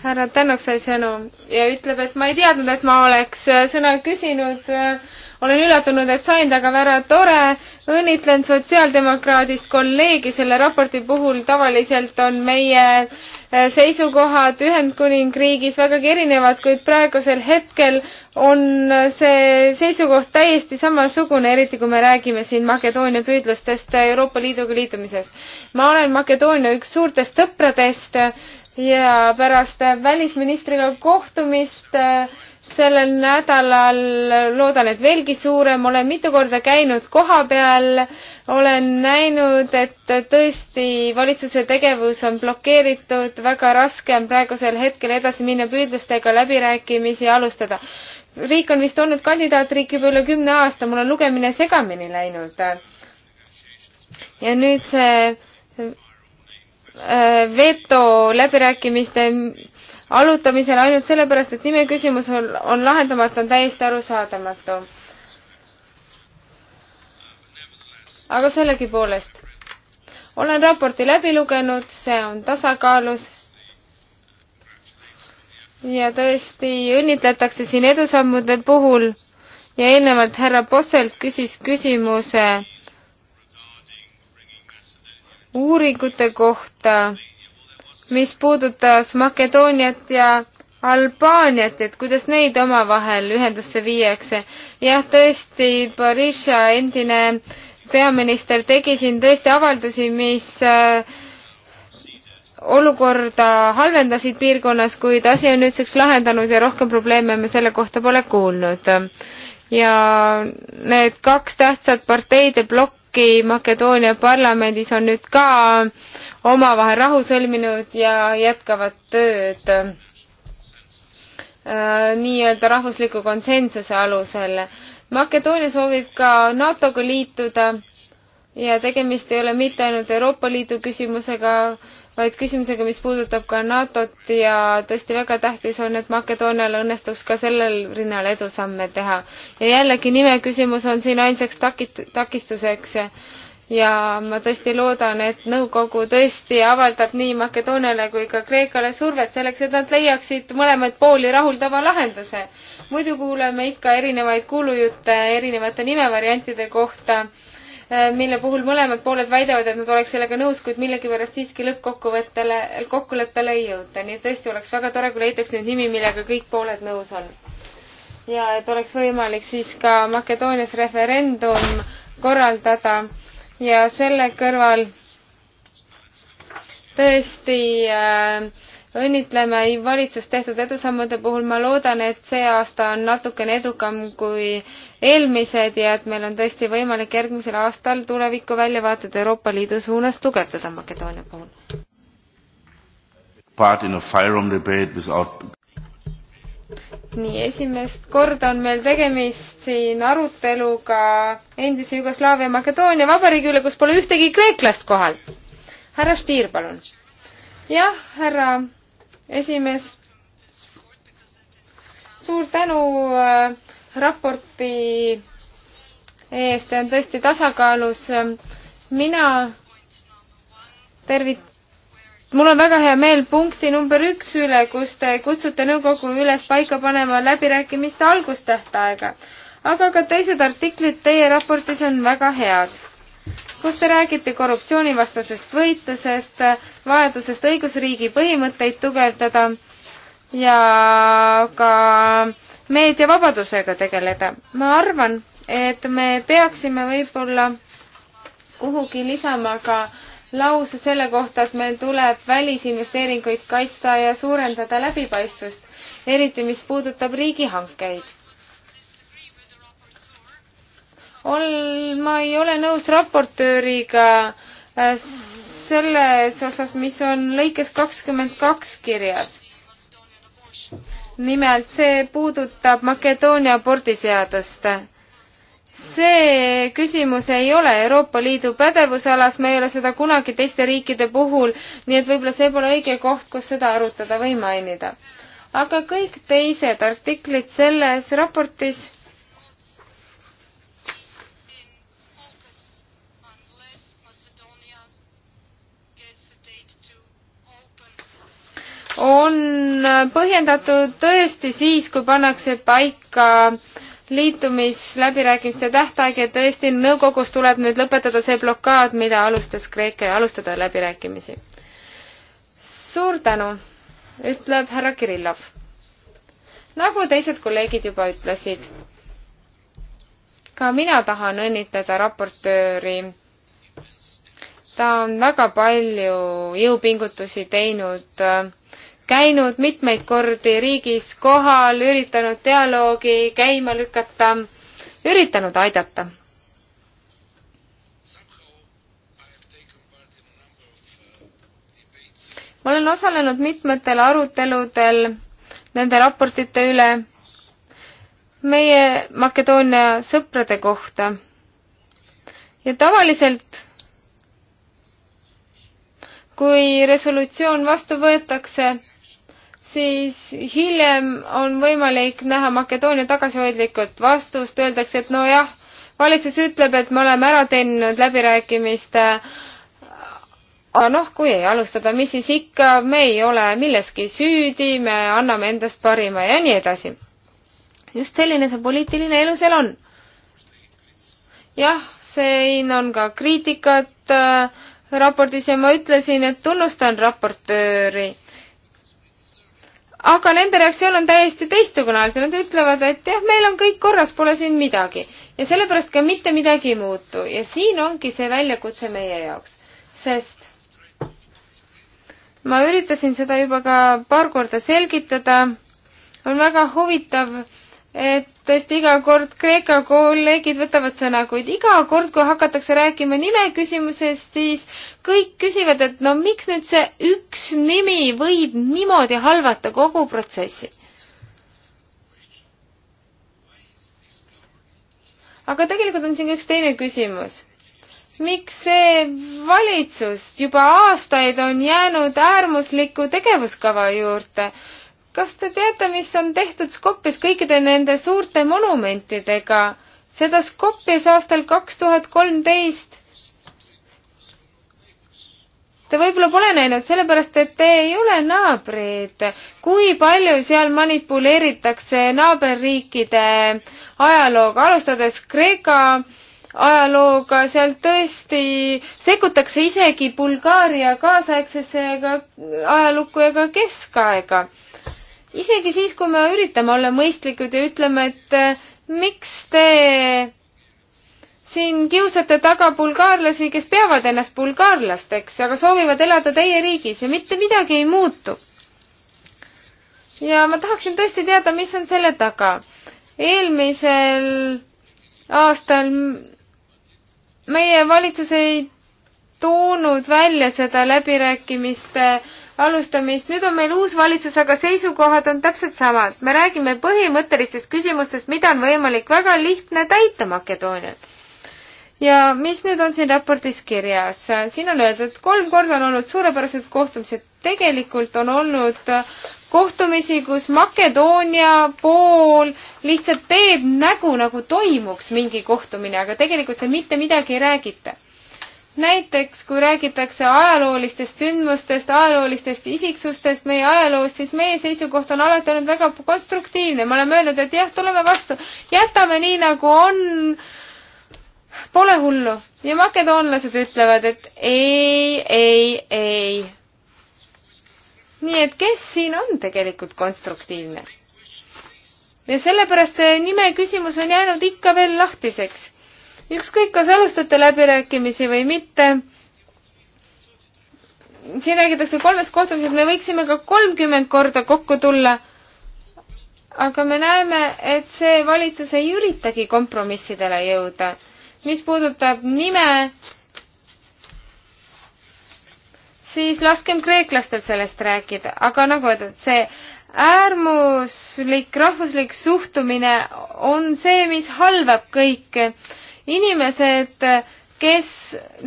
härra Tänok sai sõnu ja ütleb, et ma ei teadnud, et ma oleks äh, sõna küsinud äh, olen üllatunud, et sain temaga väga tore. õnnitlen sotsiaaldemokraadist kolleegi selle raporti puhul. tavaliselt on meie eh, seisukohad Ühendkuningriigis vägagi erinevad, kuid praegusel hetkel on see seisukoht täiesti samasugune, eriti kui me räägime siin Makedoonia püüdlustest Euroopa Liiduga liitumisest. ma olen Makedoonia üks suurtest sõpradest ja pärast välisministriga kohtumist äh, sellel nädalal, loodan, et veelgi suurem, olen mitu korda käinud kohapeal, olen näinud, et tõesti valitsuse tegevus on blokeeritud, väga raske on praegusel hetkel edasi minna püüdlustega läbirääkimisi alustada. riik on vist olnud kandidaatriik juba üle kümne aasta, mul on lugemine segamini läinud. ja nüüd see äh, veto läbirääkimiste allutamisel ainult sellepärast, et nime küsimus on, on lahendamata, on täiesti arusaadamatu. aga sellegipoolest, olen raporti läbi lugenud, see on tasakaalus ja tõesti õnnitletakse siin edusammude puhul ja eelnevalt härra Posselt küsis küsimuse uuringute kohta mis puudutas Makedooniat ja Albaaniat, et kuidas neid omavahel ühendusse viiakse. jah, tõesti, Barisha endine peaminister tegi siin tõesti avaldusi, mis äh, olukorda halvendasid piirkonnas, kuid asi on nüüdseks lahendanud ja rohkem probleeme me selle kohta pole kuulnud. ja need kaks tähtsat parteide plokki Makedoonia parlamendis on nüüd ka äh, omavahel rahu sõlminud ja jätkavad tööd äh, nii-öelda rahvusliku konsensuse alusel. Makedoonia soovib ka NATO-ga liituda ja tegemist ei ole mitte ainult Euroopa Liidu küsimusega, vaid küsimusega, mis puudutab ka NATO-t ja tõesti väga tähtis on, et Makedoonial õnnestuks ka sellel rinnal edusamme teha. ja jällegi nime küsimus on siin ainsaks takit-, takistuseks ja ma tõesti loodan, et nõukogu tõesti avaldab nii Makedooniale kui ka Kreekale survet selleks, et nad leiaksid mõlemaid pooli rahuldava lahenduse. muidu kuuleme ikka erinevaid kuulujutte erinevate nimevariantide kohta, eh, mille puhul mõlemad pooled väidavad, et nad oleks sellega nõus, kuid millegipärast siiski lõppkokkuvõttele, kokkuleppele ei jõuta. nii et tõesti oleks väga tore, kui leitaks nüüd nimi, millega kõik pooled nõus on. ja et oleks võimalik siis ka Makedoonias referendum korraldada ja selle kõrval tõesti äh, õnnitleme valitsust tehtud edusammude puhul, ma loodan, et see aasta on natukene edukam kui eelmised ja et meil on tõesti võimalik järgmisel aastal tuleviku väljavaated Euroopa Liidu suunas tugevdada Makedoonia puhul. Part in a firearm debate without nii, esimest korda on meil tegemist siin aruteluga endise Jugoslaavia Makedoonia vabariigi üle, kus pole ühtegi kreeklast kohal. härra Stier, palun. jah, härra esimees. suur tänu äh, raporti eest, see on tõesti tasakaalus. mina tervit-, mul on väga hea meel punkti number üks üle, kus te kutsute nõukogu üles paika panema läbirääkimiste algustähtaega. aga ka teised artiklid teie raportis on väga head, kus te räägite korruptsioonivastasest võitlusest, vajadusest õigusriigi põhimõtteid tugevdada ja ka meediavabadusega tegeleda. ma arvan, et me peaksime võib-olla kuhugi lisama ka äh, lause selle kohta, et meil tuleb välisinvesteeringuid kaitsta ja suurendada läbipaistvust, eriti mis puudutab riigihankeid. ol-, ma ei ole nõus raportööriga äh, selles osas, mis on lõikes kakskümmend kaks kirjas. nimelt see puudutab Makedoonia abordiseadust see küsimus ei ole Euroopa Liidu pädevusalas, me ei ole seda kunagi teiste riikide puhul, nii et võib-olla see pole õige koht, kus seda arutada või mainida. aga kõik teised artiklid selles raportis on põhjendatud tõesti siis, kui pannakse paika äh, liitumisläbirääkimiste tähtaeg ja tõesti nõukogus tuleb nüüd lõpetada see blokaad, mida alustas Kreeka ja alustada läbirääkimisi. suur tänu, ütleb härra Kirillov. nagu teised kolleegid juba ütlesid, ka mina tahan õnnitleda raportööri. ta on väga palju jõupingutusi teinud käinud mitmeid kordi riigis kohal, üritanud dialoogi käima lükata, üritanud aidata. ma olen osalenud mitmetel aruteludel nende raportite üle meie Makedoonia sõprade kohta. ja tavaliselt kui resolutsioon vastu võetakse, siis hiljem on võimalik näha Makedoonia tagasihoidlikut vastust, öeldakse, et nojah, valitsus ütleb, et me oleme ära teeninud läbirääkimiste aga noh, kui ei alustada, mis siis ikka, me ei ole milleski süüdi, me anname endast parima ja nii edasi. just selline see poliitiline elu seal on. jah, siin on ka kriitikat äh, raportis ja ma ütlesin, et tunnustan raportööri aga nende reaktsioon on täiesti teistsugune olnud ja nad ütlevad, et jah, meil on kõik korras, pole siin midagi. ja sellepärast ka mitte midagi ei muutu ja siin ongi see väljakutse meie jaoks, sest ma üritasin seda juba ka paar korda selgitada. on väga huvitav, et tõesti iga kord Kreeka kolleegid võtavad sõna, kuid iga kord, kui hakatakse rääkima nime küsimusest, siis kõik küsivad, et no miks nüüd see üks nimi võib niimoodi halvata kogu protsessi. aga tegelikult on siin üks teine küsimus miks see valitsus juba aastaid on jäänud äärmusliku tegevuskava juurde? kas te teate, mis on tehtud Skopjas kõikide nende suurte monumentidega? seda Skopjas aastal kaks tuhat kolmteist. Te võib-olla pole näinud, sellepärast et te ei ole naabrid. kui palju seal manipuleeritakse naaberriikide ajalooga, alustades Kreeka ajalooga, seal tõesti sekkutakse isegi Bulgaaria kaasaegsesse ajalukku ja ka keskaega isegi siis, kui me üritame olla mõistlikud ja ütleme, et eh, miks te siin kiusate taga bulgaarlasi, kes peavad ennast bulgaarlasteks, aga soovivad elada teie riigis ja mitte midagi ei muutu. ja ma tahaksin tõesti teada, mis on selle taga. eelmisel aastal meie valitsus ei toonud välja seda läbirääkimiste alustamist. nüüd on meil uus valitsus, aga seisukohad on täpselt samad. me räägime põhimõttelistest küsimustest, mida on võimalik väga lihtne täita Makedoonial. ja mis nüüd on siin raportis kirjas? siin on öeldud, et kolm korda on olnud suurepärased kohtumised. tegelikult on olnud äh, kohtumisi, kus Makedoonia pool lihtsalt teeb nägu, nagu toimuks mingi kohtumine, aga tegelikult seal mitte midagi ei räägita näiteks kui räägitakse ajaloolistest sündmustest, ajaloolistest isiksustest meie ajaloost, siis meie seisukoht on alati olnud väga konstruktiivne, me oleme öelnud, et jah, tuleme vastu, jätame nii, nagu on, pole hullu. ja makedoonlased ütlevad, et ei, ei, ei. nii et kes siin on tegelikult konstruktiivne? ja sellepärast see nime küsimus on jäänud ikka veel lahtiseks ükskõik, kas alustate läbirääkimisi või mitte, siin räägitakse kolmest kohtumisest, me võiksime ka kolmkümmend korda kokku tulla, aga me näeme, et see valitsus ei üritagi kompromissidele jõuda. mis puudutab nime, siis laskem kreeklastel sellest rääkida, aga nagu öeldud, see äärmuslik rahvuslik suhtumine on see, mis halvab kõike inimesed, kes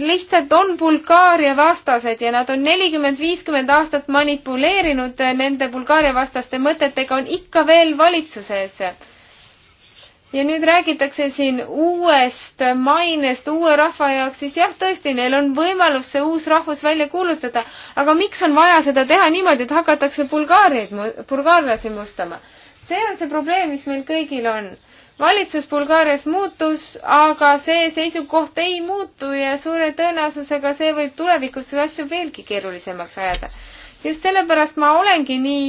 lihtsalt on Bulgaaria vastased ja nad on nelikümmend, viiskümmend aastat manipuleerinud nende Bulgaaria vastaste mõtetega, on ikka veel valitsuses. ja nüüd räägitakse siin uuest mainest uue rahva jaoks, siis jah, tõesti, neil on võimalus see uus rahvus välja kuulutada, aga miks on vaja seda teha niimoodi, et hakatakse Bulgaariaid, bulgaarlasi mustama? see on see probleem, mis meil kõigil on valitsus Bulgaarias muutus, aga see seisukoht ei muutu ja suure tõenäosusega see võib tulevikus asju veelgi keerulisemaks ajada. just sellepärast ma olengi nii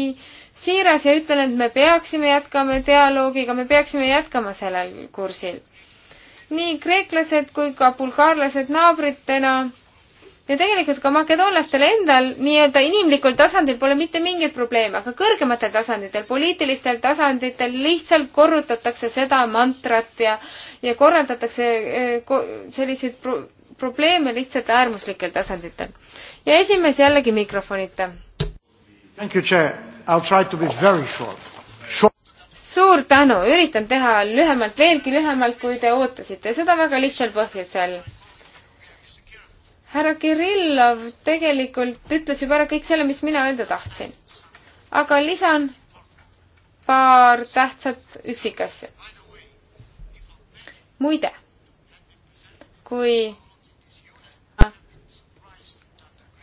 siiras ja ütlen, et me peaksime jätkama dialoogiga, me peaksime jätkama sellel kursil. nii kreeklased kui ka bulgaarlased naabritena ja tegelikult ka makedoonlastel endal nii-öelda inimlikul tasandil pole mitte mingeid probleeme, aga kõrgematel tasanditel, poliitilistel tasanditel lihtsalt korrutatakse seda mantrat ja, ja korraldatakse eh, ko, selliseid pro, probleeme lihtsalt äärmuslikel tasanditel. ja esimees jällegi mikrofonita. suur tänu, üritan teha lühemalt, veelgi lühemalt, kui te ootasite, seda väga lihtsal põhjusel härra Kirillov tegelikult ütles juba ära kõik selle, mis mina öelda tahtsin. aga lisan paar tähtsat üksikasja. muide, kui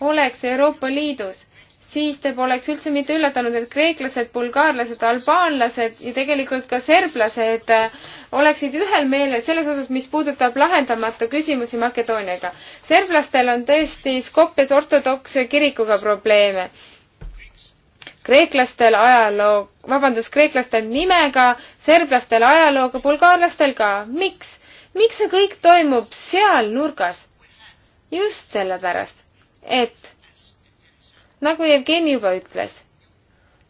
oleks Euroopa Liidus siis te poleks üldse mitte üllatanud, et kreeklased, bulgaarlased, albaanlased ja tegelikult ka serblased äh, oleksid ühel meelel selles osas, mis puudutab lahendamata küsimusi Makedooniaga. serblastel on tõesti Skopjas ortodoksse kirikuga probleeme. kreeklastel ajaloo, vabandust, kreeklastel nimega, serblastel ajalooga, bulgaarlastel ka. miks? miks see kõik toimub seal nurgas? just sellepärast, et nagu Jevgeni juba ütles,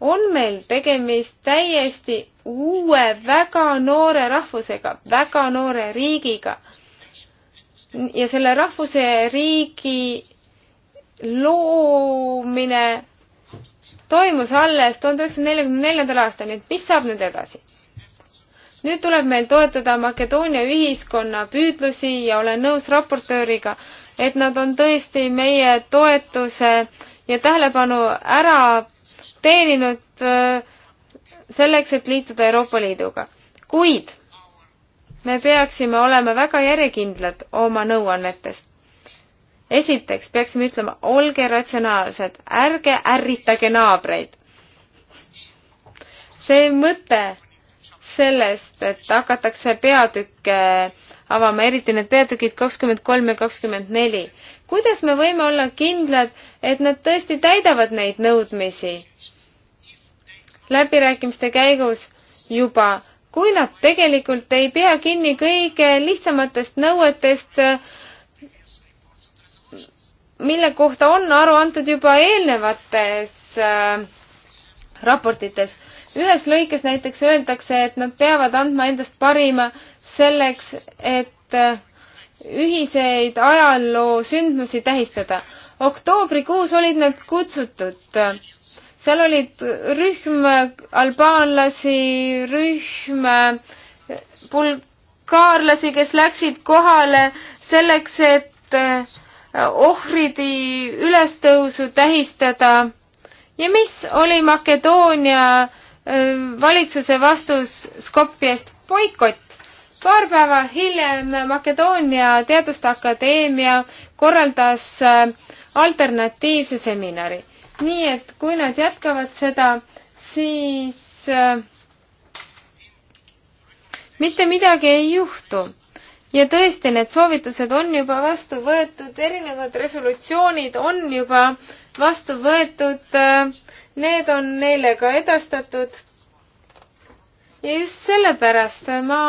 on meil tegemist täiesti uue, väga noore rahvusega, väga noore riigiga. ja selle rahvuse ja riigi loomine toimus alles tuhande üheksasaja neljakümne neljandal aastal, nii et mis saab nüüd edasi? nüüd tuleb meil toetada Makedoonia ühiskonna püüdlusi ja olen nõus raportööriga, et nad on tõesti meie toetuse äh, ja tähelepanu ära teeninud äh, selleks, et liituda Euroopa Liiduga. kuid me peaksime olema väga järjekindlad oma nõuannetest. esiteks peaksime ütlema, olge ratsionaalsed, ärge ärritage naabreid. see mõte sellest, et hakatakse peatükke avama, eriti need peatükid kakskümmend kolm ja kakskümmend neli. kuidas me võime olla kindlad, et nad tõesti täidavad neid nõudmisi läbirääkimiste käigus juba, kui nad tegelikult ei pea kinni kõige lihtsamatest nõuetest, mille kohta on aru antud juba eelnevates äh, raportites ühes lõikes näiteks öeldakse, et nad peavad andma endast parima selleks, et äh, ühiseid ajaloo sündmusi tähistada. oktoobrikuus olid nad kutsutud. seal olid rühm albaanlasi, rühm äh, bulgaarlasi, kes läksid kohale selleks, et äh, ohvridi ülestõusu tähistada ja mis oli Makedoonia valitsuse vastus Skopjest boikott. paar päeva hiljem Makedoonia Teaduste Akadeemia korraldas alternatiivse seminari. nii et kui nad jätkavad seda, siis mitte midagi ei juhtu ja tõesti, need soovitused on juba vastu võetud, erinevad resolutsioonid on juba vastu võetud äh, Need on neile ka edastatud. ja just sellepärast ma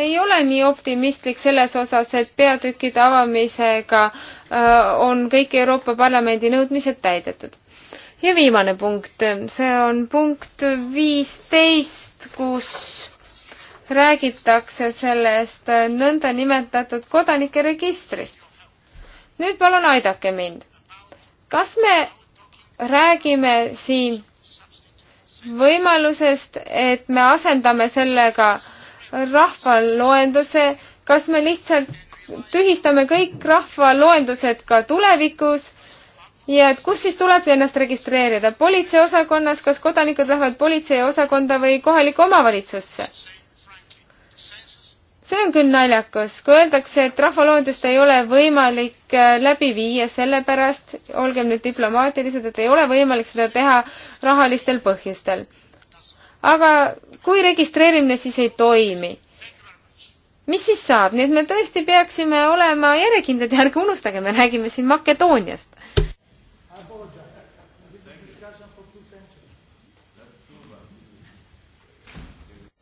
ei ole nii optimistlik selles osas, et peatükkide avamisega äh, on kõik Euroopa Parlamendi nõudmised täidetud. ja viimane punkt, see on punkt viisteist, kus räägitakse sellest nõndanimetatud kodanike registrist. nüüd palun aidake mind. kas me räägime siin võimalusest, et me asendame sellega rahvaloenduse, kas me lihtsalt tühistame kõik rahvaloendused ka tulevikus ja et kus siis tuleb ennast registreerida, politseiosakonnas, kas kodanikud lähevad politseiosakonda või kohalikku omavalitsusse? see on küll naljakas, kui öeldakse, et rahvaloendust ei ole võimalik äh, läbi viia sellepärast, olgem nüüd diplomaatilised, et ei ole võimalik seda teha rahalistel põhjustel. aga kui registreerimine siis ei toimi, mis siis saab, nii et me tõesti peaksime olema järjekindlad ja ärge unustage, me räägime siin Makedooniast.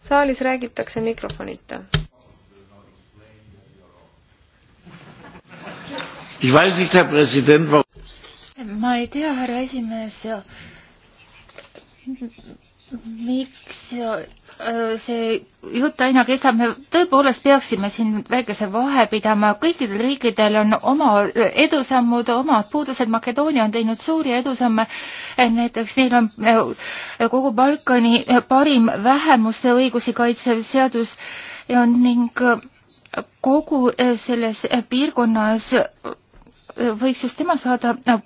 saalis räägitakse mikrofonita ma ei tea, härra esimees, miks äh, see jutt aina kestab, me tõepoolest peaksime siin väikese vahe pidama, kõikidel riikidel on oma äh, edusammud, omad puudused, Makedoonia on teinud suuri edusamme, eh, näiteks neil on äh, kogu Balkani parim vähemuste õigusi kaitsev seadus ning kogu selles piirkonnas võiks just tema saada äh,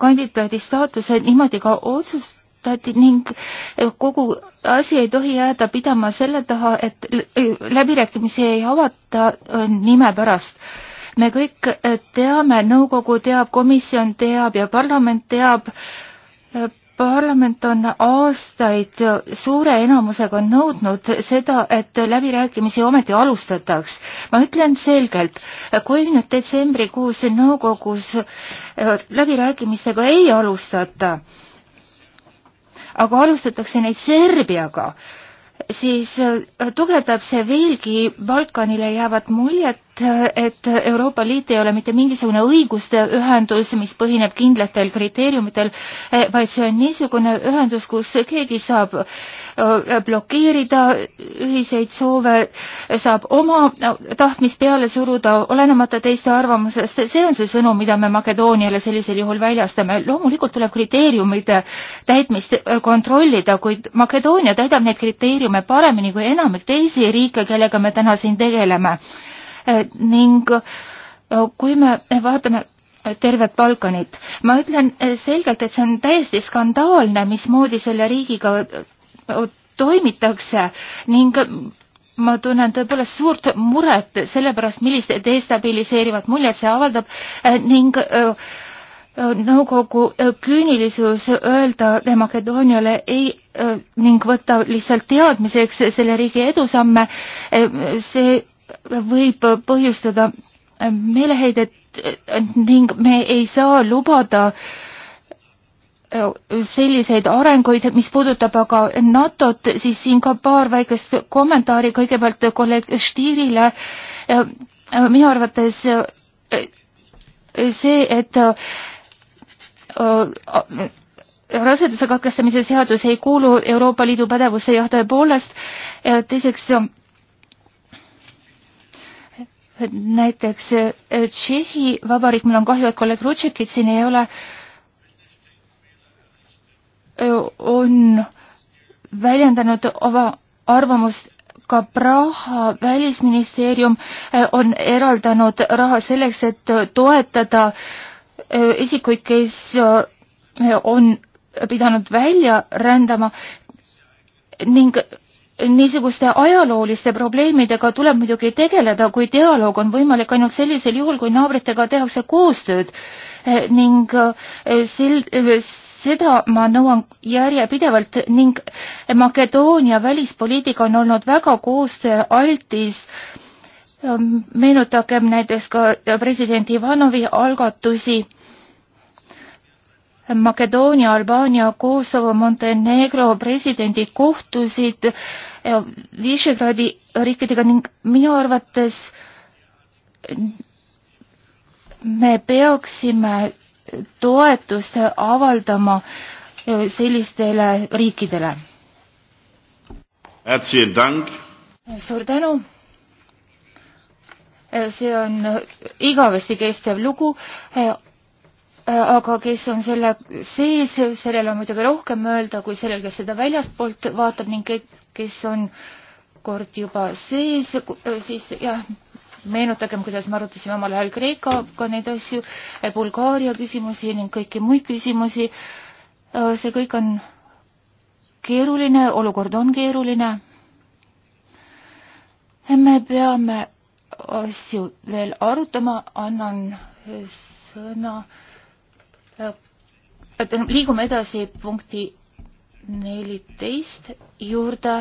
kandidaadi staatuse, niimoodi ka otsustati ning äh, kogu asi ei tohi jääda pidama selle taha, et äh, läbirääkimisi ei avata nime pärast me kõik teame, nõukogu teab, komisjon teab ja parlament teab parlament on aastaid suure enamusega nõudnud seda, et läbirääkimisi ometi alustataks. ma ütlen selgelt, kui nüüd detsembrikuus nõukogus eh, läbirääkimistega ei alustata, aga alustatakse neid Serbiaga, siis eh, tugevdab see veelgi Balkanile jäävat muljet, et Euroopa Liit ei ole mitte mingisugune õiguste ühendus, mis põhineb kindlatel kriteeriumitel, vaid see on niisugune ühendus, kus keegi saab äh, blokeerida ühiseid soove, saab oma tahtmist peale suruda, olenemata teiste arvamusest. see on see sõnum, mida me Makedooniale sellisel juhul väljastame. loomulikult tuleb kriteeriumide täitmist äh, kontrollida, kuid Makedoonia täidab neid kriteeriume paremini kui enamik teisi riike, kellega me täna siin tegeleme Eh, ning eh, kui me vaatame tervet Balkanit, ma ütlen eh, selgelt, et see on täiesti skandaalne, mismoodi selle riigiga toimitakse ning ma tunnen tõepoolest suurt muret selle pärast, millist destabiliseerivat muljet see avaldab ning nõukogu küünilisus öelda Makedooniale ei ning võtta lihtsalt teadmiseks selle riigi edusamme, see võib põhjustada meeleheidet ning me ei saa lubada selliseid arenguid, mis puudutab aga NATO-t, siis siin ka paar väikest kommentaari kõigepealt kolleeg Stiirile. minu arvates see, et äh, raseduse katkestamise seadus ei kuulu Euroopa Liidu pädevusse, jah, tõepoolest. teiseks näiteks eh, eh, Tšehhi vabariik, mul on kahju, et kolleeg Rutšekit siin ei ole, eh, on väljendanud oma arvamust ka Praha välisministeerium on eraldanud raha selleks, et toetada isikuid, kes on pidanud välja rändama ning niisuguste ajalooliste probleemidega tuleb muidugi tegeleda, kui dialoog on võimalik ainult sellisel juhul, kui naabritega tehakse koostööd ning eh, sel-, eh, seda ma nõuan järjepidevalt ning Makedoonia välispoliitika on olnud väga koostööaltis. meenutagem näiteks ka president Ivanovi algatusi Makedoonia, Albaania, Kosovo, Montenegro presidendid kohtusid eh, Visegradi riikidega ning minu arvates me peaksime toetust avaldama eh, sellistele riikidele. suur tänu. Eh, see on igavesti kestev lugu Äh, aga kes on selle sees, sellel on muidugi rohkem öelda kui sellel, kes seda väljastpoolt vaatab ning kes on kord juba sees, äh, siis jah, meenutagem, kuidas me arutasime omal ajal Kreekaga neid asju, äh, Bulgaaria küsimusi ning kõiki muid küsimusi. see kõik on keeruline, olukord on keeruline. me peame asju veel arutama, annan sõna Äh, noh, liigume edasi punkti neliteist juurde.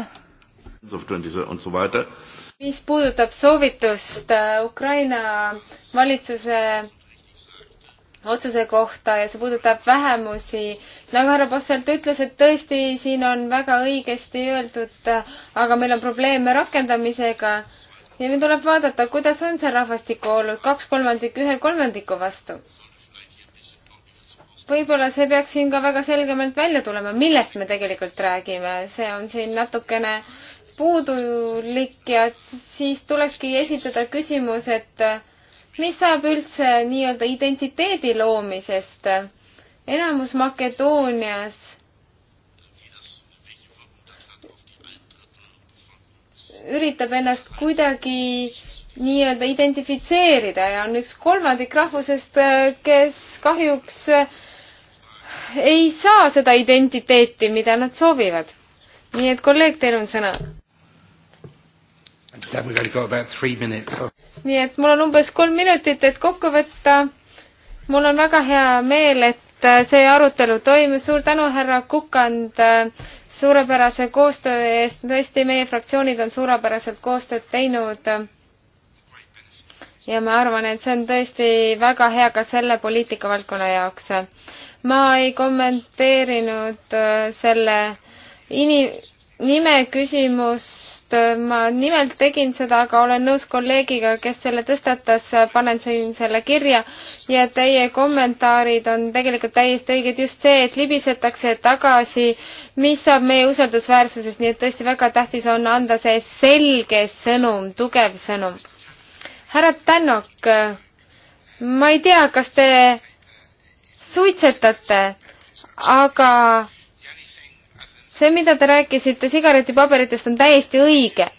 mis puudutab soovitust äh, Ukraina valitsuse otsuse kohta ja see puudutab vähemusi. nagu härra Posselt ütles, et tõesti, siin on väga õigesti öeldud, äh, aga meil on probleeme rakendamisega ja meil tuleb vaadata, kuidas on see rahvastikuolud kaks kolmandikku ühe kolmandiku vastu võib-olla see peaks siin ka väga selgemalt välja tulema, millest me tegelikult räägime, see on siin natukene puudulik ja siis tulekski esitada küsimus, et mis saab üldse nii-öelda identiteedi loomisest. enamus Makedoonias üritab ennast kuidagi nii-öelda identifitseerida ja on üks kolmandik rahvusest, kes kahjuks äh, ei saa seda identiteeti, mida nad soovivad. nii et kolleeg, teil on sõna. nii et mul on umbes kolm minutit, et kokku võtta. mul on väga hea meel, et äh, see arutelu toimus, suur tänu, härra Kukand, äh, suurepärase koostöö eest, tõesti, meie fraktsioonid on suurepäraselt koostööd teinud ja ma arvan, et see on tõesti väga hea ka selle poliitikavaldkonna jaoks ma ei kommenteerinud äh, selle ini-, nime küsimust, ma nimelt tegin seda, aga olen nõus kolleegiga, kes selle tõstatas, panen siin selle kirja ja teie kommentaarid on tegelikult täiesti õiged, just see, et libisetakse tagasi, mis saab meie usaldusväärsusest, nii et tõesti väga tähtis on anda see selge sõnum, tugev sõnum. härra Tännok, ma ei tea, kas te suitsetate, aga see, mida te rääkisite sigaretipaberitest, on täiesti õige.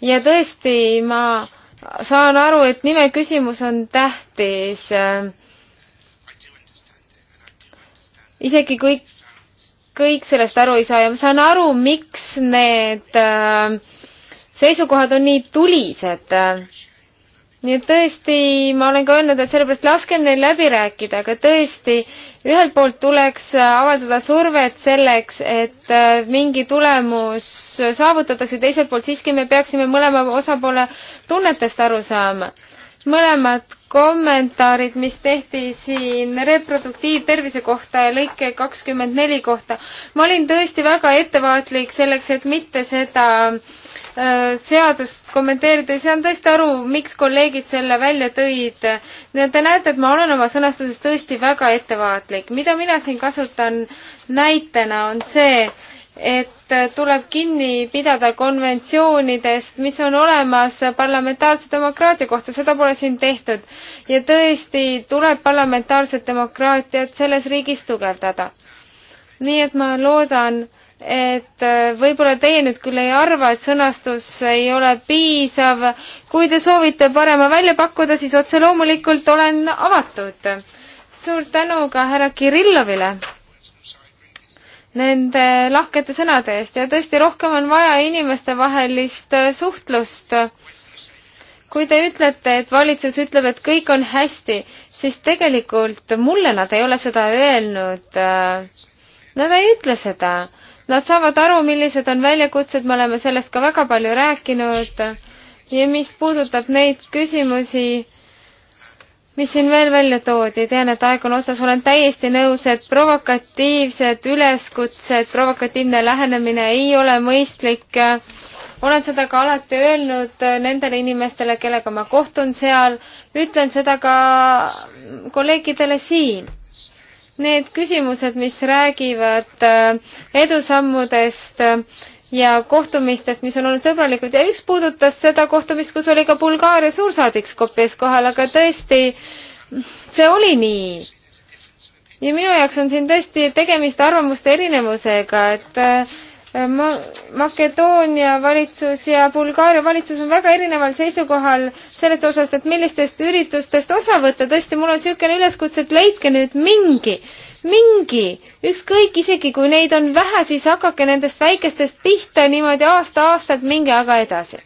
ja tõesti, ma saan aru, et nime küsimus on tähtis. isegi kui kõik sellest aru ei saa ja ma saan aru, miks need äh, seisukohad on nii tulised nii et tõesti, ma olen ka öelnud, et sellepärast laskem neil läbi rääkida, aga tõesti, ühelt poolt tuleks avaldada survet selleks, et äh, mingi tulemus saavutatakse, teiselt poolt siiski me peaksime mõlema osapoole tunnetest aru saama. mõlemad kommentaarid, mis tehti siin reproduktiivtervise kohta ja lõike kakskümmend neli kohta, ma olin tõesti väga ettevaatlik selleks, et mitte seda äh, Äh, seadust kommenteerida, ei saanud tõesti aru, miks kolleegid selle välja tõid. Te näete, et ma olen oma sõnastuses tõesti väga ettevaatlik. mida mina siin kasutan näitena, on see, et tuleb kinni pidada konventsioonidest, mis on olemas parlamentaarse demokraatia kohta, seda pole siin tehtud. ja tõesti tuleb parlamentaarset demokraatiat selles riigis tugevdada. nii et ma loodan, et äh, võib-olla teie nüüd küll ei arva, et sõnastus ei ole piisav. kui te soovite parema välja pakkuda, siis otse loomulikult olen avatud. suur tänu ka härra Kirillovile nende lahkete sõnade eest ja tõesti, rohkem on vaja inimestevahelist äh, suhtlust. kui te ütlete, et valitsus ütleb, et kõik on hästi, siis tegelikult mulle nad ei ole seda öelnud. Äh, nad ei ütle seda Nad saavad aru, millised on väljakutsed, me oleme sellest ka väga palju rääkinud ja mis puudutab neid küsimusi, mis siin veel välja toodi, tean, et aeg on otsas, olen täiesti nõus, et provokatiivsed üleskutsed, provokatiivne lähenemine ei ole mõistlik. olen seda ka alati öelnud nendele inimestele, kellega ma kohtun seal, ütlen seda ka kolleegidele siin need küsimused, mis räägivad äh, edusammudest äh, ja kohtumistest, mis on olnud sõbralikud ja üks puudutas seda kohtumist, kus oli ka Bulgaaria suursaadik Skopjes kohal, aga tõesti, see oli nii. ja minu jaoks on siin tõesti tegemist arvamuste erinevusega, et äh, Äh, Ma-, Makedoonia valitsus ja Bulgaaria valitsus on väga erineval seisukohal sellest osast, et millistest üritustest osa võtta, tõesti, mul on niisugune üleskutse, et leidke nüüd mingi, mingi, ükskõik, isegi kui neid on vähe, siis hakake nendest väikestest pihta niimoodi aasta-aastalt, minge aga edasi.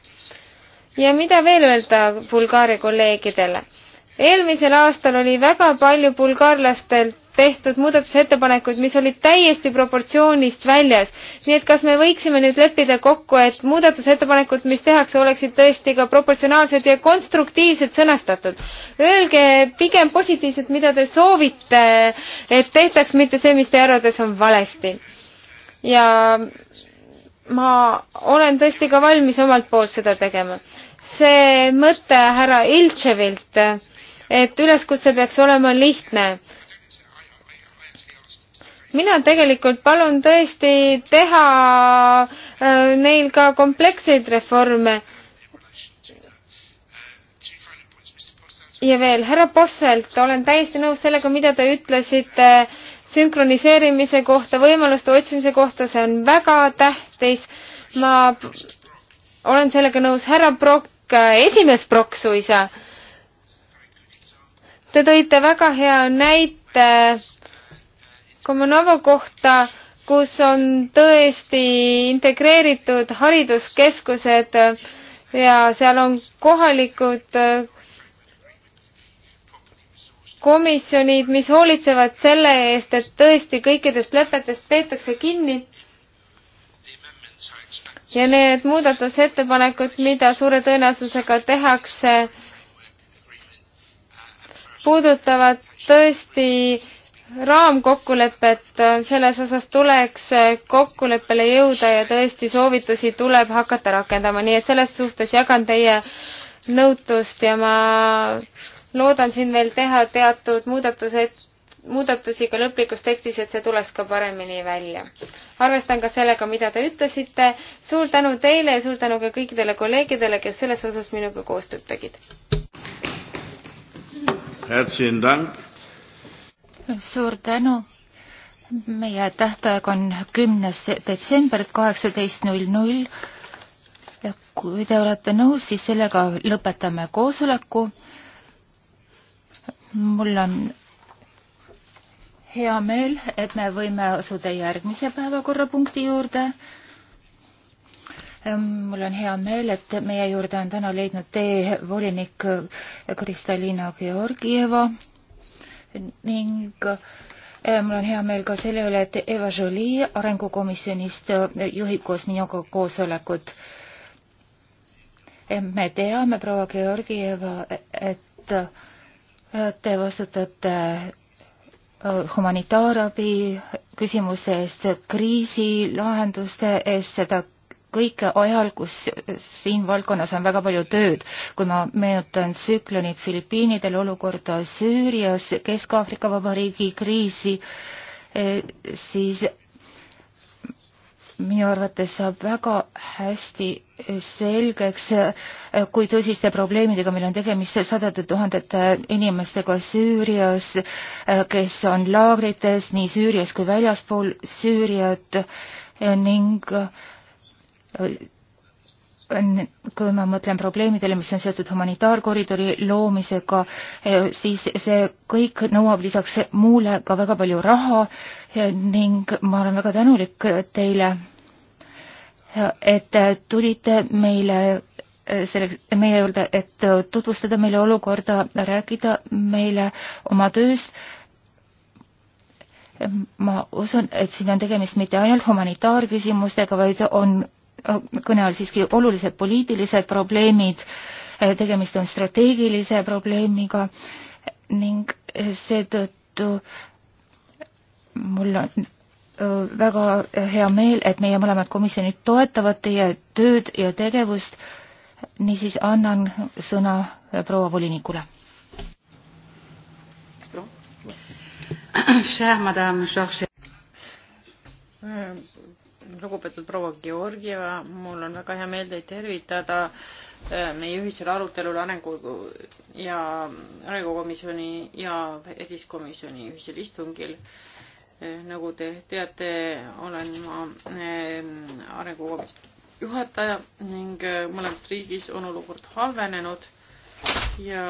ja mida veel öelda Bulgaaria kolleegidele? eelmisel aastal oli väga palju bulgaarlastelt tehtud muudatusettepanekuid, mis olid täiesti proportsioonist väljas. nii et kas me võiksime nüüd leppida kokku, et muudatusettepanekud, mis tehakse, oleksid tõesti ka proportsionaalsed ja konstruktiivselt sõnastatud? Öelge pigem positiivselt, mida te soovite, et tehtaks, mitte see, mis teie arvates on valesti. ja ma olen tõesti ka valmis omalt poolt seda tegema. see mõte härra Iltševilt, et üleskutse peaks olema lihtne mina tegelikult palun tõesti teha äh, neil ka kompleksseid reforme. ja veel, härra Posselt, olen täiesti nõus sellega, mida te ütlesite sünkroniseerimise kohta, võimaluste otsimise kohta, see on väga tähtis. ma olen sellega nõus, härra Brock, esimees Brock suisa. Te tõite väga hea näite Komonovo kohta, kus on tõesti integreeritud hariduskeskused ja seal on kohalikud äh, komisjonid, mis hoolitsevad selle eest, et tõesti kõikidest lepetest peetakse kinni. ja need muudatusettepanekud, mida suure tõenäosusega tehakse, puudutavad tõesti raamkokkulepet, selles osas tuleks kokkuleppele jõuda ja tõesti soovitusi tuleb hakata rakendama, nii et selles suhtes jagan teie nõutust ja ma loodan siin veel teha teatud muudatused, muudatusi ka lõplikus tekstis, et see tuleks ka paremini välja. arvestan ka sellega, mida te ütlesite. suur tänu teile ja suur tänu ka kõikidele kolleegidele, kes selles osas minuga koostööd tegid. Herzlichen Dank suur tänu. meie tähtaeg on kümnes detsember kaheksateist null null. ja kui te olete nõus, siis sellega lõpetame koosoleku. mul on hea meel, et me võime asuda järgmise päevakorrapunkti juurde. mul on hea meel, et meie juurde on täna leidnud tee volinik Kristalina Georgieva ning äh, mul on hea meel ka selle üle, et Eva Jolie arengukomisjonist äh, juhib koos minuga koosolekut. Äh, me teame, proua Georgieva, et te vastutate humanitaarabi küsimuste eest, kriisilahenduste eest, seda kõik ajal, kus siin valdkonnas on väga palju tööd. kui ma meenutan tsüklonit Filipiinidel, olukorda Süürias, Kesk-Aafrika Vabariigi kriisi, e, siis minu arvates saab väga hästi selgeks, kui tõsiste probleemidega meil on tegemist sadade tuhandete inimestega Süürias, kes on laagrites nii Süürias kui väljaspool Süüriat ning kui ma mõtlen probleemidele, mis on seotud humanitaarkoridori loomisega, eh, siis see kõik nõuab lisaks muule ka väga palju raha eh, ning ma olen väga tänulik teile, eh, et tulite meile selleks, meie juurde, et tutvustada meile olukorda, rääkida meile oma tööst ma usun, et siin on tegemist mitte ainult humanitaarküsimustega, vaid on kõne all siiski olulised poliitilised probleemid, äh, tegemist on strateegilise probleemiga ning seetõttu mul on äh, väga hea meel, et meie mõlemad komisjonid toetavad teie tööd ja tegevust. niisiis annan sõna äh, proua volinikule lugupeetud proua Georgieva, mul on väga hea meel teid tervitada äh, meie ühisel arutelul arengu ja arengukomisjoni ja väliskomisjoni ühisel istungil. Äh, nagu te teate, olen ma ähm, arengukomisjoni juhataja ning äh, mõlemas riigis on olukord halvenenud ja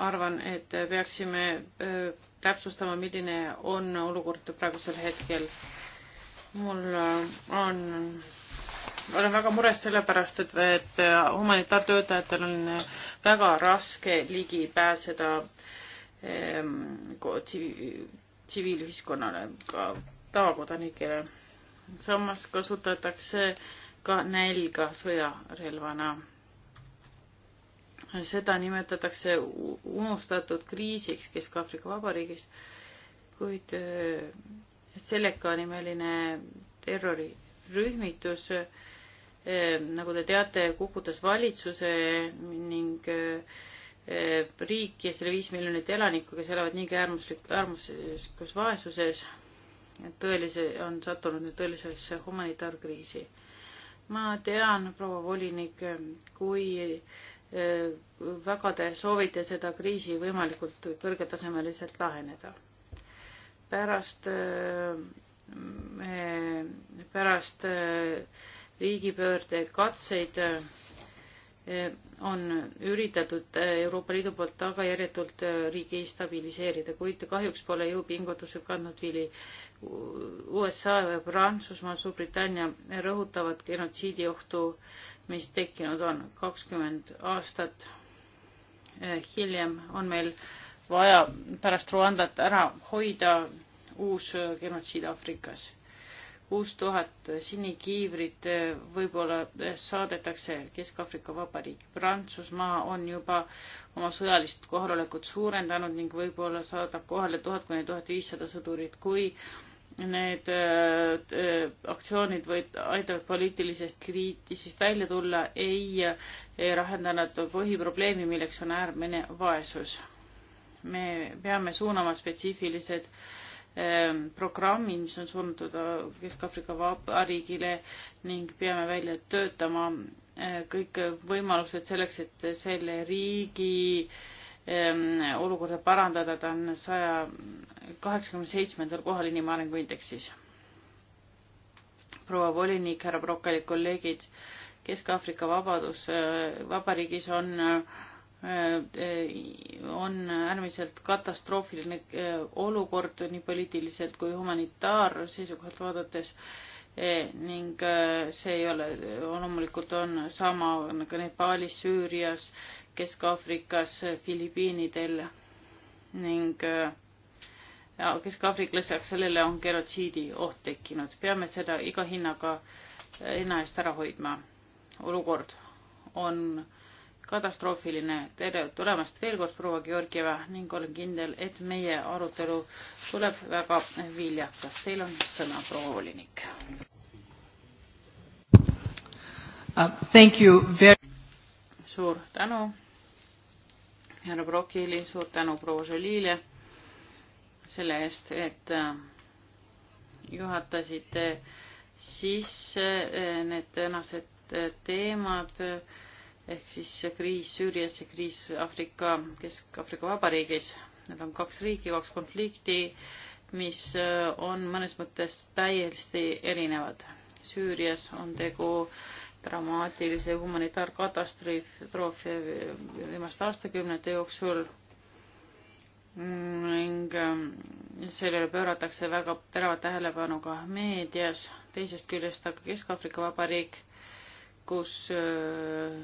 arvan, et peaksime täpsustama, milline on olukord praegusel hetkel mul äh, on, olen väga mures sellepärast, et, et äh, humanitaartöötajatel on äh, väga raske ligi pääseda ähm, tsiviilühiskonnale ehm,, ka tavakodanikele. samas kasutatakse ka nälga sõjarelvana. seda nimetatakse unustatud kriisiks Kesk-Aafrika Vabariigis, kuid öö, Seleka nimeline terrorirühmitus, eh, nagu te teate, kukutas valitsuse ning eh, riik ja selle viis miljonit elanikku, kes elavad niigi äärmuslik, äärmuslikus vaesuses, tõelise, on sattunud nüüd tõelisesse humanitaarkriisi. ma tean, proua volinik, kui eh, väga te soovite seda kriisi võimalikult kõrgetasemeliselt laheneda pärast, äh, pärast äh, riigipöörde katseid äh, on üritatud Euroopa Liidu poolt tagajärjetult riigi stabiliseerida, kuid kahjuks pole jõupingutused kandnud vili. USA ja Prantsusmaa, Suurbritannia rõhutavad genotsiidi ohtu, mis tekkinud on kakskümmend aastat hiljem, on meil vaja pärast Rwandat ära hoida uus genotsiid Aafrikas. kuus tuhat sinikiivrit võib-olla saadetakse Kesk-Aafrika Vabariik. Prantsusmaa on juba oma sõjalist kohalolekut suurendanud ning võib-olla saadab kohale tuhat kuni tuhat viissada sõdurit, kui need äh, aktsioonid võid, aitavad poliitilisest kriitisest välja tulla, ei äh, rahenda nad põhiprobleemi, milleks on äärmine vaesus me peame suunama spetsiifilised ähm, programmid, mis on suunatud äh, Kesk-Aafrika Vabariigile ning peame välja töötama äh, kõik võimalused selleks, et selle riigi ähm, olukorda parandada, ta on saja kaheksakümne seitsmendal kohal inimarengu indeksis. proua volinik, härra Brokali kolleegid, Kesk-Aafrika Vabadus, äh, Vabariigis on äh, Äh, äh, on äärmiselt katastroofiline äh, olukord nii poliitiliselt kui humanitaarseisukohalt vaadates ning see ei ole, loomulikult on sama nagu Nepaalis, Süürias, Kesk-Aafrikas, Filipiinidel ning Kesk-Aafrika lisaks sellele on genotsiidi oht tekkinud. peame seda iga hinnaga, hinna eest ära hoidma. olukord on äh, katastroofiline. tere tulemast veel kord, proua Georgieva ning olen kindel, et meie arutelu tuleb väga viljakas. Teil on sõna, proua volinik uh,. Thank you very suur tänu härra Brokile, suur tänu proua Jolile selle eest, et äh, juhatasite sisse äh, need tänased äh, teemad ehk siis kriis Süürias ja kriis Aafrika, Kesk-Aafrika Vabariigis. Need on kaks riiki, kaks konflikti, mis äh, on mõnes mõttes täiesti erinevad. Süürias on tegu dramaatilise humanitaarkatastroofi viimaste aastakümnete jooksul ning äh, sellele pööratakse väga teravat tähelepanu ka meedias, teisest küljest aga Kesk-Aafrika Vabariik, kus äh,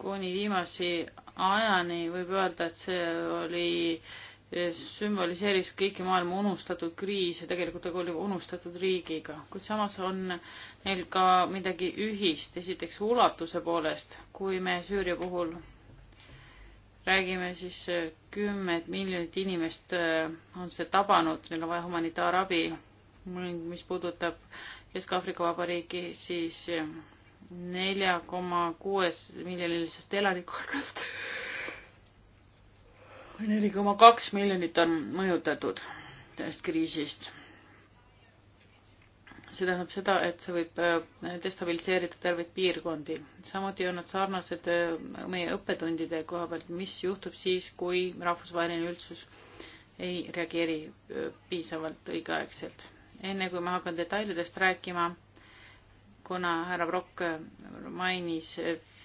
kuni viimase ajani võib öelda, et see oli, sümboliseeris kõiki maailma unustatud kriise, tegelikult ta oli unustatud riigiga, kuid samas on neil ka midagi ühist, esiteks ulatuse poolest, kui me Süüria puhul räägime, siis kümmet miljonit inimest äh, on see tabanud, neil on vaja humanitaarabi ning mis puudutab Kesk-Aafrika Vabariiki, siis äh, nelja koma kuues miljonilisest elanikkonnast. neli koma kaks miljonit on mõjutatud sellest kriisist. see tähendab seda, et see võib äh, destabiliseerida terveid piirkondi. samuti on nad sarnased äh, meie õppetundide koha pealt, mis juhtub siis, kui rahvusvaheline üldsus ei reageeri äh, piisavalt õigeaegselt. enne kui ma hakkan detailidest rääkima kuna härra Brock mainis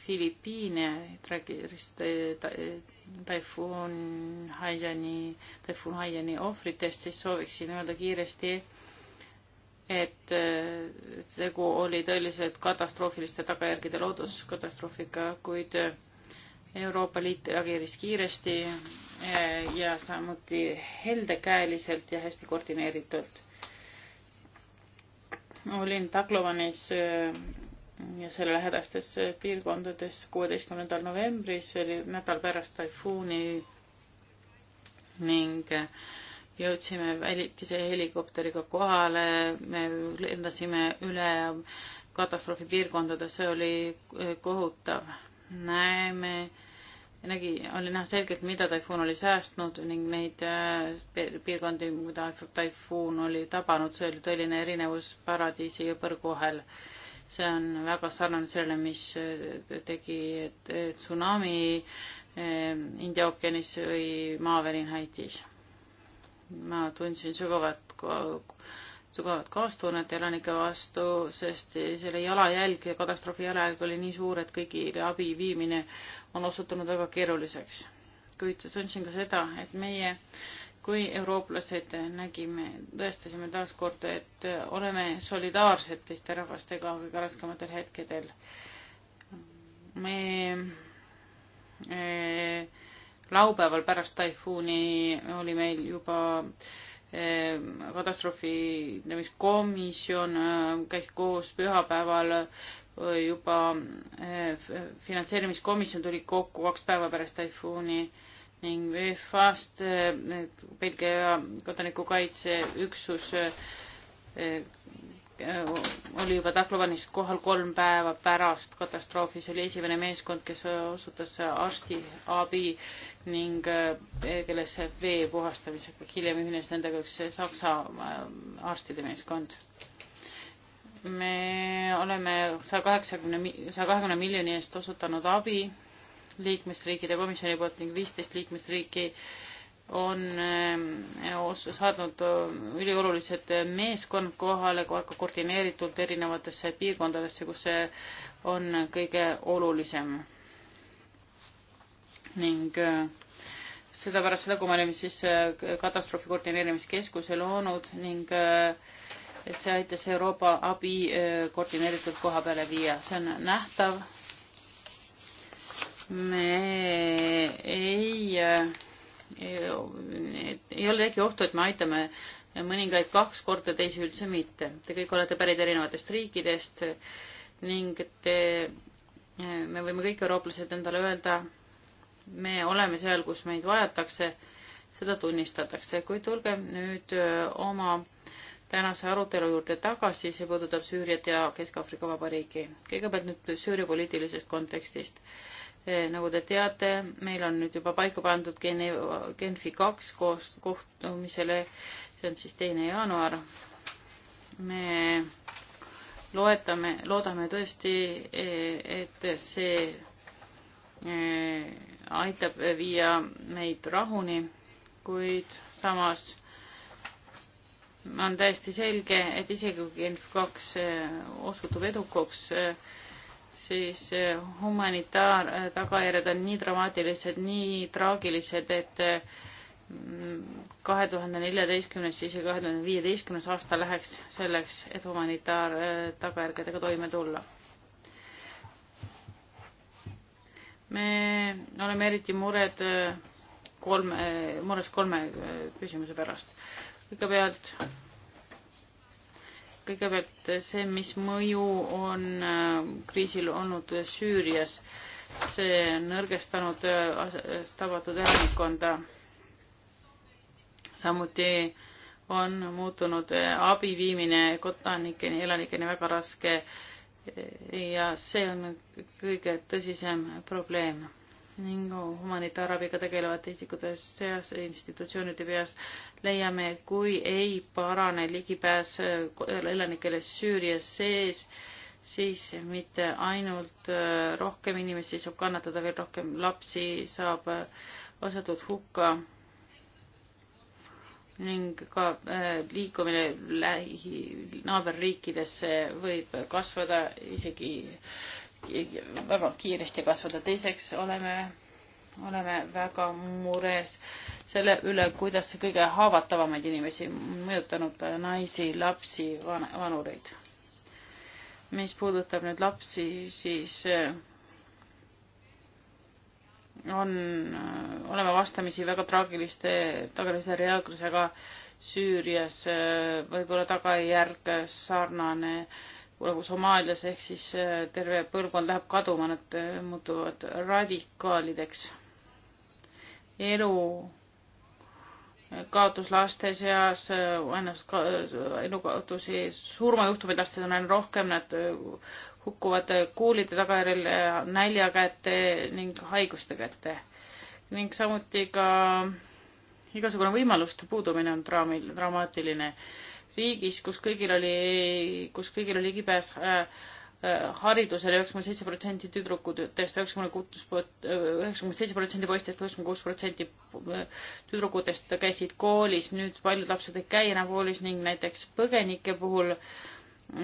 Filipiine, rääkis taifuun Haijani, taifuun Haijani ohvritest, siis sooviksin öelda kiiresti, et tegu oli tõeliselt katastroofiliste tagajärgede looduskatastroofiga, kuid Euroopa Liit reageeris kiiresti eh, ja samuti heldekäeliselt ja hästi koordineeritult olin Taklovanis äh, ja selle lähedastes äh, piirkondades kuueteistkümnendal novembris, see oli nädal pärast taifuuni ning äh, jõudsime väikese helikopteriga kohale, me lendasime üle katastroofipiirkondade, see oli kohutav. näeme nägi, oli näha selgelt, mida taifuun oli säästnud ning neid äh, piirkondi, mida taifuun oli tabanud, see oli tõeline erinevus paradiisi ja põrgu vahel. see on väga sarnane sellele, mis äh, tegi äh, tsunami India ookeanis või maavärin Haitis. ma tundsin sügavat sügavat kaastunnet elanike vastu, sest selle jalajälg ja katastroofi jalajälg oli nii suur, et kõigile abi viimine on osutunud väga keeruliseks. kuid tundsin ka seda, et meie kui eurooplased nägime, tõestasime taaskord, et oleme solidaarsed teiste rahvastega kõige raskematel hetkedel. me eh, laupäeval pärast taifuuni oli meil juba äh, Ehm, katastroofi hindamiskomisjon ehm, käis koos pühapäeval juba ehm, finantseerimiskomisjon tuli kokku kaks päeva pärast taifuuni ning VFA-st Belgia kodanikukaitseüksus Äh, oli juba Taklovanis kohal kolm päeva pärast katastroofi, see oli esimene meeskond, kes osutas arstiabi ning tegeles äh, vee puhastamisega. hiljem ühines nendega üks Saksa äh, arstide meeskond. me oleme saja kaheksakümne, saja kahekümne miljoni eest osutanud abi liikmesriikide komisjoni poolt ning viisteist liikmesriiki äh, on äh, saadnud äh, üliolulised äh, meeskond kohale väga koordineeritult erinevatesse piirkondadesse, kus see on kõige olulisem. ning seda pärast seda, kui me olime siis katastroofi koordineerimiskeskuse loonud ning see aitas Euroopa abi koordineeritult koha peale viia, see on nähtav. me ei ei ole äkki ohtu, et me aitame mõningaid kaks korda, teisi üldse mitte. Te kõik olete pärit erinevatest riikidest ning te, me võime kõik eurooplased endale öelda, me oleme seal, kus meid vajatakse, seda tunnistatakse. kuid tulge nüüd oma tänase arutelu juurde tagasi, see puudutab Süüriat ja Kesk-Aafrika Vabariiki. kõigepealt nüüd Süüria poliitilisest kontekstist Eh, nagu te teate, meil on nüüd juba paika pandud Genfi kaks koos kohtumisele, see on siis teine jaanuar. me loetame, loodame tõesti, eh, et see eh, aitab viia meid rahuni, kuid samas on täiesti selge, et isegi kui Genf kaks osutub edukaks, siis eh, humanitaartagajärjed eh, on nii dramaatilised, nii traagilised, et eh, kahe tuhande neljateistkümnes, siis kahe tuhande viieteistkümnes aasta läheks selleks, et humanitaartagajärgedega toime tulla. me oleme eriti mured kolme, mures kolme küsimuse pärast. kõigepealt kõigepealt see, mis mõju on äh, kriisil olnud Süürias, see on nõrgestanud äh, tabatud elanikkonda. samuti on muutunud äh, abi viimine kodanikeni, elanikeni väga raske ja see on kõige tõsisem probleem ning humanitaarabiga tegelevate isikute seas institutsioonide peas leiame, et kui ei parane ligipääs elanikele Süüria sees, siis mitte ainult äh, rohkem inimesi saab kannatada, veel rohkem lapsi saab äh, osatud hukka ning ka äh, liikumine lähi naaberriikidesse võib kasvada isegi väga kiiresti kasvada. teiseks oleme, oleme väga mures selle üle, kuidas see kõige haavatavamaid inimesi mõjutanud naisi, lapsi, vanureid. mis puudutab nüüd lapsi, siis äh, on, äh, oleme vastamisi väga traagiliste, traagilise reaalsusega Süürias, äh, võib-olla tagajärg sarnane äh, nagu Somaalias, ehk siis äh, terve põlvkond läheb kaduma, nad äh, muutuvad radikaalideks. elu äh, kaotus laste seas, ennast ka, elukaotusi, surmajuhtumeid lastes on aina rohkem, nad hukkuvad kuulide tagajärjel nälja kätte ning haiguste kätte. ning samuti ka igasugune võimaluste puudumine on draamil, dramaatiline riigis, kus kõigil oli, kus kõigil oli ligipääs äh, äh, haridusele üheksakümmend seitse protsenti tüdrukutest, üheksakümne kuus, äh, üheksakümmend seitse protsenti poistest, üheksakümmend kuus protsenti tüdrukutest käisid koolis, nüüd paljud lapsed ei käi enam koolis ning näiteks põgenike puhul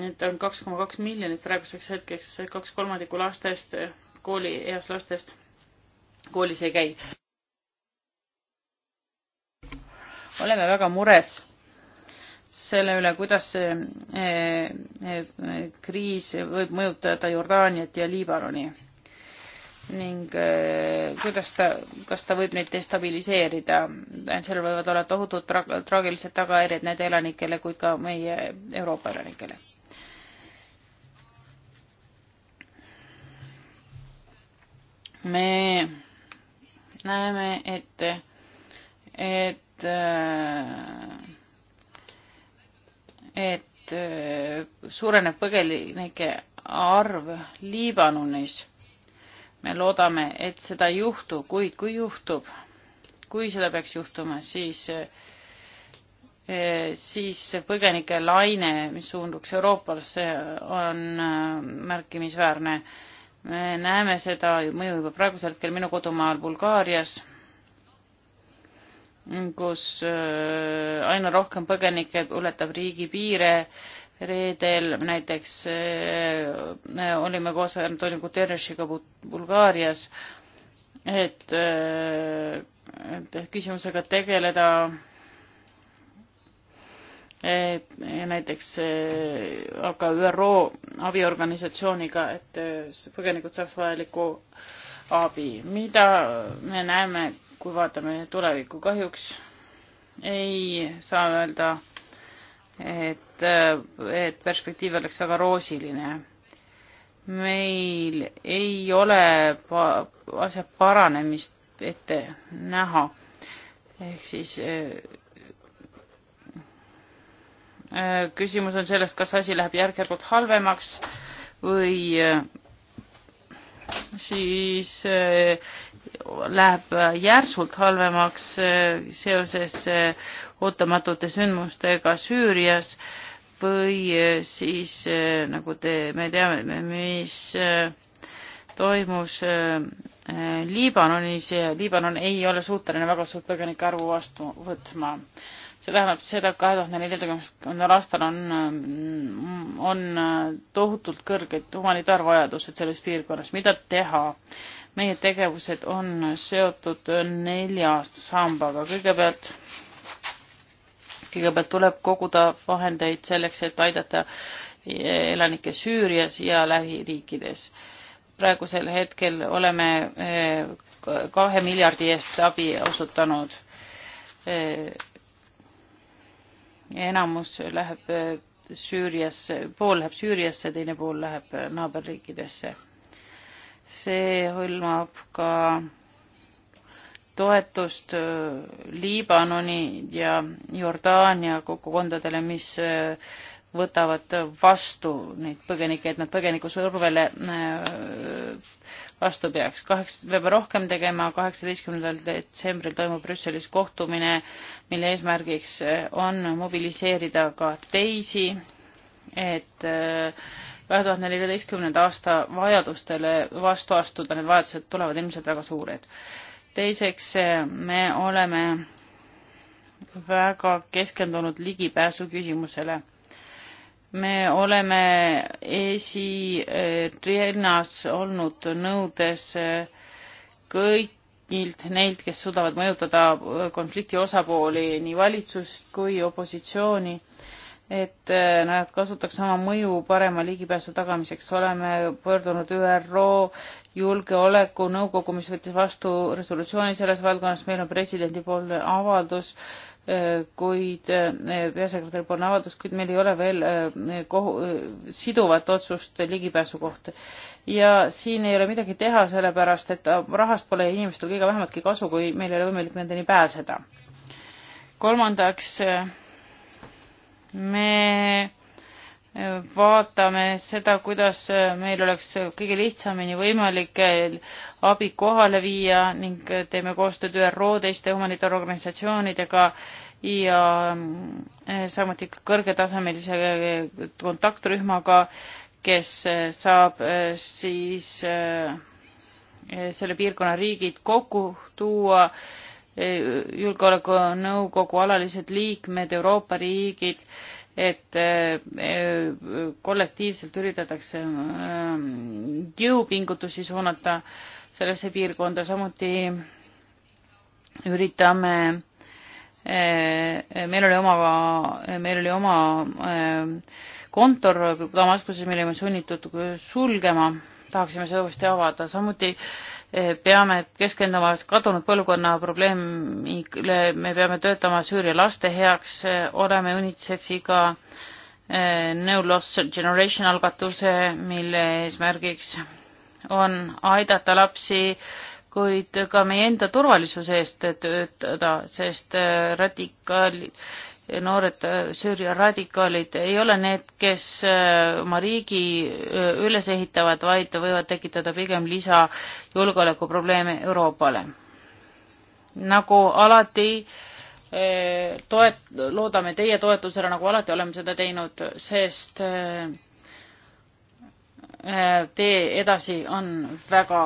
et on kaks koma kaks miljonit praeguseks hetkeks, kaks kolmandikku lastest, koolieas lastest koolis ei käi. oleme väga mures selle üle, kuidas see eh, eh, kriis võib mõjutada Jordaaniat ja Liibanoni ning eh, kuidas ta, kas ta võib neid destabiliseerida. seal võivad olla tohutud tra traagilised tagajärjed nende elanikele kui ka meie Euroopa elanikele. me näeme, et, et äh, et äh, suureneb põgenike arv Liibanonis. me loodame, et seda ei juhtu, kuid kui juhtub, kui seda peaks juhtuma, siis äh, siis põgenike laine, mis suunduks Euroopasse, on äh, märkimisväärne. me näeme seda mõju juba praegusel hetkel minu kodumaal Bulgaarias kus äh, aina rohkem põgenikke ületab riigipiire. reedel näiteks äh, äh, olime koos Antonio Guterresiga Bulgaarias, et, et küsimusega tegeleda ja näiteks aga ÜRO abiorganisatsiooniga, et põgenikud saaks vajalikku abi. mida me näeme kui vaatame tulevikku, kahjuks ei saa öelda, et, et perspektiiv oleks väga roosiline. meil ei ole pa-, asja paranemist ette näha. ehk siis äh, äh küsimus on selles, kas asi läheb järk-järgult halvemaks või äh, siis eh, läheb järsult halvemaks eh, seoses eh, ootamatute sündmustega Süürias või siis nagu te, me teame, mis toimus Liibanonis ja Liibanon ei ole suuteline väga suurt põgenike arvu vastu võtma see tähendab seda, et kahe tuhande neljateistkümnendal aastal on, on tohutult kõrged humanitaarvajadused selles piirkonnas. mida teha? meie tegevused on seotud nelja sambaga. kõigepealt, kõigepealt tuleb koguda vahendeid selleks, et aidata elanikke Süürias ja lähiriikides. praegusel hetkel oleme eh, kahe miljardi eest abi osutanud eh, enamus läheb eh, Süüriasse, pool läheb Süüriasse, teine pool läheb eh, naaberriikidesse. see hõlmab ka toetust eh, Liibanoni ja Jordaania kogukondadele, mis võtavad vastu neid põgenikke, et nad põgenikusurvele äh, vastu peaks. kaheks, peab rohkem tegema, kaheksateistkümnendal detsembril toimub Brüsselis kohtumine, mille eesmärgiks äh, on mobiliseerida ka teisi, et äh, kahe tuhande neljateistkümnenda aasta vajadustele vastu astuda, need vajadused tulevad ilmselt väga suured. teiseks, me oleme väga keskendunud ligipääsu küsimusele me oleme esirinnas olnud nõudes kõigilt neilt, kes suudavad mõjutada konflikti osapooli, nii valitsust kui opositsiooni et äh, nad kasutaks oma mõju parema ligipääsu tagamiseks. oleme pöördunud ÜRO Julgeolekunõukogu, mis võttis vastu resolutsiooni selles valdkonnas, meil on presidendi poolne avaldus, äh, kuid, äh, peasekretäri poolne avaldus, kuid meil ei ole veel kohu-, siduvat otsust ligipääsu kohta. ja siin ei ole midagi teha, sellepärast et rahast pole inimestel kõige vähematki kasu, kui meil ei ole võimalik nendeni pääseda. kolmandaks me äh, vaatame seda, kuidas äh, meil oleks kõige lihtsamini võimalik äh, abi kohale viia ning teeme koostööd ÜRO teiste humanitaarorganisatsioonidega ja samuti kõrgetasemelise kontaktrühmaga, kes saab siis selle piirkonna riigid kokku tuua julgeolekunõukogu alalised liikmed, Euroopa riigid, et eh, kollektiivselt üritatakse eh, jõupingutusi suunata sellesse piirkonda, samuti üritame eh, meil oli oma, meil oli oma kontor Damaskuses, mille me sunnitud sulgema, tahaksime seda uuesti avada, samuti Eh, peame keskenduma kadunud põlvkonna probleemile, me peame töötama Süüria laste heaks, eh, oleme UNICEF-iga eh, New Lost Generation algatuse, mille eesmärgiks on aidata lapsi, kuid ka meie enda turvalisuse eest töötada, sest radikaal- noored äh, Süüria radikaalid ei ole need, kes äh, oma riigi äh, üles ehitavad, vaid võivad tekitada pigem lisajulgeolekuprobleeme Euroopale. nagu alati toet-, loodame teie toetusele, nagu alati oleme seda teinud, sest tee edasi on väga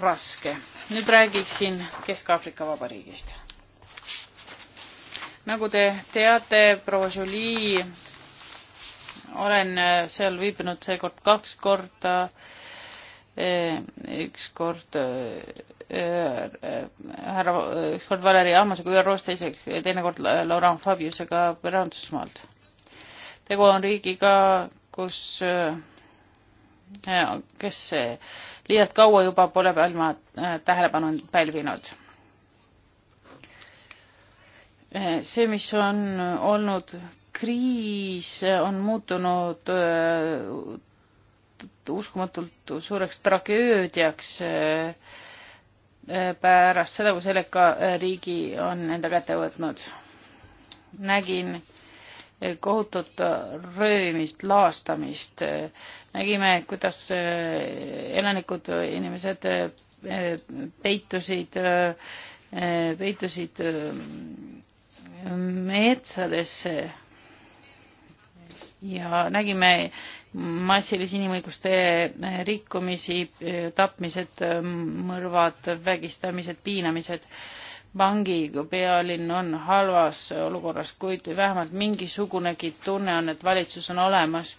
raske. nüüd räägiksin Kesk-Aafrika Vabariigist nagu te teate, proua Jolie, olen äh, seal viibinud seekord kaks korda, äh, üks kord äh, härra, üks kord Valeri Ammasega ÜRO-s, teiseks, teinekord Laurent Fabiusega Prantsusmaalt. tegu on riigiga, kus, kes liialt kaua juba pole maailma tähelepanu pälvinud see, mis on olnud kriis, on muutunud äh, uskumatult suureks tragöödiaks äh, pärast seda, kui Seleka riigi on enda kätte võtnud. nägin kohutut röövimist, laastamist, nägime, kuidas äh, elanikud, inimesed peitusid, peitusid metsadesse ja nägime massilisi inimõiguste rikkumisi, tapmised, mõrvad, vägistamised, piinamised. vangi pealinn on halvas olukorras, kuid vähemalt mingisugunegi tunne on, et valitsus on olemas,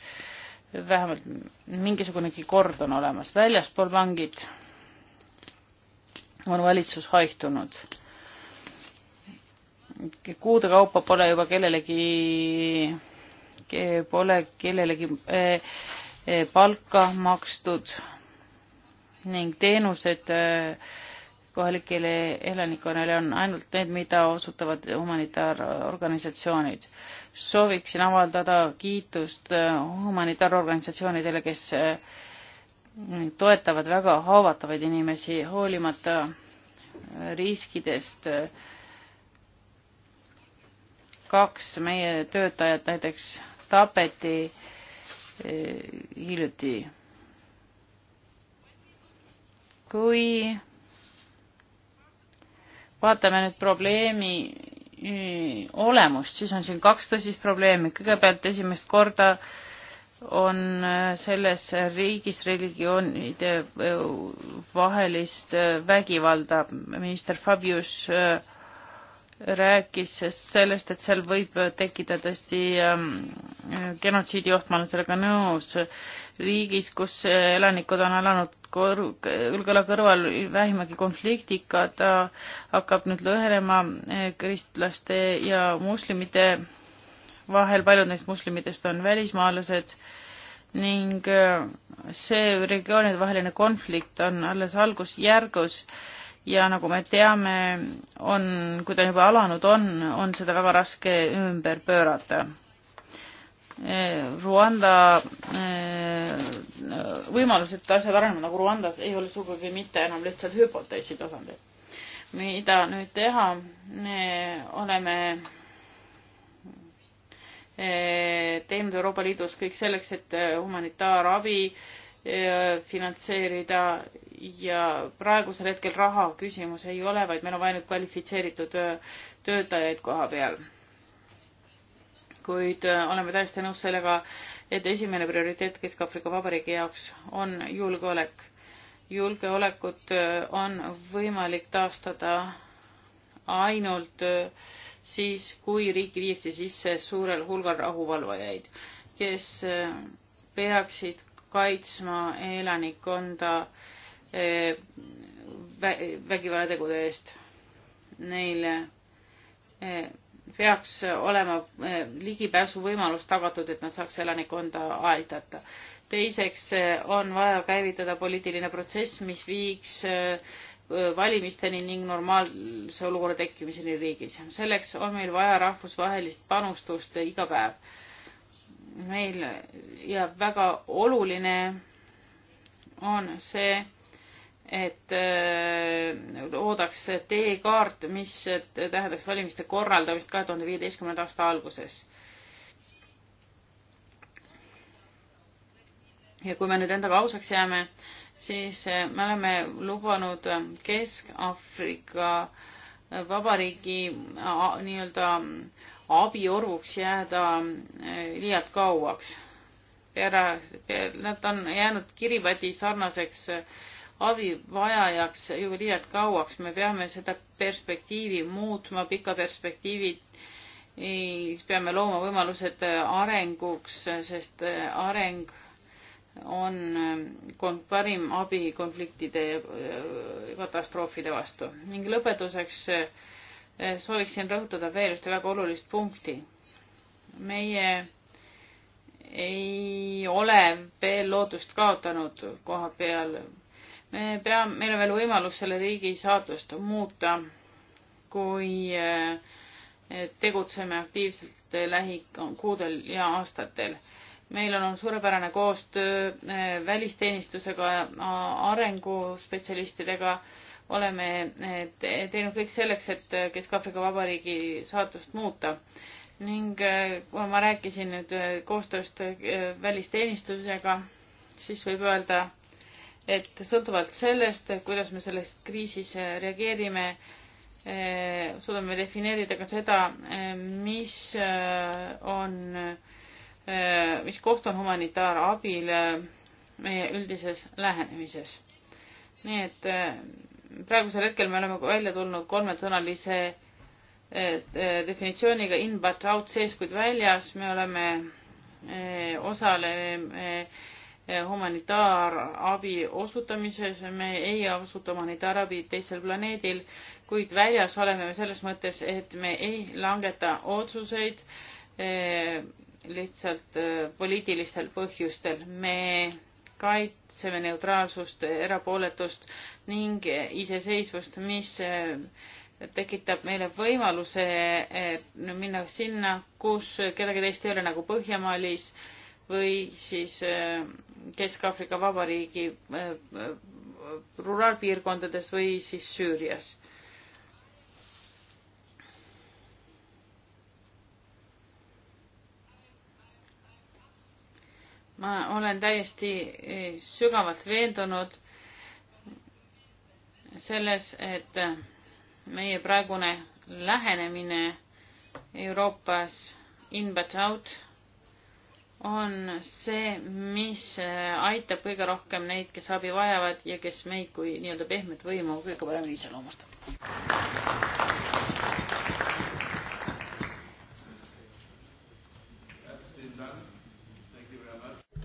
vähemalt mingisugunegi kord on olemas. väljaspool vangid on valitsus haihtunud kuude kaupa pole juba kellelegi, pole kellelegi eh, eh, palka makstud ning teenused eh, kohalikele elanikkonnale on ainult need, mida osutavad humanitaarorganisatsioonid. sooviksin avaldada kiitust humanitaarorganisatsioonidele, kes toetavad väga haavatavaid inimesi hoolimata riskidest äh, kaks meie töötajat näiteks tapeti eh, hiljuti. kui vaatame nüüd probleemi eh, olemust, siis on siin kaks tõsist probleemi. kõigepealt esimest korda on eh, selles riigis religioonide vahelist vägivalda. minister Fabius äh, rääkis sellest, et seal võib tekkida tõesti ähm, genotsiidi oht, ma olen sellega nõus. riigis, kus elanikud on elanud õlgala kõrval vähimagi konfliktiga, ta hakkab nüüd lõhenema äh, kristlaste ja moslemite vahel, paljud neist moslemidest on välismaalased ning äh, see regioonide vaheline konflikt on alles algusjärgus ja nagu me teame, on, kui ta juba alanud on, on seda väga raske ümber pöörata. Rwanda eh, võimalus, et asjad arenevad nagu Rwandas, ei ole sugugi mitte enam lihtsalt hüpoteesi tasandil. mida nüüd teha, me oleme eh, teinud Euroopa Liidus kõik selleks, et eh, humanitaarabi äh, Äh, finantseerida ja praegusel hetkel raha küsimus ei ole, vaid meil on vaja nüüd kvalifitseeritud äh, töötajaid koha peal. kuid äh, oleme täiesti nõus sellega, et esimene prioriteet Kesk-Aafrika Vabariigi jaoks on julgeolek. julgeolekut on võimalik taastada ainult siis, kui riiki viiakse sisse suurel hulgal rahuvalvajaid, kes peaksid kaitsma elanikkonda eh, vägivallategude eest. Neile eh, peaks olema eh, ligipääsuvõimalus tagatud, et nad saaks elanikkonda aidata. teiseks on vaja käivitada poliitiline protsess, mis viiks valimisteni ning normaalse olukorra tekkimiseni riigis. selleks on meil vaja rahvusvahelist panustust iga päev meil ja väga oluline on see, et äh, loodaks teekaart, mis tähendaks valimiste korraldamist kahe tuhande viieteistkümnenda aasta alguses. ja kui me nüüd endaga ausaks jääme, siis äh, me oleme lubanud Kesk-Aafrika äh, vabariigi nii-öelda abiorvuks jääda e, liialt kauaks. Pera-, nad on jäänud Kiribati sarnaseks e, abivajajaks ju liialt kauaks, me peame seda perspektiivi muutma, pika perspektiivi, siis peame looma võimalused e, arenguks, sest areng on äh, parim abi konfliktide ja äh, katastroofide vastu. ning lõpetuseks äh, sooviksin rõhutada veel ühte väga olulist punkti. meie ei ole veel lootust kaotanud koha peal. me peame, meil on veel võimalus selle riigi saatust muuta, kui tegutseme aktiivselt lähikuudel ja aastatel meil on suurepärane koostöö eh, välisteenistusega, arenguspetsialistidega, oleme eh, teinud kõik selleks, et eh, Kesk-Aafrika Vabariigi saatust muuta. ning kui ma rääkisin nüüd koostööst välisteenistusega, siis võib öelda, et sõltuvalt sellest, kuidas me selles kriisis reageerime, suudame defineerida ka seda, mis on Äh, mis koht on humanitaarabil äh, meie üldises lähenemises. nii et äh, praegusel hetkel me oleme välja tulnud kolmesõnalise definitsiooniga in but out sees, kuid väljas me oleme, osaleme humanitaarabi osutamises, me ei osuta humanitaarabi teisel planeedil, kuid väljas oleme me selles mõttes, et me ei langeta otsuseid lihtsalt äh, poliitilistel põhjustel. me kaitseme neutraalsust, erapooletust ning äh, iseseisvust, mis äh, tekitab meile võimaluse minna sinna, kus kedagi teist ei ole nagu Põhjamaalis või siis Kesk-Aafrika Vabariigi ruraalpiirkondades või siis Süürias. ma olen täiesti e, sügavalt veendunud selles, et meie praegune lähenemine Euroopas in but out on see, mis e, aitab kõige rohkem neid, kes abi vajavad ja kes meid kui nii-öelda pehmet võimu kõige paremini iseloomustab.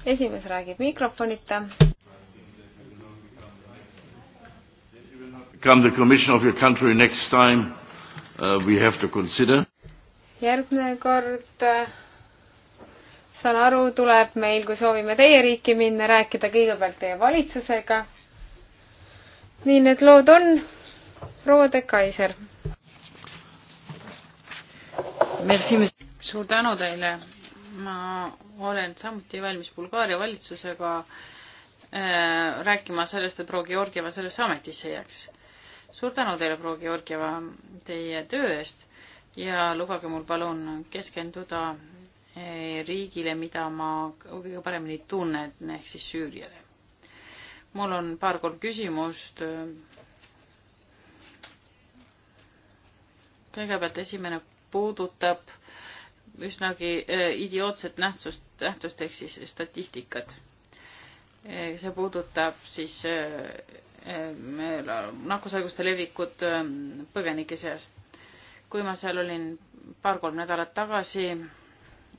esimees räägib mikrofonita. Come the commission of your country next time uh, we have to consider. järgmine kord äh, saan aru, tuleb meil, kui soovime teie riiki minna, rääkida kõigepealt teie valitsusega. nii need lood on. proua de Kaiser. suur tänu teile. ma olen samuti valmis Bulgaaria valitsusega äh, rääkima sellest, et proua Georgieva sellesse ametisse jääks. suur tänu teile, proua Georgieva, teie töö eest ja lubage mul palun keskenduda äh, riigile, mida ma kõige paremini tunnen, ehk siis Süüriale. mul on paar-kolm küsimust. kõigepealt esimene puudutab üsnagi äh, idiootset nähtsust nähtust ehk siis statistikat. Eh, see puudutab siis eh, eh, nakkushaiguste levikut põgenike seas. kui ma seal olin paar-kolm nädalat tagasi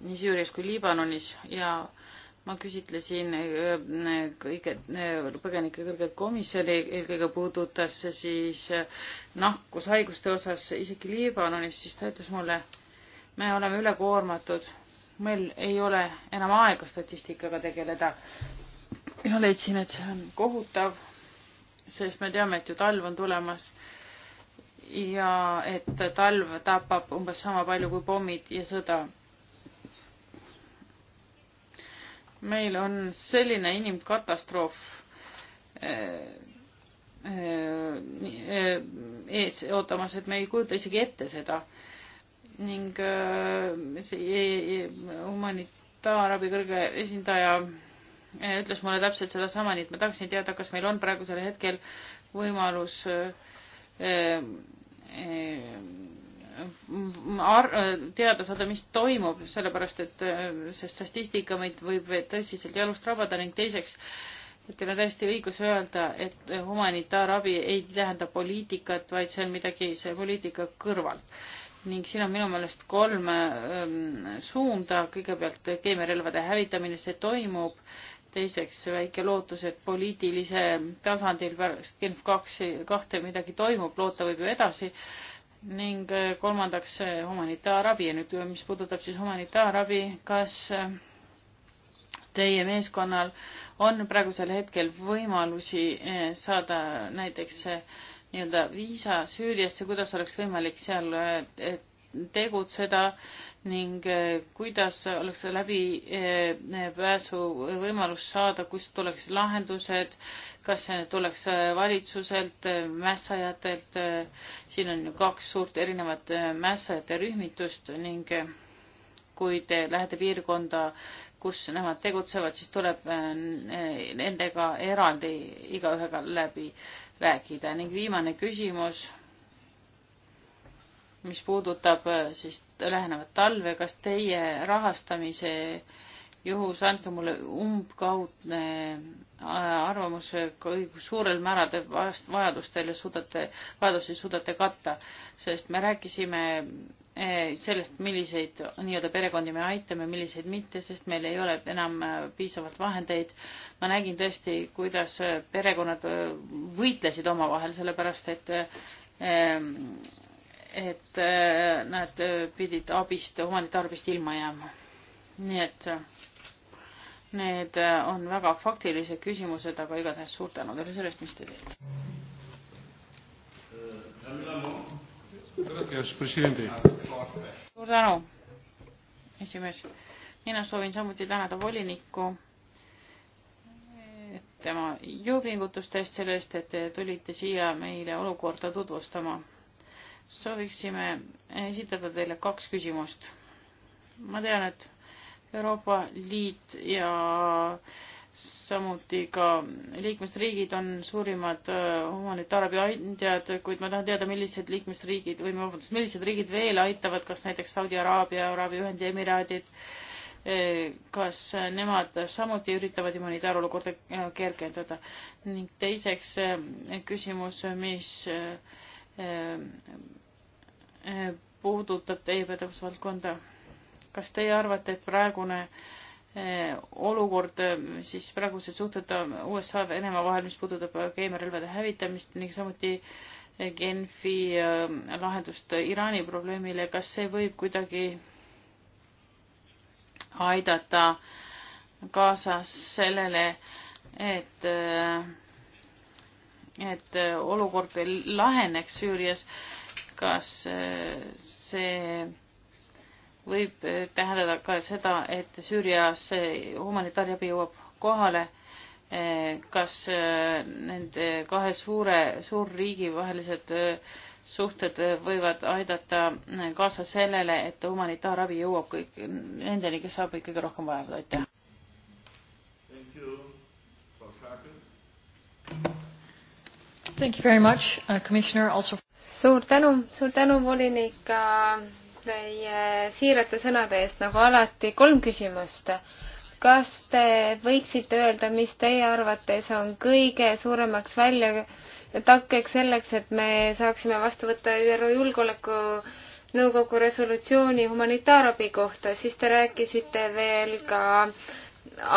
nii Süürias kui Liibanonis ja ma küsitlesin kõige, põgenike kõrget komisjoni, eelkõige puudutas see siis nakkushaiguste osas, isegi Liibanonis, siis ta ütles mulle, me oleme ülekoormatud meil ei ole enam aega statistikaga tegeleda. ja leidsin, et see on kohutav, sest me teame, et ju talv on tulemas ja et talv tapab umbes sama palju kui pommid ja sõda. meil on selline inimkatastroof eh, eh, eh, ees ootamas, et me ei kujuta isegi ette seda ning äh, see e, e, humanitaarabi kõrge esindaja äh, ütles mulle täpselt sedasama, nii et ma tahaksin teada, kas meil on praegusel hetkel võimalus äh, ar-, teada saada, mis toimub, sellepärast et see statistika meid võib tõsiselt jalust rabada ning teiseks, et teil on täiesti õigus öelda, et humanitaarabi ei tähenda poliitikat, vaid see on midagi, see poliitika kõrval ning siin on minu meelest kolm ähm, suunda, kõigepealt keemiarelvade hävitamine, see toimub, teiseks väike lootus, et poliitilise tasandil pärast Genf kaks, kahte midagi toimub, loota võib ju edasi, ning äh, kolmandaks äh, humanitaarabi ja nüüd, mis puudutab siis humanitaarabi, kas äh, teie meeskonnal on praegusel hetkel võimalusi saada näiteks nii-öelda viisa Süüriasse, kuidas oleks võimalik seal eh, tegutseda ning eh, kuidas oleks läbipääsu eh, võimalus saada, kust tuleks lahendused, kas see tuleks valitsuselt, mässajatelt, siin on ju kaks suurt erinevat mässajate rühmitust ning kui te lähete piirkonda, kus nemad tegutsevad, siis tuleb äh, nendega eraldi igaühega läbi rääkida ning viimane küsimus, mis puudutab äh, siis lähenevat talve, kas teie rahastamise juhus, andke mulle umbkaudne äh, arvamus, kui suurel määral te vajadustel suudate, vajadusi suudate katta, sest me rääkisime Eh, sellest, milliseid nii-öelda perekondi me aitame, milliseid mitte, sest meil ei ole enam eh, piisavalt vahendeid. ma nägin tõesti, kuidas eh, perekonnad võitlesid omavahel, sellepärast et et nad pidid abist, humanitaarabist ilma jääma. nii et need on väga faktilised küsimused, aga igatahes suur tänu teile sellest, mis te teete. suur tänu, esimees. mina soovin samuti tänada volinikku eh, tema jõupingutuste eest, selle eest, et te tulite siia meile olukorda tutvustama. sooviksime esitada teile kaks küsimust. ma tean, et Euroopa Liit ja äh, samuti ka liikmesriigid on suurimad äh, humanitaarabi andjad, kuid ma tahan teada, millised liikmesriigid või vabandust, millised riigid veel aitavad, kas näiteks Saudi Araabia, Araabia Ühendemiraadid, äh, kas nemad samuti üritavad humanitaarolukorda äh, kergendada? ning teiseks küsimus, mis puudutab teie pädevusvaldkonda. kas teie arvate, et praegune äh, Eh, olukord, eh, siis praegused suhted eh, USA ja Venemaa vahel, mis puudutab keemiarelvade hävitamist ning samuti Genfi lahendust Iraani probleemile, kas see võib kuidagi aidata kaasa sellele, et, et olukord laheneks Süürias, kas see võib eh, tähendada ka seda, et Süürias humanitaarjabi jõuab kohale. Eh, kas eh, nende kahe suure, suurriigi vahelised suhted võivad aidata kaasa sellele, et humanitaarabi jõuab kõik nendeni, kes abi kõige rohkem vajavad, aitäh. Thank you very much uh,, commissioner also. suur tänu, suur tänu, volinik uh, teie siirate sõnade eest nagu alati. kolm küsimust. kas te võiksite öelda, mis teie arvates on kõige suuremaks välja takkeks selleks, et me saaksime vastu võtta ÜRO Julgeolekunõukogu resolutsiooni humanitaarabi kohta, siis te rääkisite veel ka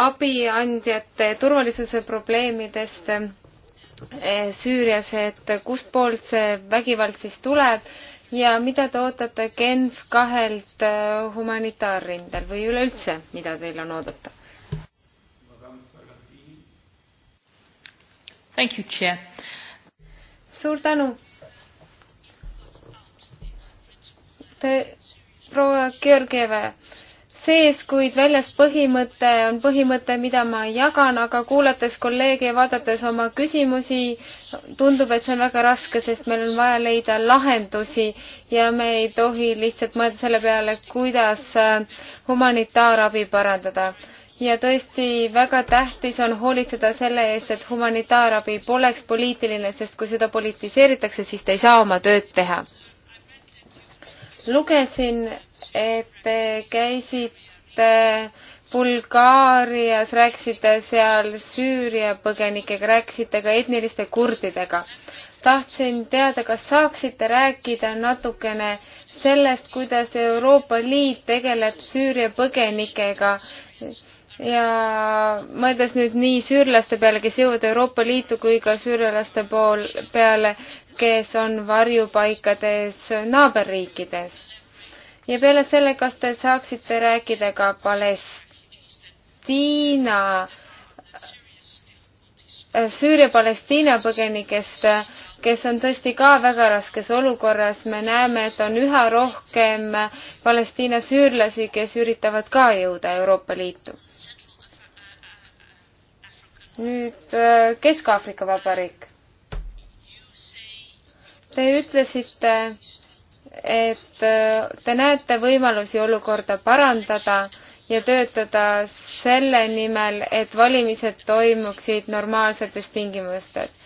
abiandjate turvalisuse probleemidest eh, Süürias, et kustpoolt see vägivald siis tuleb ja mida te ootate Genf kahelt äh, humanitaarrindel või üleüldse, mida teil on oodata? suur tänu. Te, proua Georgieva sees, kuid väljas põhimõte on põhimõte, mida ma jagan, aga kuulates kolleege ja vaadates oma küsimusi, tundub, et see on väga raske, sest meil on vaja leida lahendusi ja me ei tohi lihtsalt mõelda selle peale, kuidas äh, humanitaarabi parandada ja tõesti väga tähtis on hoolitseda selle eest, et humanitaarabi poleks poliitiline, sest kui seda politiseeritakse, siis ta ei saa oma tööd teha lugesin, et te käisite Bulgaarias, rääkisite seal Süüria põgenikega, rääkisite ka etniliste kurdidega. tahtsin teada, kas saaksite rääkida natukene sellest, kuidas Euroopa Liit tegeleb Süüria põgenikega ja mõeldes nüüd nii süürlaste peale, kes jõuavad Euroopa Liitu, kui ka süürlaste pool peale, kes on varjupaikades naaberriikides. ja peale selle, kas te saaksite rääkida ka Palestiina, Süüria-Palestiina põgenikest, kes on tõesti ka väga raskes olukorras, me näeme, et on üha rohkem Palestiina süürlasi, kes üritavad ka jõuda Euroopa Liitu. nüüd äh, Kesk-Aafrika Vabariik Te ütlesite, et äh, te näete võimalusi olukorda parandada ja töötada selle nimel, et valimised toimuksid normaalsetes tingimustes.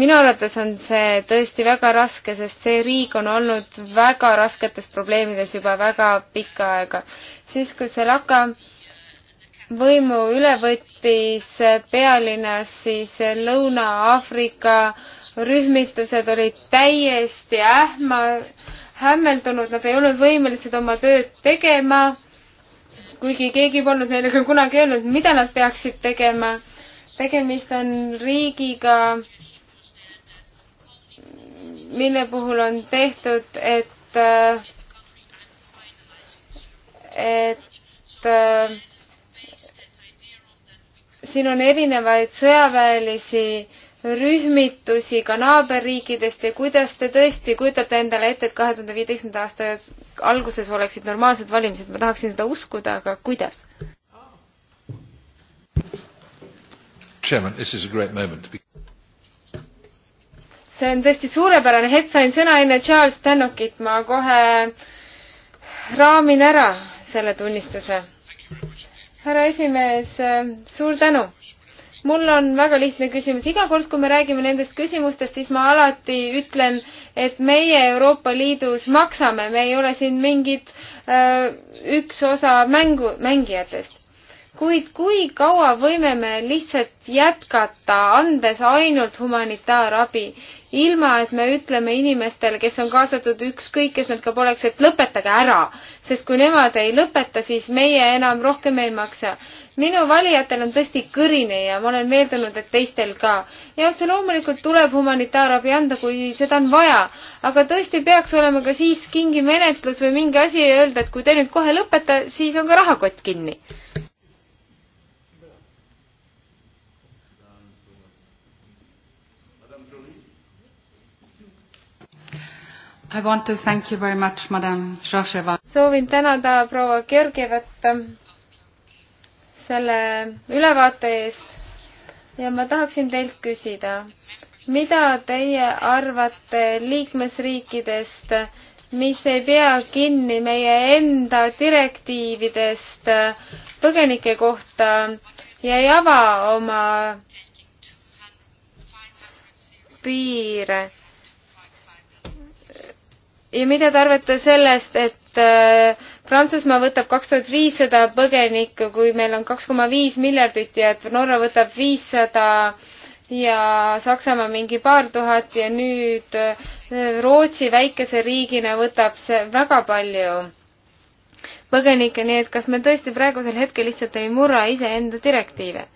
minu arvates on see tõesti väga raske, sest see riik on olnud väga rasketes probleemides juba väga pikka aega. siis, kui see laka võimu üle võttis pealinnas, siis Lõuna-Aafrika rühmitused olid täiesti ähma, hämmeldunud, nad ei olnud võimelised oma tööd tegema, kuigi keegi polnud neile ka kunagi öelnud, mida nad peaksid tegema. tegemist on riigiga, mille puhul on tehtud, et, et et siin on erinevaid sõjaväelisi rühmitusi ka naaberriikidest ja kuidas te tõesti kujutate endale ette, et kahe tuhande viieteistkümnenda aasta alguses oleksid normaalsed valimised, ma tahaksin seda uskuda, aga kuidas? see on tõesti suurepärane hetk, sain sõna enne Charles Stanokit, ma kohe raamin ära selle tunnistuse härra esimees, suur tänu! mul on väga lihtne küsimus, iga kord, kui me räägime nendest küsimustest, siis ma alati ütlen, et meie Euroopa Liidus maksame, me ei ole siin mingid öö, äh, üks osa mängu, mängijatest. kuid kui kaua võime me lihtsalt jätkata, andes ainult humanitaarabi ilma et me ütleme inimestele, kes on kaasatud, ükskõik kes nad ka poleks, et lõpetage ära, sest kui nemad ei lõpeta, siis meie enam rohkem ei maksa. minu valijatel on tõesti kõrini ja ma olen veendunud, et teistel ka. ja otse loomulikult tuleb humanitaarabi anda, kui seda on vaja, aga tõesti peaks olema ka siis mingi menetlus või mingi asi ja öelda, et kui te nüüd kohe lõpeta, siis on ka rahakott kinni I want to thank you very much, madam Žoževa. soovin tänada proua Georgievat selle ülevaate eest ja ma tahaksin teilt küsida, mida teie arvate liikmesriikidest, mis ei pea kinni meie enda direktiividest põgenike kohta ja ei ava oma piire ja mida te arvate sellest, et äh, Prantsusmaa võtab kaks tuhat viissada põgenikku, kui meil on kaks koma viis miljardit ja et Norra võtab viissada ja Saksamaa mingi paar tuhat ja nüüd äh, Rootsi väikese riigina võtab see väga palju põgenikke, nii et kas me tõesti praegusel hetkel lihtsalt ei murra iseenda direktiive?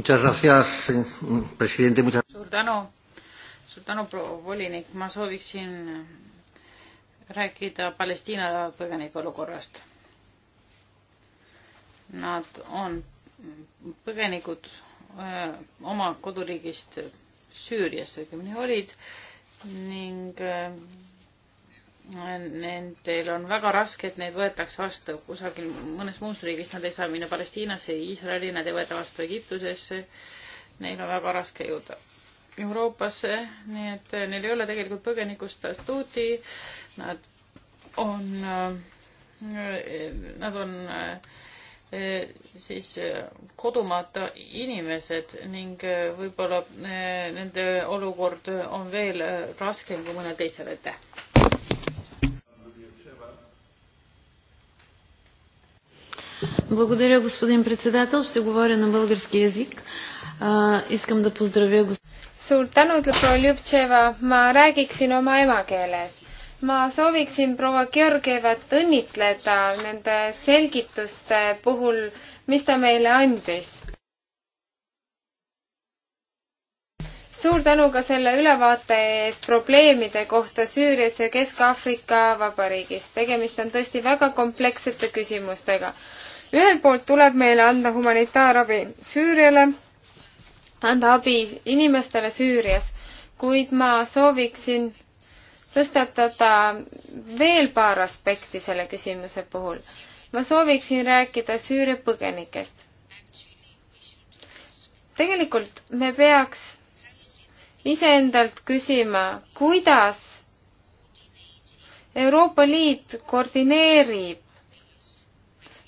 suur tänu suur tänu, proua volinik, ma sooviksin rääkida Palestiina põgenike olukorrast. Nad on põgenikud öö, äh, oma koduriigist Süüriast õigemini olid ning öö, äh, nendel on väga raske, et neid võetakse vastu kusagil mõnes muus riigis, nad ei saa minna Palestiinasse, Iisraeli, nad ei võeta vastu Egiptusesse. Neil on väga raske jõuda Euroopasse, nii et eh, neil ei ole tegelikult põgenikustatuuti, nad on, eh, nad on eh, siis kodumaata inimesed ning võib-olla nende olukord on veel raskem kui mõnel teisel, aitäh. Благодаря, господин председател. Ще говоря на български язик. А, искам да поздравя господин suur tänu, ütleb proua Ljubtševa, ma räägiksin oma emakeeles. ma sooviksin proua Georgievat õnnitleda nende selgituste puhul, mis ta meile andis. suur tänu ka selle ülevaate eest probleemide kohta Süürias ja Kesk-Aafrika Vabariigis. tegemist on tõesti väga komplekssete küsimustega. ühelt poolt tuleb meile anda humanitaarabi Süüriale anda abi inimestele Süürias, kuid ma sooviksin tõstatada veel paar aspekti selle küsimuse puhul. ma sooviksin rääkida Süüria põgenikest. tegelikult me peaks iseendalt küsima, kuidas Euroopa Liit koordineerib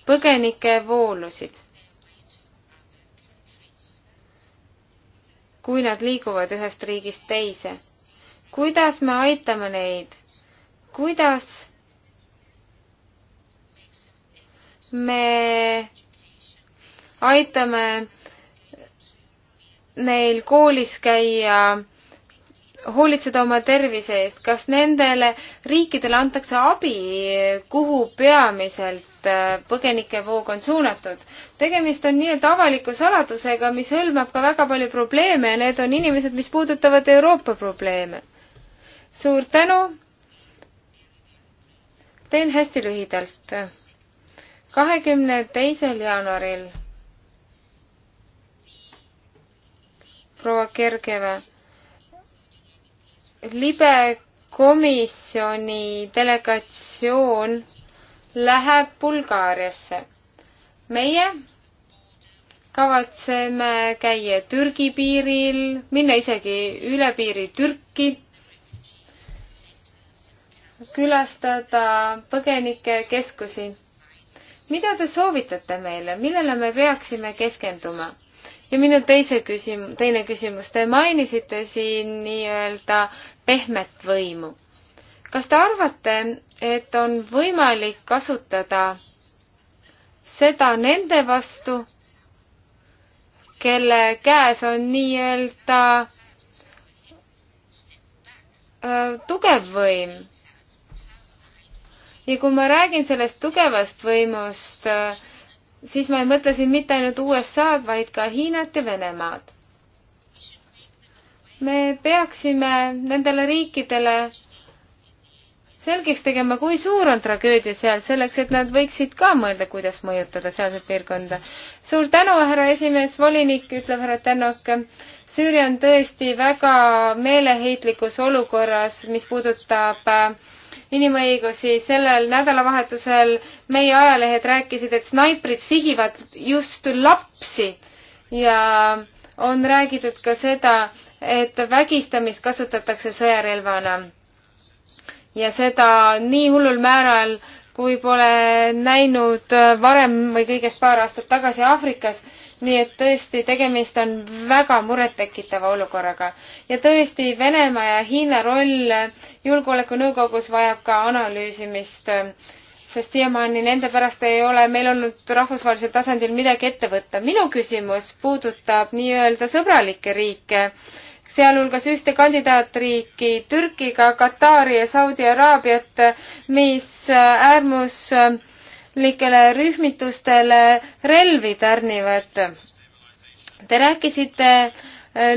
põgenike voolusid. kui nad liiguvad ühest riigist teise. kuidas me aitame neid? kuidas me aitame neil koolis käia hoolitseda oma tervise eest, kas nendele riikidele antakse abi, kuhu peamiselt äh, põgenikevoog on suunatud? tegemist on nii-öelda avaliku saladusega, mis hõlmab ka väga palju probleeme ja need on inimesed, mis puudutavad Euroopa probleeme. suur tänu. teen hästi lühidalt. kahekümne teisel jaanuaril proua Kergeva libe komisjoni delegatsioon läheb Bulgaariasse. meie kavatseme käia Türgi piiril, minna isegi üle piiri Türki, külastada põgenikekeskusi. mida te soovitate meile, millele me peaksime keskenduma? ja minu teise küsim-, teine küsimus, te mainisite siin nii-öelda pehmet võimu. kas te arvate, et on võimalik kasutada seda nende vastu, kelle käes on nii-öelda äh, tugev võim? ja kui ma räägin sellest tugevast võimust, äh, siis ma ei mõtle siin mitte ainult USA-d, vaid ka Hiinat ja Venemaad me peaksime nendele riikidele selgeks tegema, kui suur on tragöödia seal, selleks et nad võiksid ka mõelda, kuidas mõjutada sealset piirkonda. suur tänu, härra esimees, volinik, ütleb härra Tänok. Süüria on tõesti väga meeleheitlikus olukorras, mis puudutab äh, inimõigusi. sellel nädalavahetusel meie ajalehed rääkisid, et snaiprid sihivad just lapsi ja on räägitud ka seda, et vägistamist kasutatakse sõjarelvana ja seda nii hullul määral, kui pole näinud varem või kõigest paar aastat tagasi Aafrikas. nii et tõesti, tegemist on väga murettekitava olukorraga. ja tõesti, Venemaa ja Hiina roll Julgeolekunõukogus vajab ka analüüsimist, sest siiamaani nende pärast ei ole meil olnud rahvusvahelisel tasandil midagi ette võtta. minu küsimus puudutab nii-öelda sõbralikke riike sealhulgas ühte kandidaatriiki Türgiga, Katari ja Saudi Araabiat, mis äh, äärmuslikele rühmitustele relvi tarnivad. Te rääkisite äh,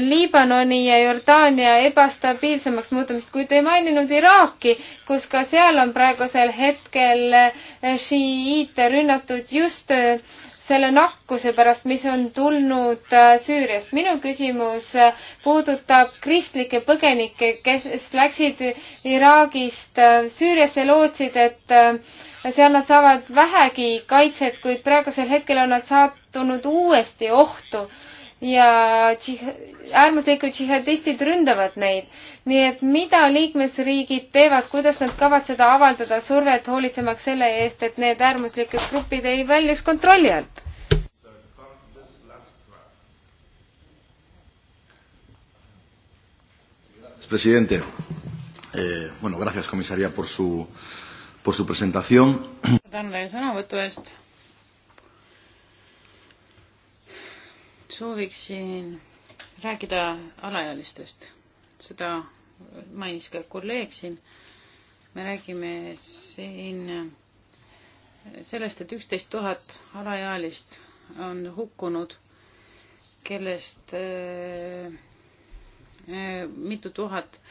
Liibanoni ja Jordaania ebastabiilsemaks muutumist, kuid ei maininud Iraaki, kus ka seal on praegusel hetkel äh, šiiite rünnatud just selle nakkuse pärast, mis on tulnud äh, Süüriast. minu küsimus äh, puudutab kristlikke põgenikke, kes läksid Iraagist äh, Süüriasse ja lootsid, et seal nad saavad vähegi kaitset, kuid praegusel hetkel on nad sattunud uuesti ohtu ja džih-, äärmuslikud džihadistid ründavad neid. nii et mida liikmesriigid teevad, kuidas nad kavatsevad avaldada survet, hoolitsemaks selle eest, et need äärmuslikud grupid ei väljuks kontrolli alt? Presidente, eh, bueno, gracias comisaria por su, por su presentación. Tänan teie sõnavõtu eest sooviksin rääkida alaealistest, seda mainis ka kolleeg siin. me räägime siin sellest, et üksteist tuhat alaealist on hukkunud, kellest eh, eh, mitu tuhat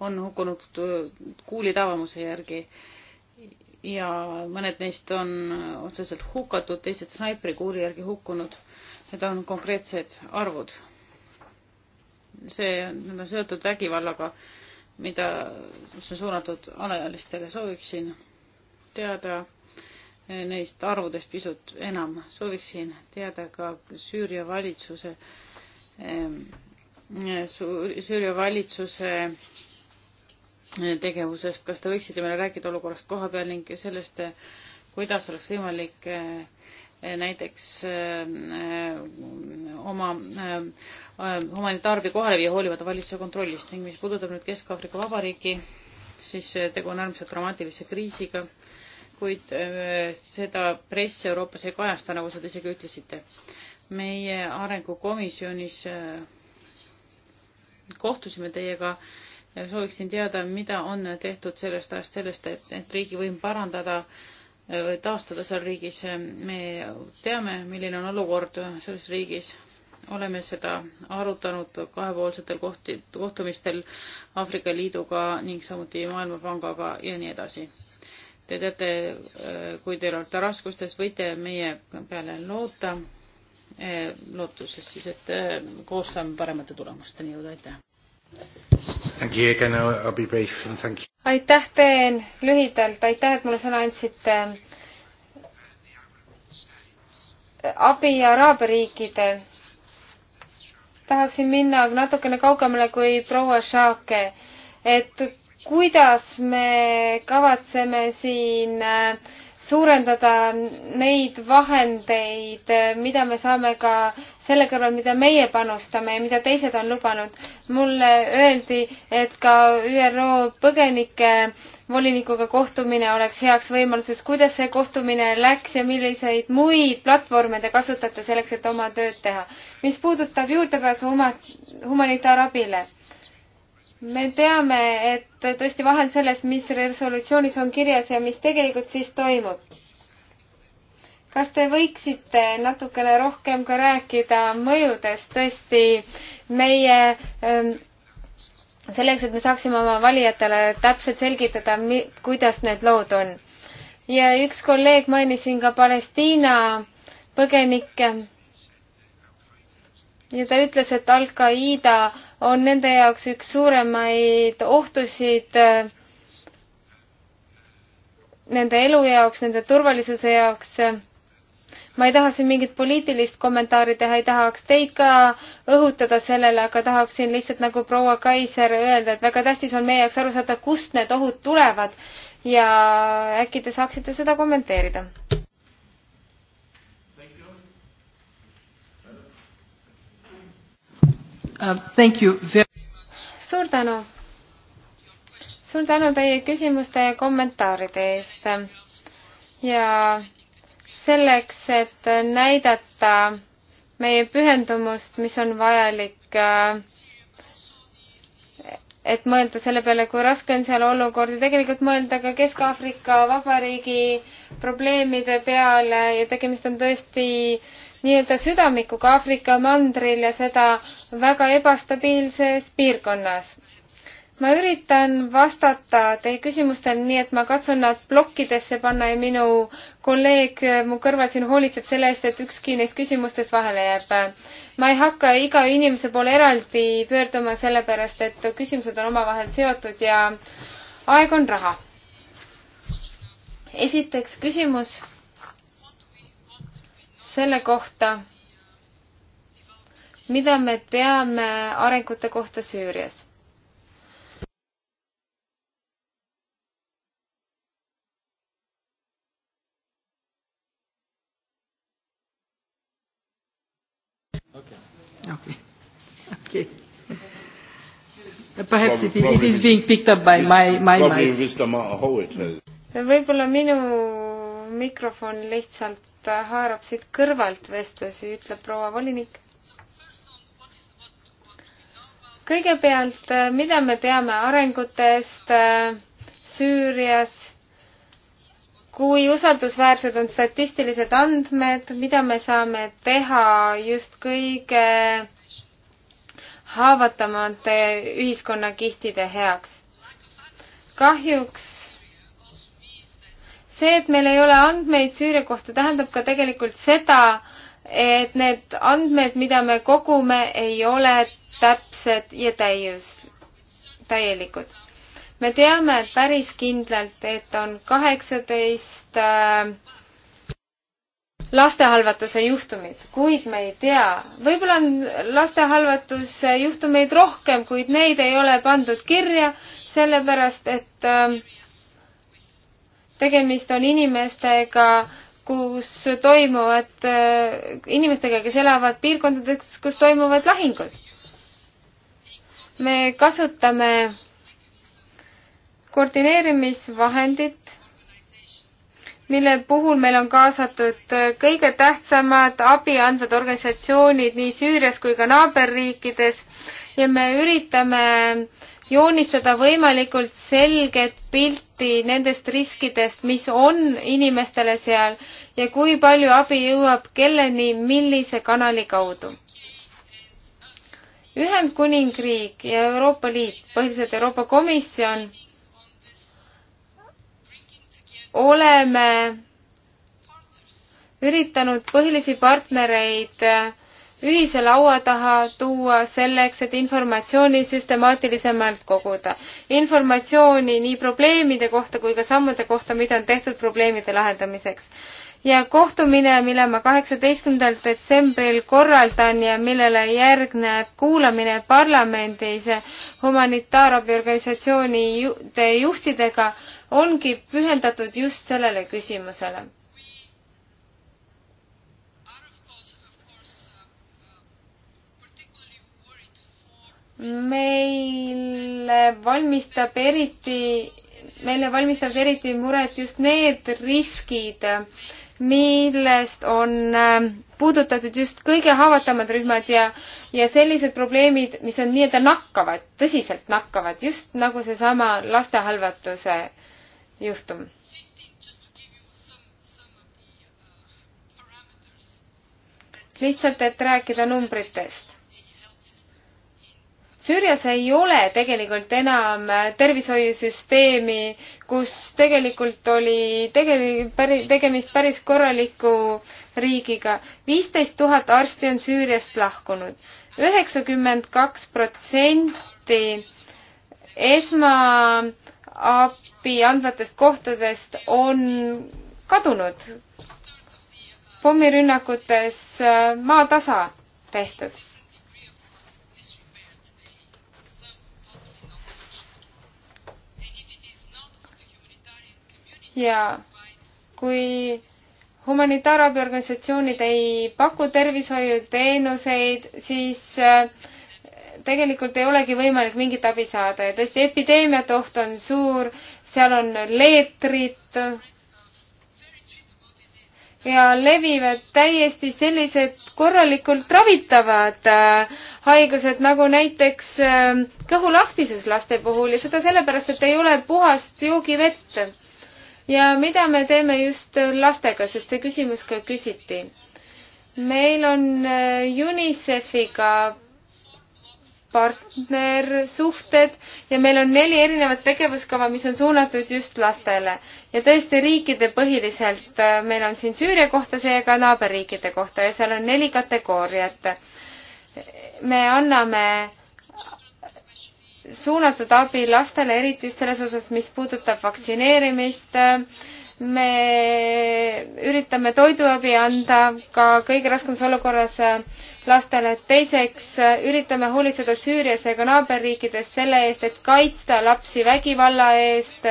on hukkunud kuulitabamuse järgi ja mõned neist on otseselt hukatud, teised snaiprikuuli järgi hukkunud need on konkreetsed arvud. see on seotud vägivallaga, mida, mis on suunatud alaealistele, sooviksin teada neist arvudest pisut enam. sooviksin teada ka Süüria valitsuse, ehm, Süüria valitsuse eh, tegevusest, kas te võiksite meile rääkida olukorrast kohapeal ning sellest, eh, kuidas oleks võimalik eh, Eh, näiteks eh, oma eh, humanitaarabi kohale viia hoolimata valitsuse kontrollist ning mis puudutab nüüd Kesk-Aafrika Vabariiki, siis tegu on äärmiselt dramaatilise kriisiga, kuid seda press Euroopas ei kajasta, nagu seda isegi ütlesite. meie arengukomisjonis kohtusime teiega sooviksin teada, mida on tehtud sellest ajast sellest, et, et riigivõim parandada äh, taastada seal riigis. me teame, milline on olukord selles riigis. oleme seda arutanud kahepoolsetel kohti, kohtumistel Aafrika Liiduga ning samuti Maailmapangaga ja nii edasi. Te teate, kui teil olete raskustes, võite meie peale loota, lootuses siis, et koos saame paremate tulemusteni jõuda, aitäh! aitäh, teen lühidalt, aitäh, et mulle sõna andsite. abi Araabia riikidel. tahaksin minna natukene kaugemale kui proua Šaake, et kuidas me kavatseme siin äh, suurendada neid vahendeid, mida me saame ka selle kõrval, mida meie panustame ja mida teised on lubanud. mulle öeldi, et ka ÜRO põgenike volinikuga kohtumine oleks heaks võimaluseks. kuidas see kohtumine läks ja milliseid muid platvorme te kasutate selleks, et oma tööd teha? mis puudutab juurdepääsu huma-, humanitaarabile, me teame, et tõesti vahel selles, mis resolutsioonis on kirjas ja mis tegelikult siis toimub. kas te võiksite natukene rohkem ka rääkida mõjudest tõesti meie ähm, selleks, et me saaksime oma valijatele täpselt selgitada, kuidas need lood on. ja üks kolleeg mainis siin ka Palestiina põgenikke ja ta ütles, et Al-Qaeda on nende jaoks üks suuremaid ohtusid äh, nende elu jaoks, nende turvalisuse jaoks. ma ei taha siin mingit poliitilist kommentaari teha, ei tahaks teid ka õhutada sellele, aga tahaksin lihtsalt nagu proua Kaiser öelda, et väga tähtis on meie jaoks aru saada, kust need ohud tulevad ja äkki te saaksite seda kommenteerida uh,. suur tänu. suur tänu teie küsimuste ja kommentaaride eest. ja selleks, et näidata meie pühendumust, mis on vajalik, uh, et mõelda selle peale, kui raske on seal olukord ja tegelikult mõelda ka Kesk-Aafrika Vabariigi probleemide peale ja tegemist on tõesti äh, nii-öelda südamikuga Aafrika mandril ja seda väga ebastabiilses piirkonnas. ma üritan vastata teie küsimustele nii, et ma katsun nad plokkidesse panna ja minu kolleeg mu kõrval siin hoolitseb selle eest, et ükski neist küsimustest vahele jääb. ma ei hakka iga inimese poole eraldi pöörduma, sellepärast et küsimused on omavahel seotud ja aeg on raha. esiteks küsimus selle kohta, mida me teame arengute kohta Süürias Okay. Okay. Perhaps probably, it, probably, it is being picked up by mis, my, my probably mic. võib-olla minu mikrofon lihtsalt haarab siit kõrvalt vestlusi, ütleb proua volinik. kõigepealt, mida me teame arengutest Süürias, kui usaldusväärsed on statistilised andmed, mida me saame teha just kõige haavatavamate ühiskonnakihtide heaks? kahjuks see, et meil ei ole andmeid Süüria kohta, tähendab ka tegelikult seda, et need andmed, mida me kogume, ei ole täpsed ja täius, täielikud. me teame päris kindlalt, et on kaheksateist äh, lastehalvatuse juhtumid, kuid me ei tea. võib-olla on lastehalvatuse juhtumeid rohkem, kuid neid ei ole pandud kirja, sellepärast et äh, tegemist on inimestega, kus toimuvad, äh, inimestega, kes elavad piirkondades, kus toimuvad lahingud. me kasutame koordineerimisvahendit, mille puhul meil on kaasatud kõige tähtsamad abi andvad organisatsioonid nii Süürias kui ka naaberriikides ja me üritame joonistada võimalikult selget pilti nendest riskidest, mis on inimestele seal ja kui palju abi jõuab kelleni, millise kanali kaudu. Ühendkuningriik ja Euroopa Liit, põhiliselt Euroopa Komisjon, oleme üritanud põhilisi partnereid ühise laua taha tuua selleks, et informatsiooni süstemaatilisemalt koguda. informatsiooni nii probleemide kohta kui ka sammude kohta, mida on tehtud probleemide lahendamiseks. ja kohtumine, mille ma kaheksateistkümnendal detsembril korraldan ja millele järgneb kuulamine parlamendis humanitaarabiorganisatsioonide juhtidega, ongi pühendatud just sellele küsimusele meile valmistab eriti, meile valmistavad eriti muret just need riskid, millest on äh, puudutatud just kõige haavatavamad rühmad ja, ja sellised probleemid, mis on nii-öelda nakkavad, tõsiselt nakkavad, just nagu seesama lastehalvatuse juhtum. lihtsalt, et rääkida numbritest. Süürias ei ole tegelikult enam tervishoiusüsteemi, kus tegelikult oli tegelikult tegemist päris korraliku riigiga. viisteist tuhat arsti on Süüriast lahkunud. üheksakümmend kaks protsenti esmaabi andvatest kohtadest on kadunud. pommirünnakutes äh, maatasa tehtud ja kui humanitaarabiorganisatsioonid ei paku tervishoiuteenuseid, siis äh, tegelikult ei olegi võimalik mingit abi saada ja tõesti epideemiate oht on suur, seal on leetrid ja levivad täiesti sellised korralikult ravitavad äh, haigused nagu näiteks äh, kõhulahtisus laste puhul ja seda sellepärast, et ei ole puhast joogivett ja mida me teeme just lastega, sest see küsimus ka küsiti. meil on äh, UNICEF-iga partnersuhted ja meil on neli erinevat tegevuskava, mis on suunatud just lastele. ja tõesti riikide põhiliselt, äh, meil on siin Süüria kohta see ka naaberriikide kohta ja seal on neli kategooriat. me anname suunatud abi lastele, eriti just selles osas, mis puudutab vaktsineerimist. me üritame toiduabi anda ka kõige raskemas olukorras lastele. teiseks üritame hoolitseda Süürias ja ka naaberriikides selle eest, et kaitsta lapsi vägivalla eest,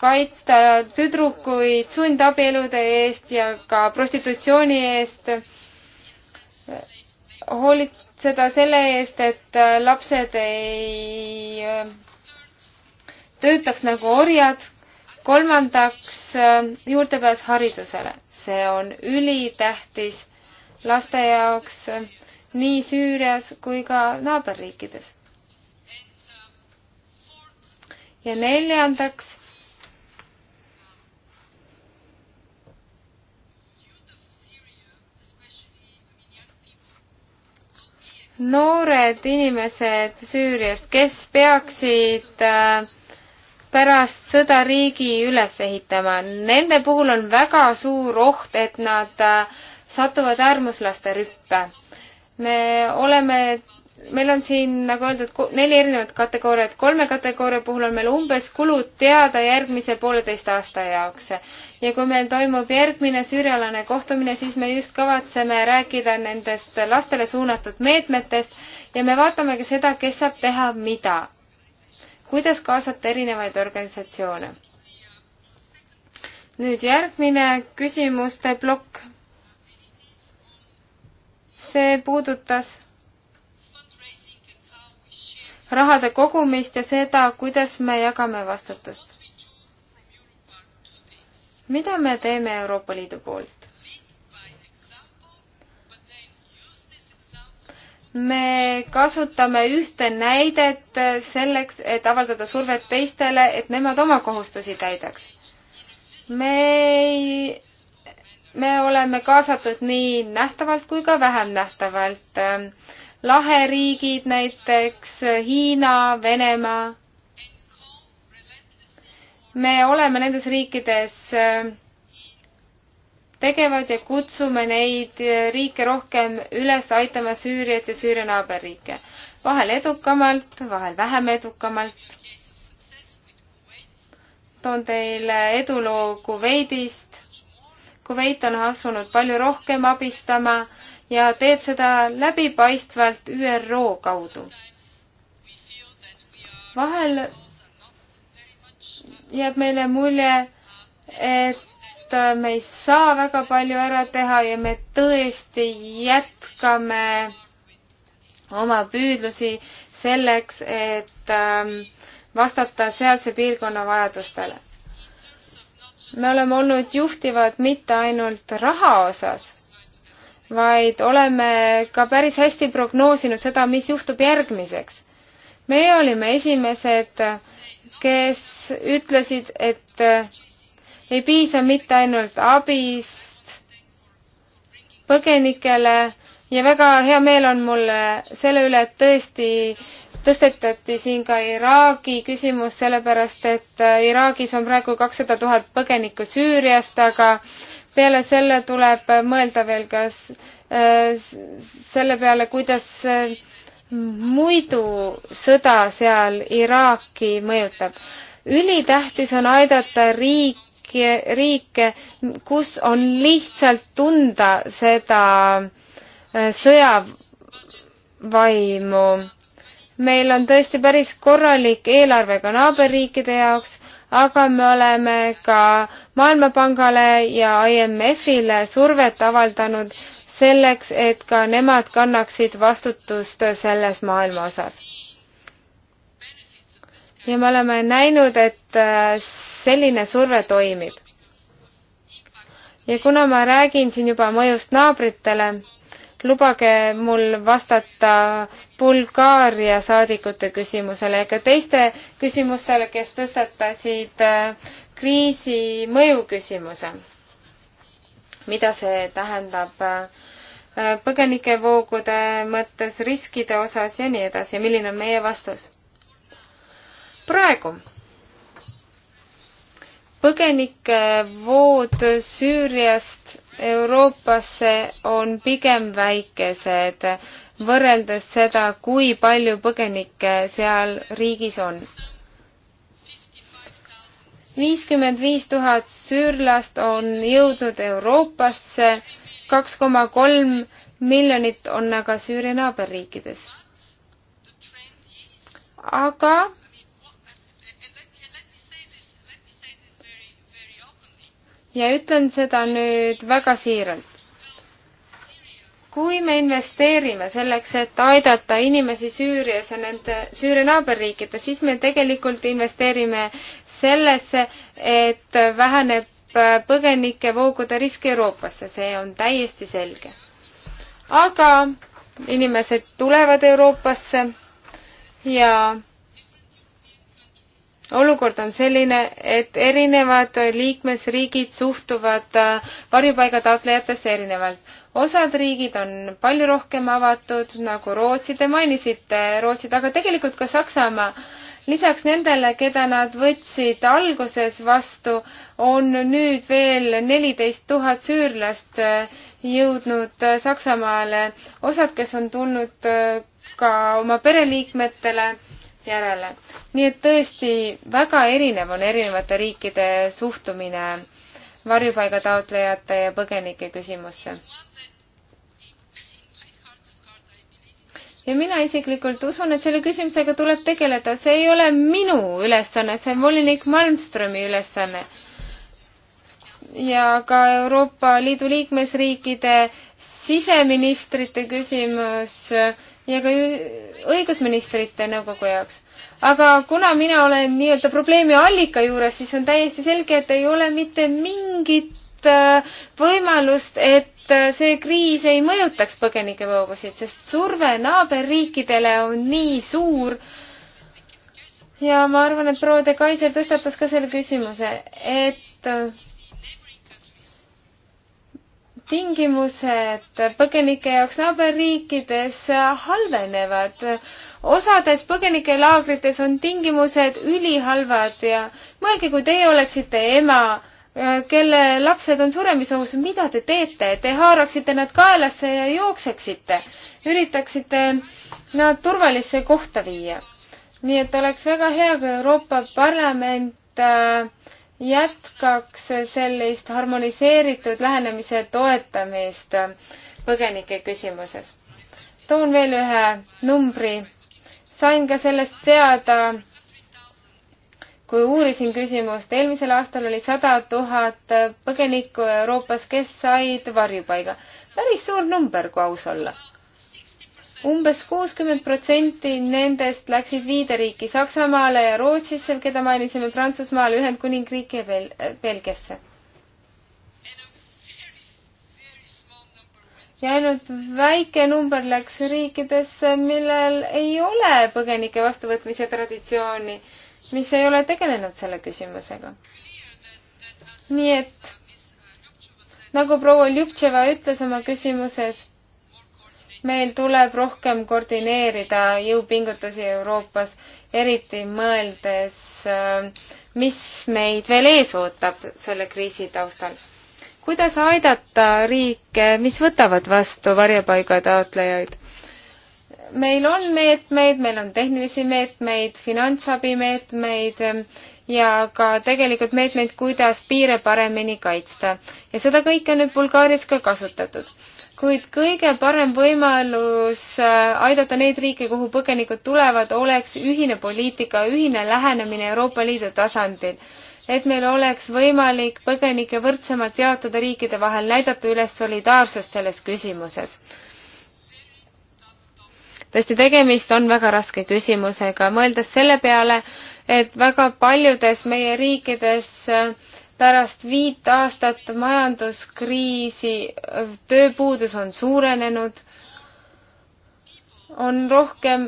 kaitsta tüdrukuid sundabielude eest ja ka prostitutsiooni eest hoolit-, seda selle eest, et äh, lapsed ei äh, töötaks nagu orjad. kolmandaks, äh, juurdepääs haridusele. see on ülitähtis laste jaoks nii Süürias kui ka naaberriikides. ja neljandaks, noored inimesed Süüriast, kes peaksid äh, pärast sõda riigi üles ehitama. Nende puhul on väga suur oht, et nad äh, satuvad äärmuslaste rüppe. me oleme, meil on siin, nagu öeldud, neli erinevat kategooriat. kolme kategooria puhul on meil umbes kulud teada järgmise pooleteist aasta jaoks ja kui meil toimub järgmine süürialane kohtumine, siis me just kavatseme rääkida nendest lastele suunatud meetmetest ja me vaatame ka seda, kes saab teha mida. kuidas kaasata erinevaid organisatsioone. nüüd järgmine küsimuste plokk. see puudutas rahade kogumist ja seda, kuidas me jagame vastutust mida me teeme Euroopa Liidu poolt? me kasutame ühte näidet selleks, et avaldada survet teistele, et nemad oma kohustusi täidaks. me ei, me oleme kaasatud nii nähtavalt kui ka vähem nähtavalt. laheriigid näiteks, Hiina, Venemaa me oleme nendes riikides äh, tegevad ja kutsume neid äh, riike rohkem üles aitama Süüriat ja Süüria naaberriike. vahel edukamalt, vahel vähem edukamalt. toon teile eduloo Kuveidist. Kuveit on asunud palju rohkem abistama ja teeb seda läbipaistvalt ÜRO kaudu. vahel jääb meile mulje, et me ei saa väga palju ära teha ja me tõesti jätkame oma püüdlusi selleks, et ähm, vastata sealse piirkonna vajadustele. me oleme olnud juhtivad mitte ainult raha osas, vaid oleme ka päris hästi prognoosinud seda, mis juhtub järgmiseks meie olime esimesed, kes ütlesid, et eh, ei piisa mitte ainult abist põgenikele ja väga hea meel on mulle selle üle, et tõesti tõstetati siin ka Iraagi küsimus, sellepärast et eh, Iraagis on praegu kakssada tuhat põgenikku Süüriast, aga peale selle tuleb mõelda veel ka eh, selle peale, kuidas muidu sõda seal Iraaki mõjutab. ülitähtis on aidata riiki, riike, kus on lihtsalt tunda seda äh, sõjavaimu. meil on tõesti päris korralik eelarve ka naaberriikide jaoks, aga me oleme ka Maailmapangale ja IMF-ile survet avaldanud selleks, et ka nemad kannaksid vastutust selles maailma osas. ja me oleme näinud, et äh, selline surve toimib. ja kuna ma räägin siin juba mõjust naabritele, lubage mul vastata Bulgaaria saadikute küsimusele ja ka teiste küsimustele, kes tõstatasid äh, kriisi mõju küsimuse. mida see tähendab äh, Äh, põgenikevoogude mõttes, riskide osas ja nii edasi ja milline on meie vastus? praegu põgenikevood Süüriast Euroopasse on pigem väikesed võrreldes seda, kui palju põgenikke seal riigis on viiskümmend viis tuhat süürlast on jõudnud Euroopasse, kaks koma kolm miljonit on aga Süüria naaberriikides. aga ja ütlen seda nüüd väga siiralt. kui me investeerime selleks, et aidata inimesi Süürias ja nende Süüria naaberriikides, siis me tegelikult investeerime sellesse, et väheneb põgenikevoogude risk Euroopasse, see on täiesti selge. aga inimesed tulevad Euroopasse ja olukord on selline, et erinevad liikmesriigid suhtuvad varjupaigataotlejatesse erinevalt. osad riigid on palju rohkem avatud, nagu Rootsi, te mainisite Rootsit, aga tegelikult ka Saksamaa lisaks nendele, keda nad võtsid alguses vastu, on nüüd veel neliteist tuhat süürlast äh, jõudnud äh, Saksamaale, osad, kes on tulnud äh, ka oma pereliikmetele järele. nii et tõesti väga erinev on erinevate riikide suhtumine varjupaigataotlejate ja põgenike küsimusse ja mina isiklikult usun, et selle küsimusega tuleb tegeleda, see ei ole minu ülesanne, see on volinik Malmströmi ülesanne. ja ka Euroopa Liidu liikmesriikide siseministrite küsimus ja ka õigusministrite nõukogu jaoks. aga kuna mina olen nii-öelda probleemi allika juures, siis on täiesti selge, et ei ole mitte mingit Äh, võimalust, et äh, see kriis ei mõjutaks põgenikevoogusid, sest surve naaberriikidele on nii suur. ja ma arvan, et proua de Kaiser tõstatas ka selle küsimuse, et äh, tingimused põgenike jaoks naaberriikides halvenevad. osades põgenikelaagrites on tingimused ülihalvad ja mõelge, kui teie oleksite ema Äh, kelle lapsed on suremisohus, mida te teete? Te haaraksite nad kaelasse ja jookseksite, üritaksite nad turvalisse kohta viia. nii et oleks väga hea, kui Euroopa Parlament äh, jätkaks sellist harmoniseeritud lähenemise toetamist äh, põgenike küsimuses. toon veel ühe numbri. sain ka sellest teada kui uurisin küsimust, eelmisel aastal oli sada tuhat põgenikku Euroopas, kes said varjupaiga. päris suur number, kui aus olla. umbes kuuskümmend protsenti nendest läksid viide riiki Saksamaale ja Rootsisse, keda mainisime Prantsusmaale, Ühendkuningriiki ja Bel-, Belgiasse. ja ainult väike number läks riikidesse, millel ei ole põgenike vastuvõtmise traditsiooni mis ei ole tegelenud selle küsimusega. nii et nagu proua Ljubtševa ütles oma küsimuses, meil tuleb rohkem koordineerida jõupingutusi Euroopas, eriti mõeldes, äh, mis meid veel ees ootab selle kriisi taustal. kuidas aidata riike, mis võtavad vastu varjupaigataotlejaid? meil on meetmeid, meil on tehnilisi meetmeid, finantsabimeetmeid ehm, ja ka tegelikult meetmeid, kuidas piire paremini kaitsta. ja seda kõike on nüüd Bulgaarias ka kasutatud. kuid kõige parem võimalus äh, aidata neid riike, kuhu põgenikud tulevad, oleks ühine poliitika, ühine lähenemine Euroopa Liidu tasandil et meil oleks võimalik põgenikke võrdsemalt jaotada riikide vahel, näidata üles solidaarsust selles küsimuses tõesti, tegemist on väga raske küsimusega, mõeldes selle peale, et väga paljudes meie riikides äh, pärast viit aastat majanduskriisi äh, tööpuudus on suurenenud, on rohkem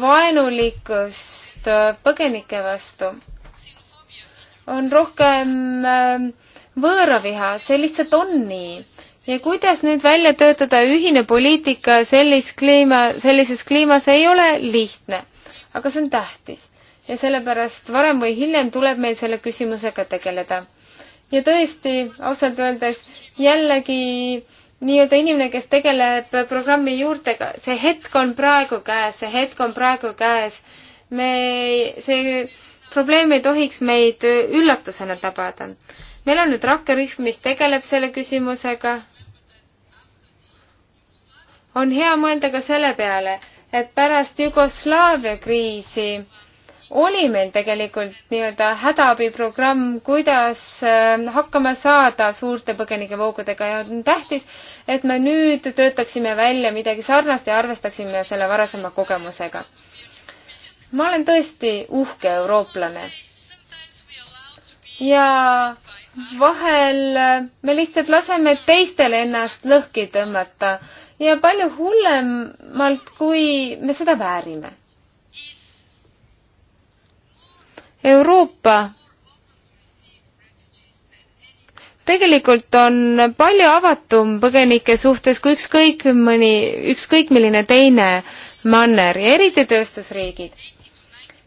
vaenulikkust äh, põgenike vastu, on rohkem võõraviha, see lihtsalt on nii ja kuidas nüüd välja töötada ühine poliitika sellis kliima, sellises kliimas ei ole lihtne, aga see on tähtis ja sellepärast varem või hiljem tuleb meil selle küsimusega tegeleda. ja tõesti, ausalt öeldes jällegi nii-öelda inimene, kes tegeleb programmi juurtega, see hetk on praegu käes, see hetk on praegu käes. me, see probleem ei tohiks meid üllatusena tabada. meil on nüüd rakkerühm, mis tegeleb selle küsimusega on hea mõelda ka selle peale, et pärast Jugoslaavia kriisi oli meil tegelikult nii-öelda hädaabiprogramm, kuidas äh, hakkama saada suurte põgenikevoogudega ja on tähtis, et me nüüd töötaksime välja midagi sarnast ja arvestaksime selle varasema kogemusega. ma olen tõesti uhke eurooplane. ja vahel me lihtsalt laseme teistel ennast lõhki tõmmata ja palju hullemalt, kui me seda väärime. Euroopa tegelikult on palju avatum põgenike suhtes kui ükskõik mõni, ükskõik milline teine manner ja eriti tööstusriigid.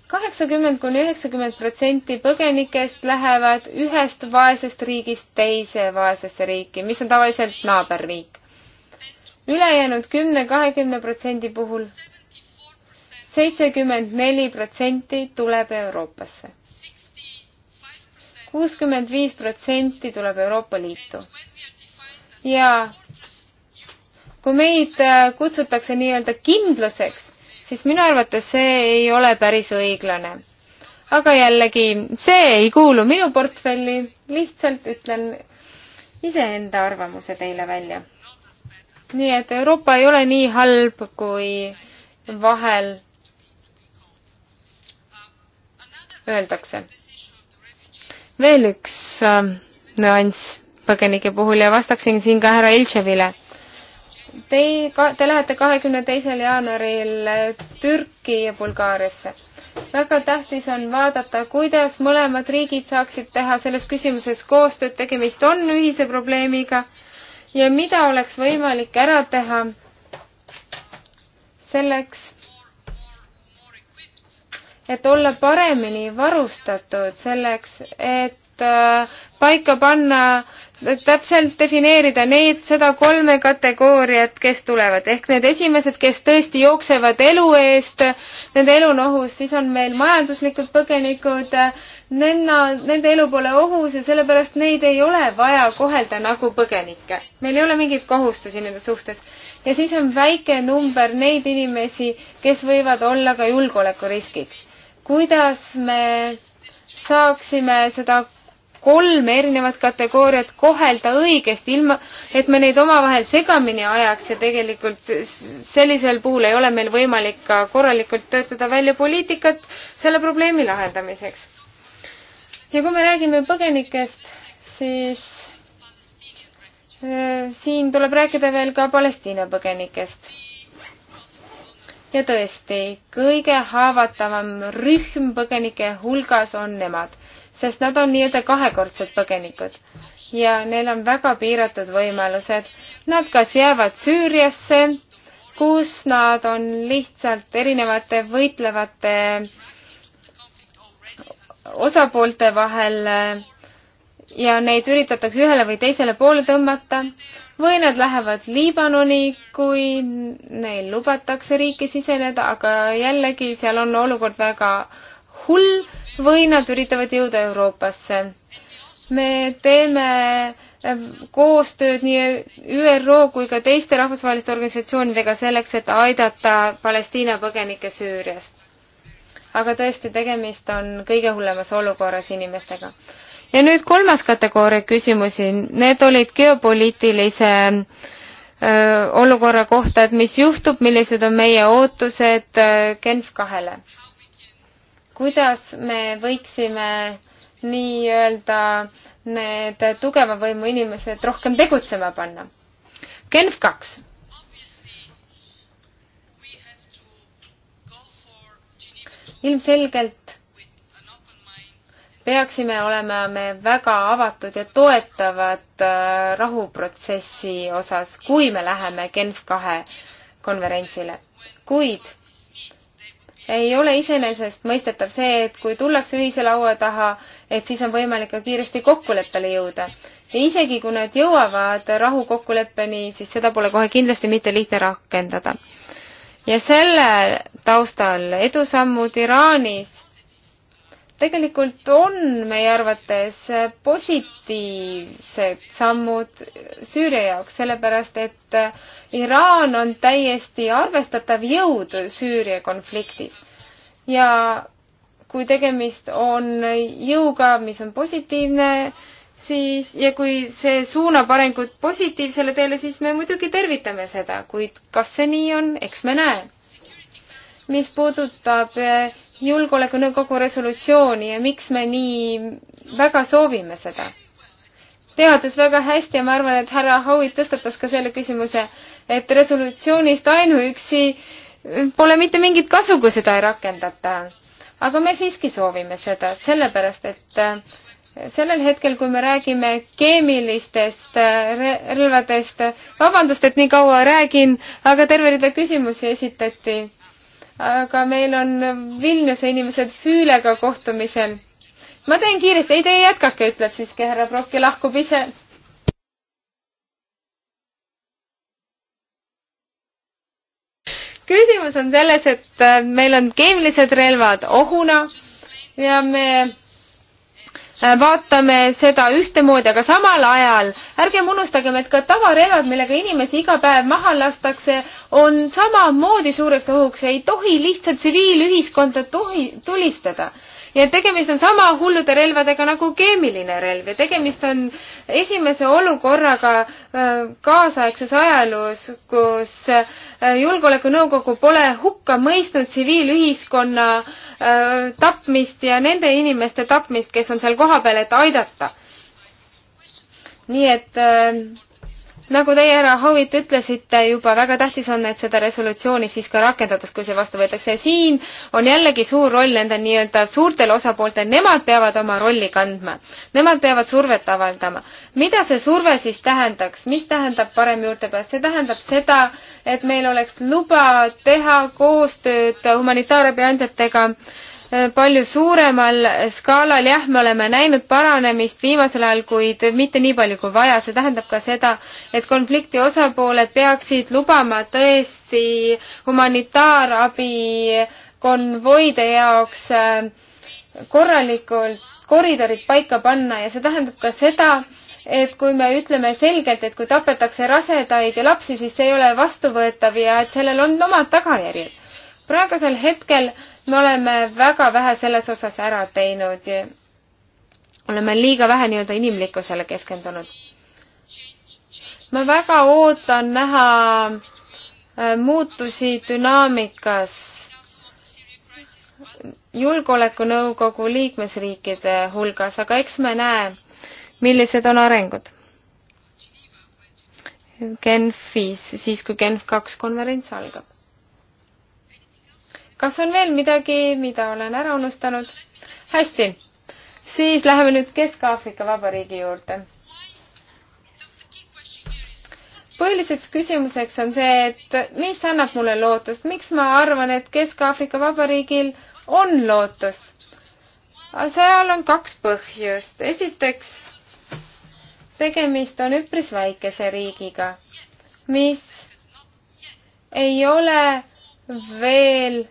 kaheksakümmend kuni üheksakümmend protsenti põgenikest lähevad ühest vaesest riigist teise vaesesse riiki, mis on tavaliselt naaberriik ülejäänud kümne, kahekümne protsendi puhul seitsekümmend neli protsenti tuleb Euroopasse. kuuskümmend viis protsenti tuleb Euroopa Liitu. ja kui meid äh, kutsutakse nii-öelda kindluseks, siis minu arvates see ei ole päris õiglane. aga jällegi, see ei kuulu minu portfelli, lihtsalt ütlen iseenda arvamuse teile välja nii et Euroopa ei ole nii halb, kui vahel öeldakse. veel üks ähm, nüanss põgenike puhul ja vastaksin siin ka härra Iltševile. Te, te lähete kahekümne teisel jaanuaril äh, Türki ja Bulgaariasse väga tähtis on vaadata, kuidas mõlemad riigid saaksid teha selles küsimuses koostööd, tegemist on ühise probleemiga ja mida oleks võimalik ära teha selleks, et olla paremini varustatud, selleks, et äh, paika panna, täpselt defineerida need, seda kolme kategooriat, kes tulevad, ehk need esimesed, kes tõesti jooksevad elu eest, nende elu on ohus, siis on meil majanduslikud põgenikud, nenna, nende elu pole ohus ja sellepärast neid ei ole vaja kohelda nagu põgenikke. meil ei ole mingeid kohustusi nende suhtes. ja siis on väike number neid inimesi, kes võivad olla ka julgeolekuriskiks. kuidas me saaksime seda kolme erinevat kategooriat kohelda õigesti, ilma et me neid omavahel segamini ajaks ja tegelikult sellisel puhul ei ole meil võimalik ka korralikult töötada välja poliitikat selle probleemi lahendamiseks ja kui me räägime põgenikest, siis äh, siin tuleb rääkida veel ka Palestiina põgenikest. ja tõesti, kõige haavatavam rühm põgenike hulgas on nemad, sest nad on nii-öelda kahekordsed põgenikud ja neil on väga piiratud võimalused. Nad kas jäävad Süüriasse, kus nad on lihtsalt erinevate võitlevate äh, osapoolte vahel ja neid üritatakse ühele või teisele poole tõmmata või nad lähevad Liibanoni, kui neil lubatakse riiki siseneda, aga jällegi seal on olukord väga hull või nad üritavad jõuda Euroopasse. me teeme eh, koostööd nii ÜRO kui ka teiste rahvusvaheliste organisatsioonidega selleks, et aidata Palestiina põgenikke Süüriast aga tõesti, tegemist on kõige hullemas olukorras inimestega. ja nüüd kolmas kategooria küsimusi, need olid geopoliitilise öö, olukorra kohta, et mis juhtub, millised on meie ootused Genf kahele. kuidas me võiksime nii-öelda need tugeva võimu inimesed rohkem tegutsema panna? Genf kaks ilmselgelt peaksime olema me väga avatud ja toetavad äh, rahuprotsessi osas, kui me läheme Genf kahe konverentsile. kuid ei ole iseenesestmõistetav see, et kui tullakse ühise laua taha, et siis on võimalik ka kiiresti kokkuleppele jõuda. ja isegi, kui nad jõuavad rahukokkuleppeni, siis seda pole kohe kindlasti mitte lihtne rakendada ja selle taustal edusammud Iraanis tegelikult on meie arvates positiivsed sammud Süüria jaoks, sellepärast et Iraan on täiesti arvestatav jõud Süüria konfliktis. ja kui tegemist on jõuga, mis on positiivne, siis ja kui see suunab arengut positiivsele teele, siis me muidugi tervitame seda, kuid kas see nii on, eks me näe. mis puudutab eh, Julgeolekunõukogu resolutsiooni ja miks me nii väga soovime seda, teades väga hästi ja ma arvan, et härra Howitt tõstatas ka selle küsimuse, et resolutsioonist ainuüksi eh, pole mitte mingit kasu, kui seda ei rakendata. aga me siiski soovime seda, sellepärast et äh, sellel hetkel, kui me räägime keemilistest äh, relvadest, vabandust, et nii kaua räägin, aga terve rida küsimusi esitati. aga meil on Vilniuse inimesed Füülega kohtumisel. ma teen kiiresti, ei teie jätkake, ütleb siiski härra Prokk ja lahkub ise. küsimus on selles, et äh, meil on keemilised relvad ohuna ja me Äh, vaatame seda ühtemoodi, aga samal ajal ärgem unustagem, et ka tavarelvad, millega inimesi iga päev maha lastakse, on samamoodi suureks ohuks, ei tohi lihtsalt tsiviilühiskonda tulistada ja tegemist on sama hullude relvadega nagu keemiline relv ja tegemist on esimese olukorraga äh, kaasaegses ajaloos, kus äh, Julgeolekunõukogu pole hukka mõistnud tsiviilühiskonna äh, tapmist ja nende inimeste tapmist, kes on seal kohapeal, et aidata. nii et nagu teie, härra Howitt, ütlesite juba, väga tähtis on, et seda resolutsiooni siis ka rakendatakse, kui see vastu võetakse. siin on jällegi suur roll nende nii-öelda suurtel osapooltel, nemad peavad oma rolli kandma. Nemad peavad survet avaldama. mida see surve siis tähendaks, mis tähendab parem juurdepääs? see tähendab seda, et meil oleks luba teha koostööd humanitaarabiandjatega äh, Äh, palju suuremal skaalal, jah, me oleme näinud paranemist viimasel ajal, kuid mitte nii palju kui vaja, see tähendab ka seda, et konflikti osapooled peaksid lubama tõesti humanitaarabi konvoide jaoks äh, korralikult koridorid paika panna ja see tähendab ka seda, et kui me ütleme selgelt, et kui tapetakse rasedaid ja lapsi, siis see ei ole vastuvõetav ja et sellel on omad tagajärjed. praegusel hetkel me oleme väga vähe selles osas ära teinud ja oleme liiga vähe nii-öelda inimlikkusele keskendunud. ma väga ootan näha äh, muutusi dünaamikas julgeolekunõukogu liikmesriikide hulgas, aga eks me näe, millised on arengud. Genfis, siis kui Genf kaks konverents algab kas on veel midagi, mida olen ära unustanud? hästi, siis läheme nüüd Kesk-Aafrika Vabariigi juurde. põhiliseks küsimuseks on see, et mis annab mulle lootust, miks ma arvan, et Kesk-Aafrika Vabariigil on lootust? seal on kaks põhjust. esiteks, tegemist on üpris väikese riigiga, mis ei ole veel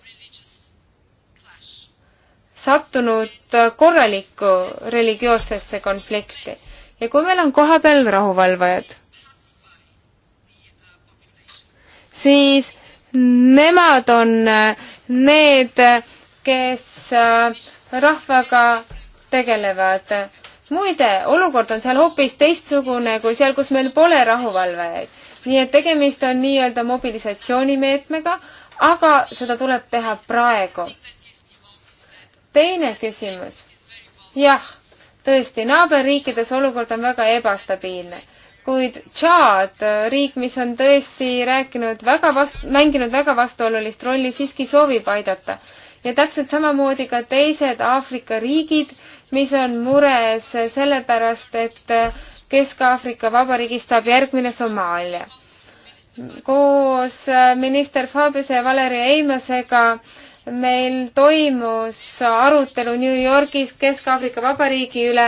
sattunud korralikku religioossesse konflikti. ja kui meil on kohapeal rahuvalvajad, siis nemad on need, kes äh, rahvaga tegelevad. muide, olukord on seal hoopis teistsugune kui seal, kus meil pole rahuvalvajaid. nii et tegemist on nii-öelda mobilisatsioonimeetmega, aga seda tuleb teha praegu teine küsimus. jah, tõesti, naaberriikides olukord on väga ebastabiilne, kuid Tšaad, äh, riik, mis on tõesti rääkinud väga vast-, mänginud väga vastuolulist rolli, siiski soovib aidata. ja täpselt samamoodi ka teised Aafrika riigid, mis on mures sellepärast, et äh, Kesk-Aafrika Vabariigist saab järgmine Somaalia. koos äh, minister Fabiuse ja Valeria Eimasega äh, meil toimus arutelu New Yorgis Kesk-Aafrika Vabariigi üle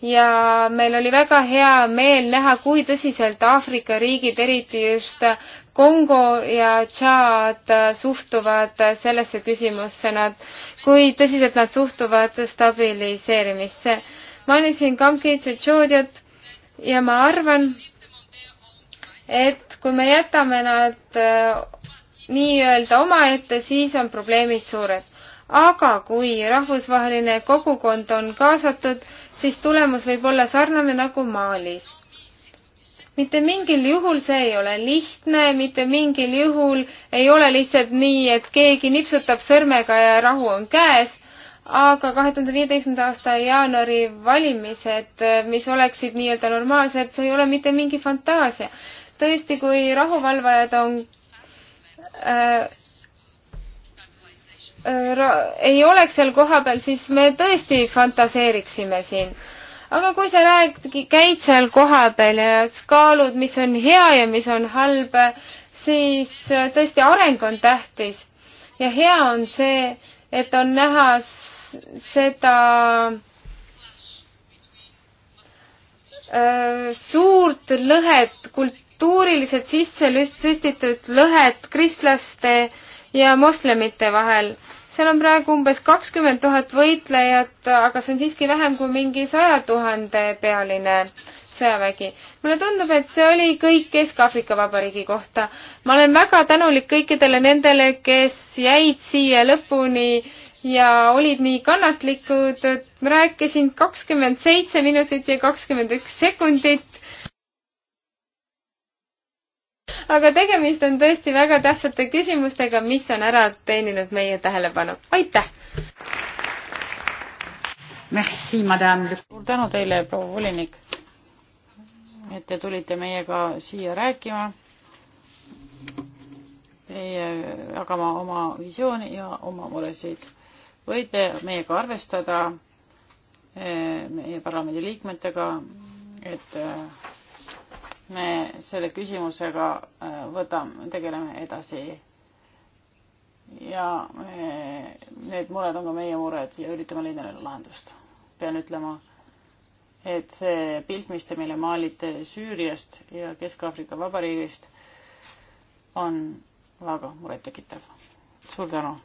ja meil oli väga hea meel näha, kui tõsiselt Aafrika riigid, eriti just Kongo ja Tšaad suhtuvad sellesse küsimusse, nad, kui tõsiselt nad suhtuvad stabiliseerimisse. mainisin Kamki Tšetšoodiat ja ma arvan, et kui me jätame nad nii-öelda omaette, siis on probleemid suured. aga kui rahvusvaheline kogukond on kaasatud, siis tulemus võib olla sarnane nagu Malis. mitte mingil juhul see ei ole lihtne, mitte mingil juhul ei ole lihtsalt nii, et keegi nipsutab sõrmega ja rahu on käes, aga kahe tuhande viieteistkümnenda aasta jaanuari valimised, mis oleksid nii-öelda normaalsed, see ei ole mitte mingi fantaasia. tõesti, kui rahuvalvajad on Äh, äh, ei oleks seal kohapeal, siis me tõesti fantaseeriksime siin. aga kui sa räägid, käid seal kohapeal ja kaalud, mis on hea ja mis on halb, siis äh, tõesti areng on tähtis. ja hea on see, et on näha seda suurt lõhet kult-, kultuurilised sisse süstitud lõhed kristlaste ja moslemite vahel. seal on praegu umbes kakskümmend tuhat võitlejat, aga see on siiski vähem kui mingi saja tuhande pealine sõjavägi. mulle tundub, et see oli kõik Kesk-Aafrika Vabariigi kohta. ma olen väga tänulik kõikidele nendele, kes jäid siia lõpuni ja olid nii kannatlikud, et ma rääkisin kakskümmend seitse minutit ja kakskümmend üks sekundit aga tegemist on tõesti väga tähtsate küsimustega, mis on ära teeninud meie tähelepanu. aitäh! Merci, madame. suur tänu teile, proua volinik, et te tulite meiega siia rääkima, teie jagama oma visiooni ja oma muresid. võite meiega arvestada, eh, meie parlamendi liikmetega, et eh, me selle küsimusega äh, võtame, tegeleme edasi. ja me, äh, need mured on ka meie mured ja üritame leida neile lahendust. pean ütlema, et see pilt, mis te meile maalite Süüriast ja Kesk-Aafrika Vabariigist, on väga murettekitav. suur tänu.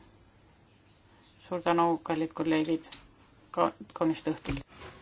suur tänu, kallid kolleegid. kaunist õhtut.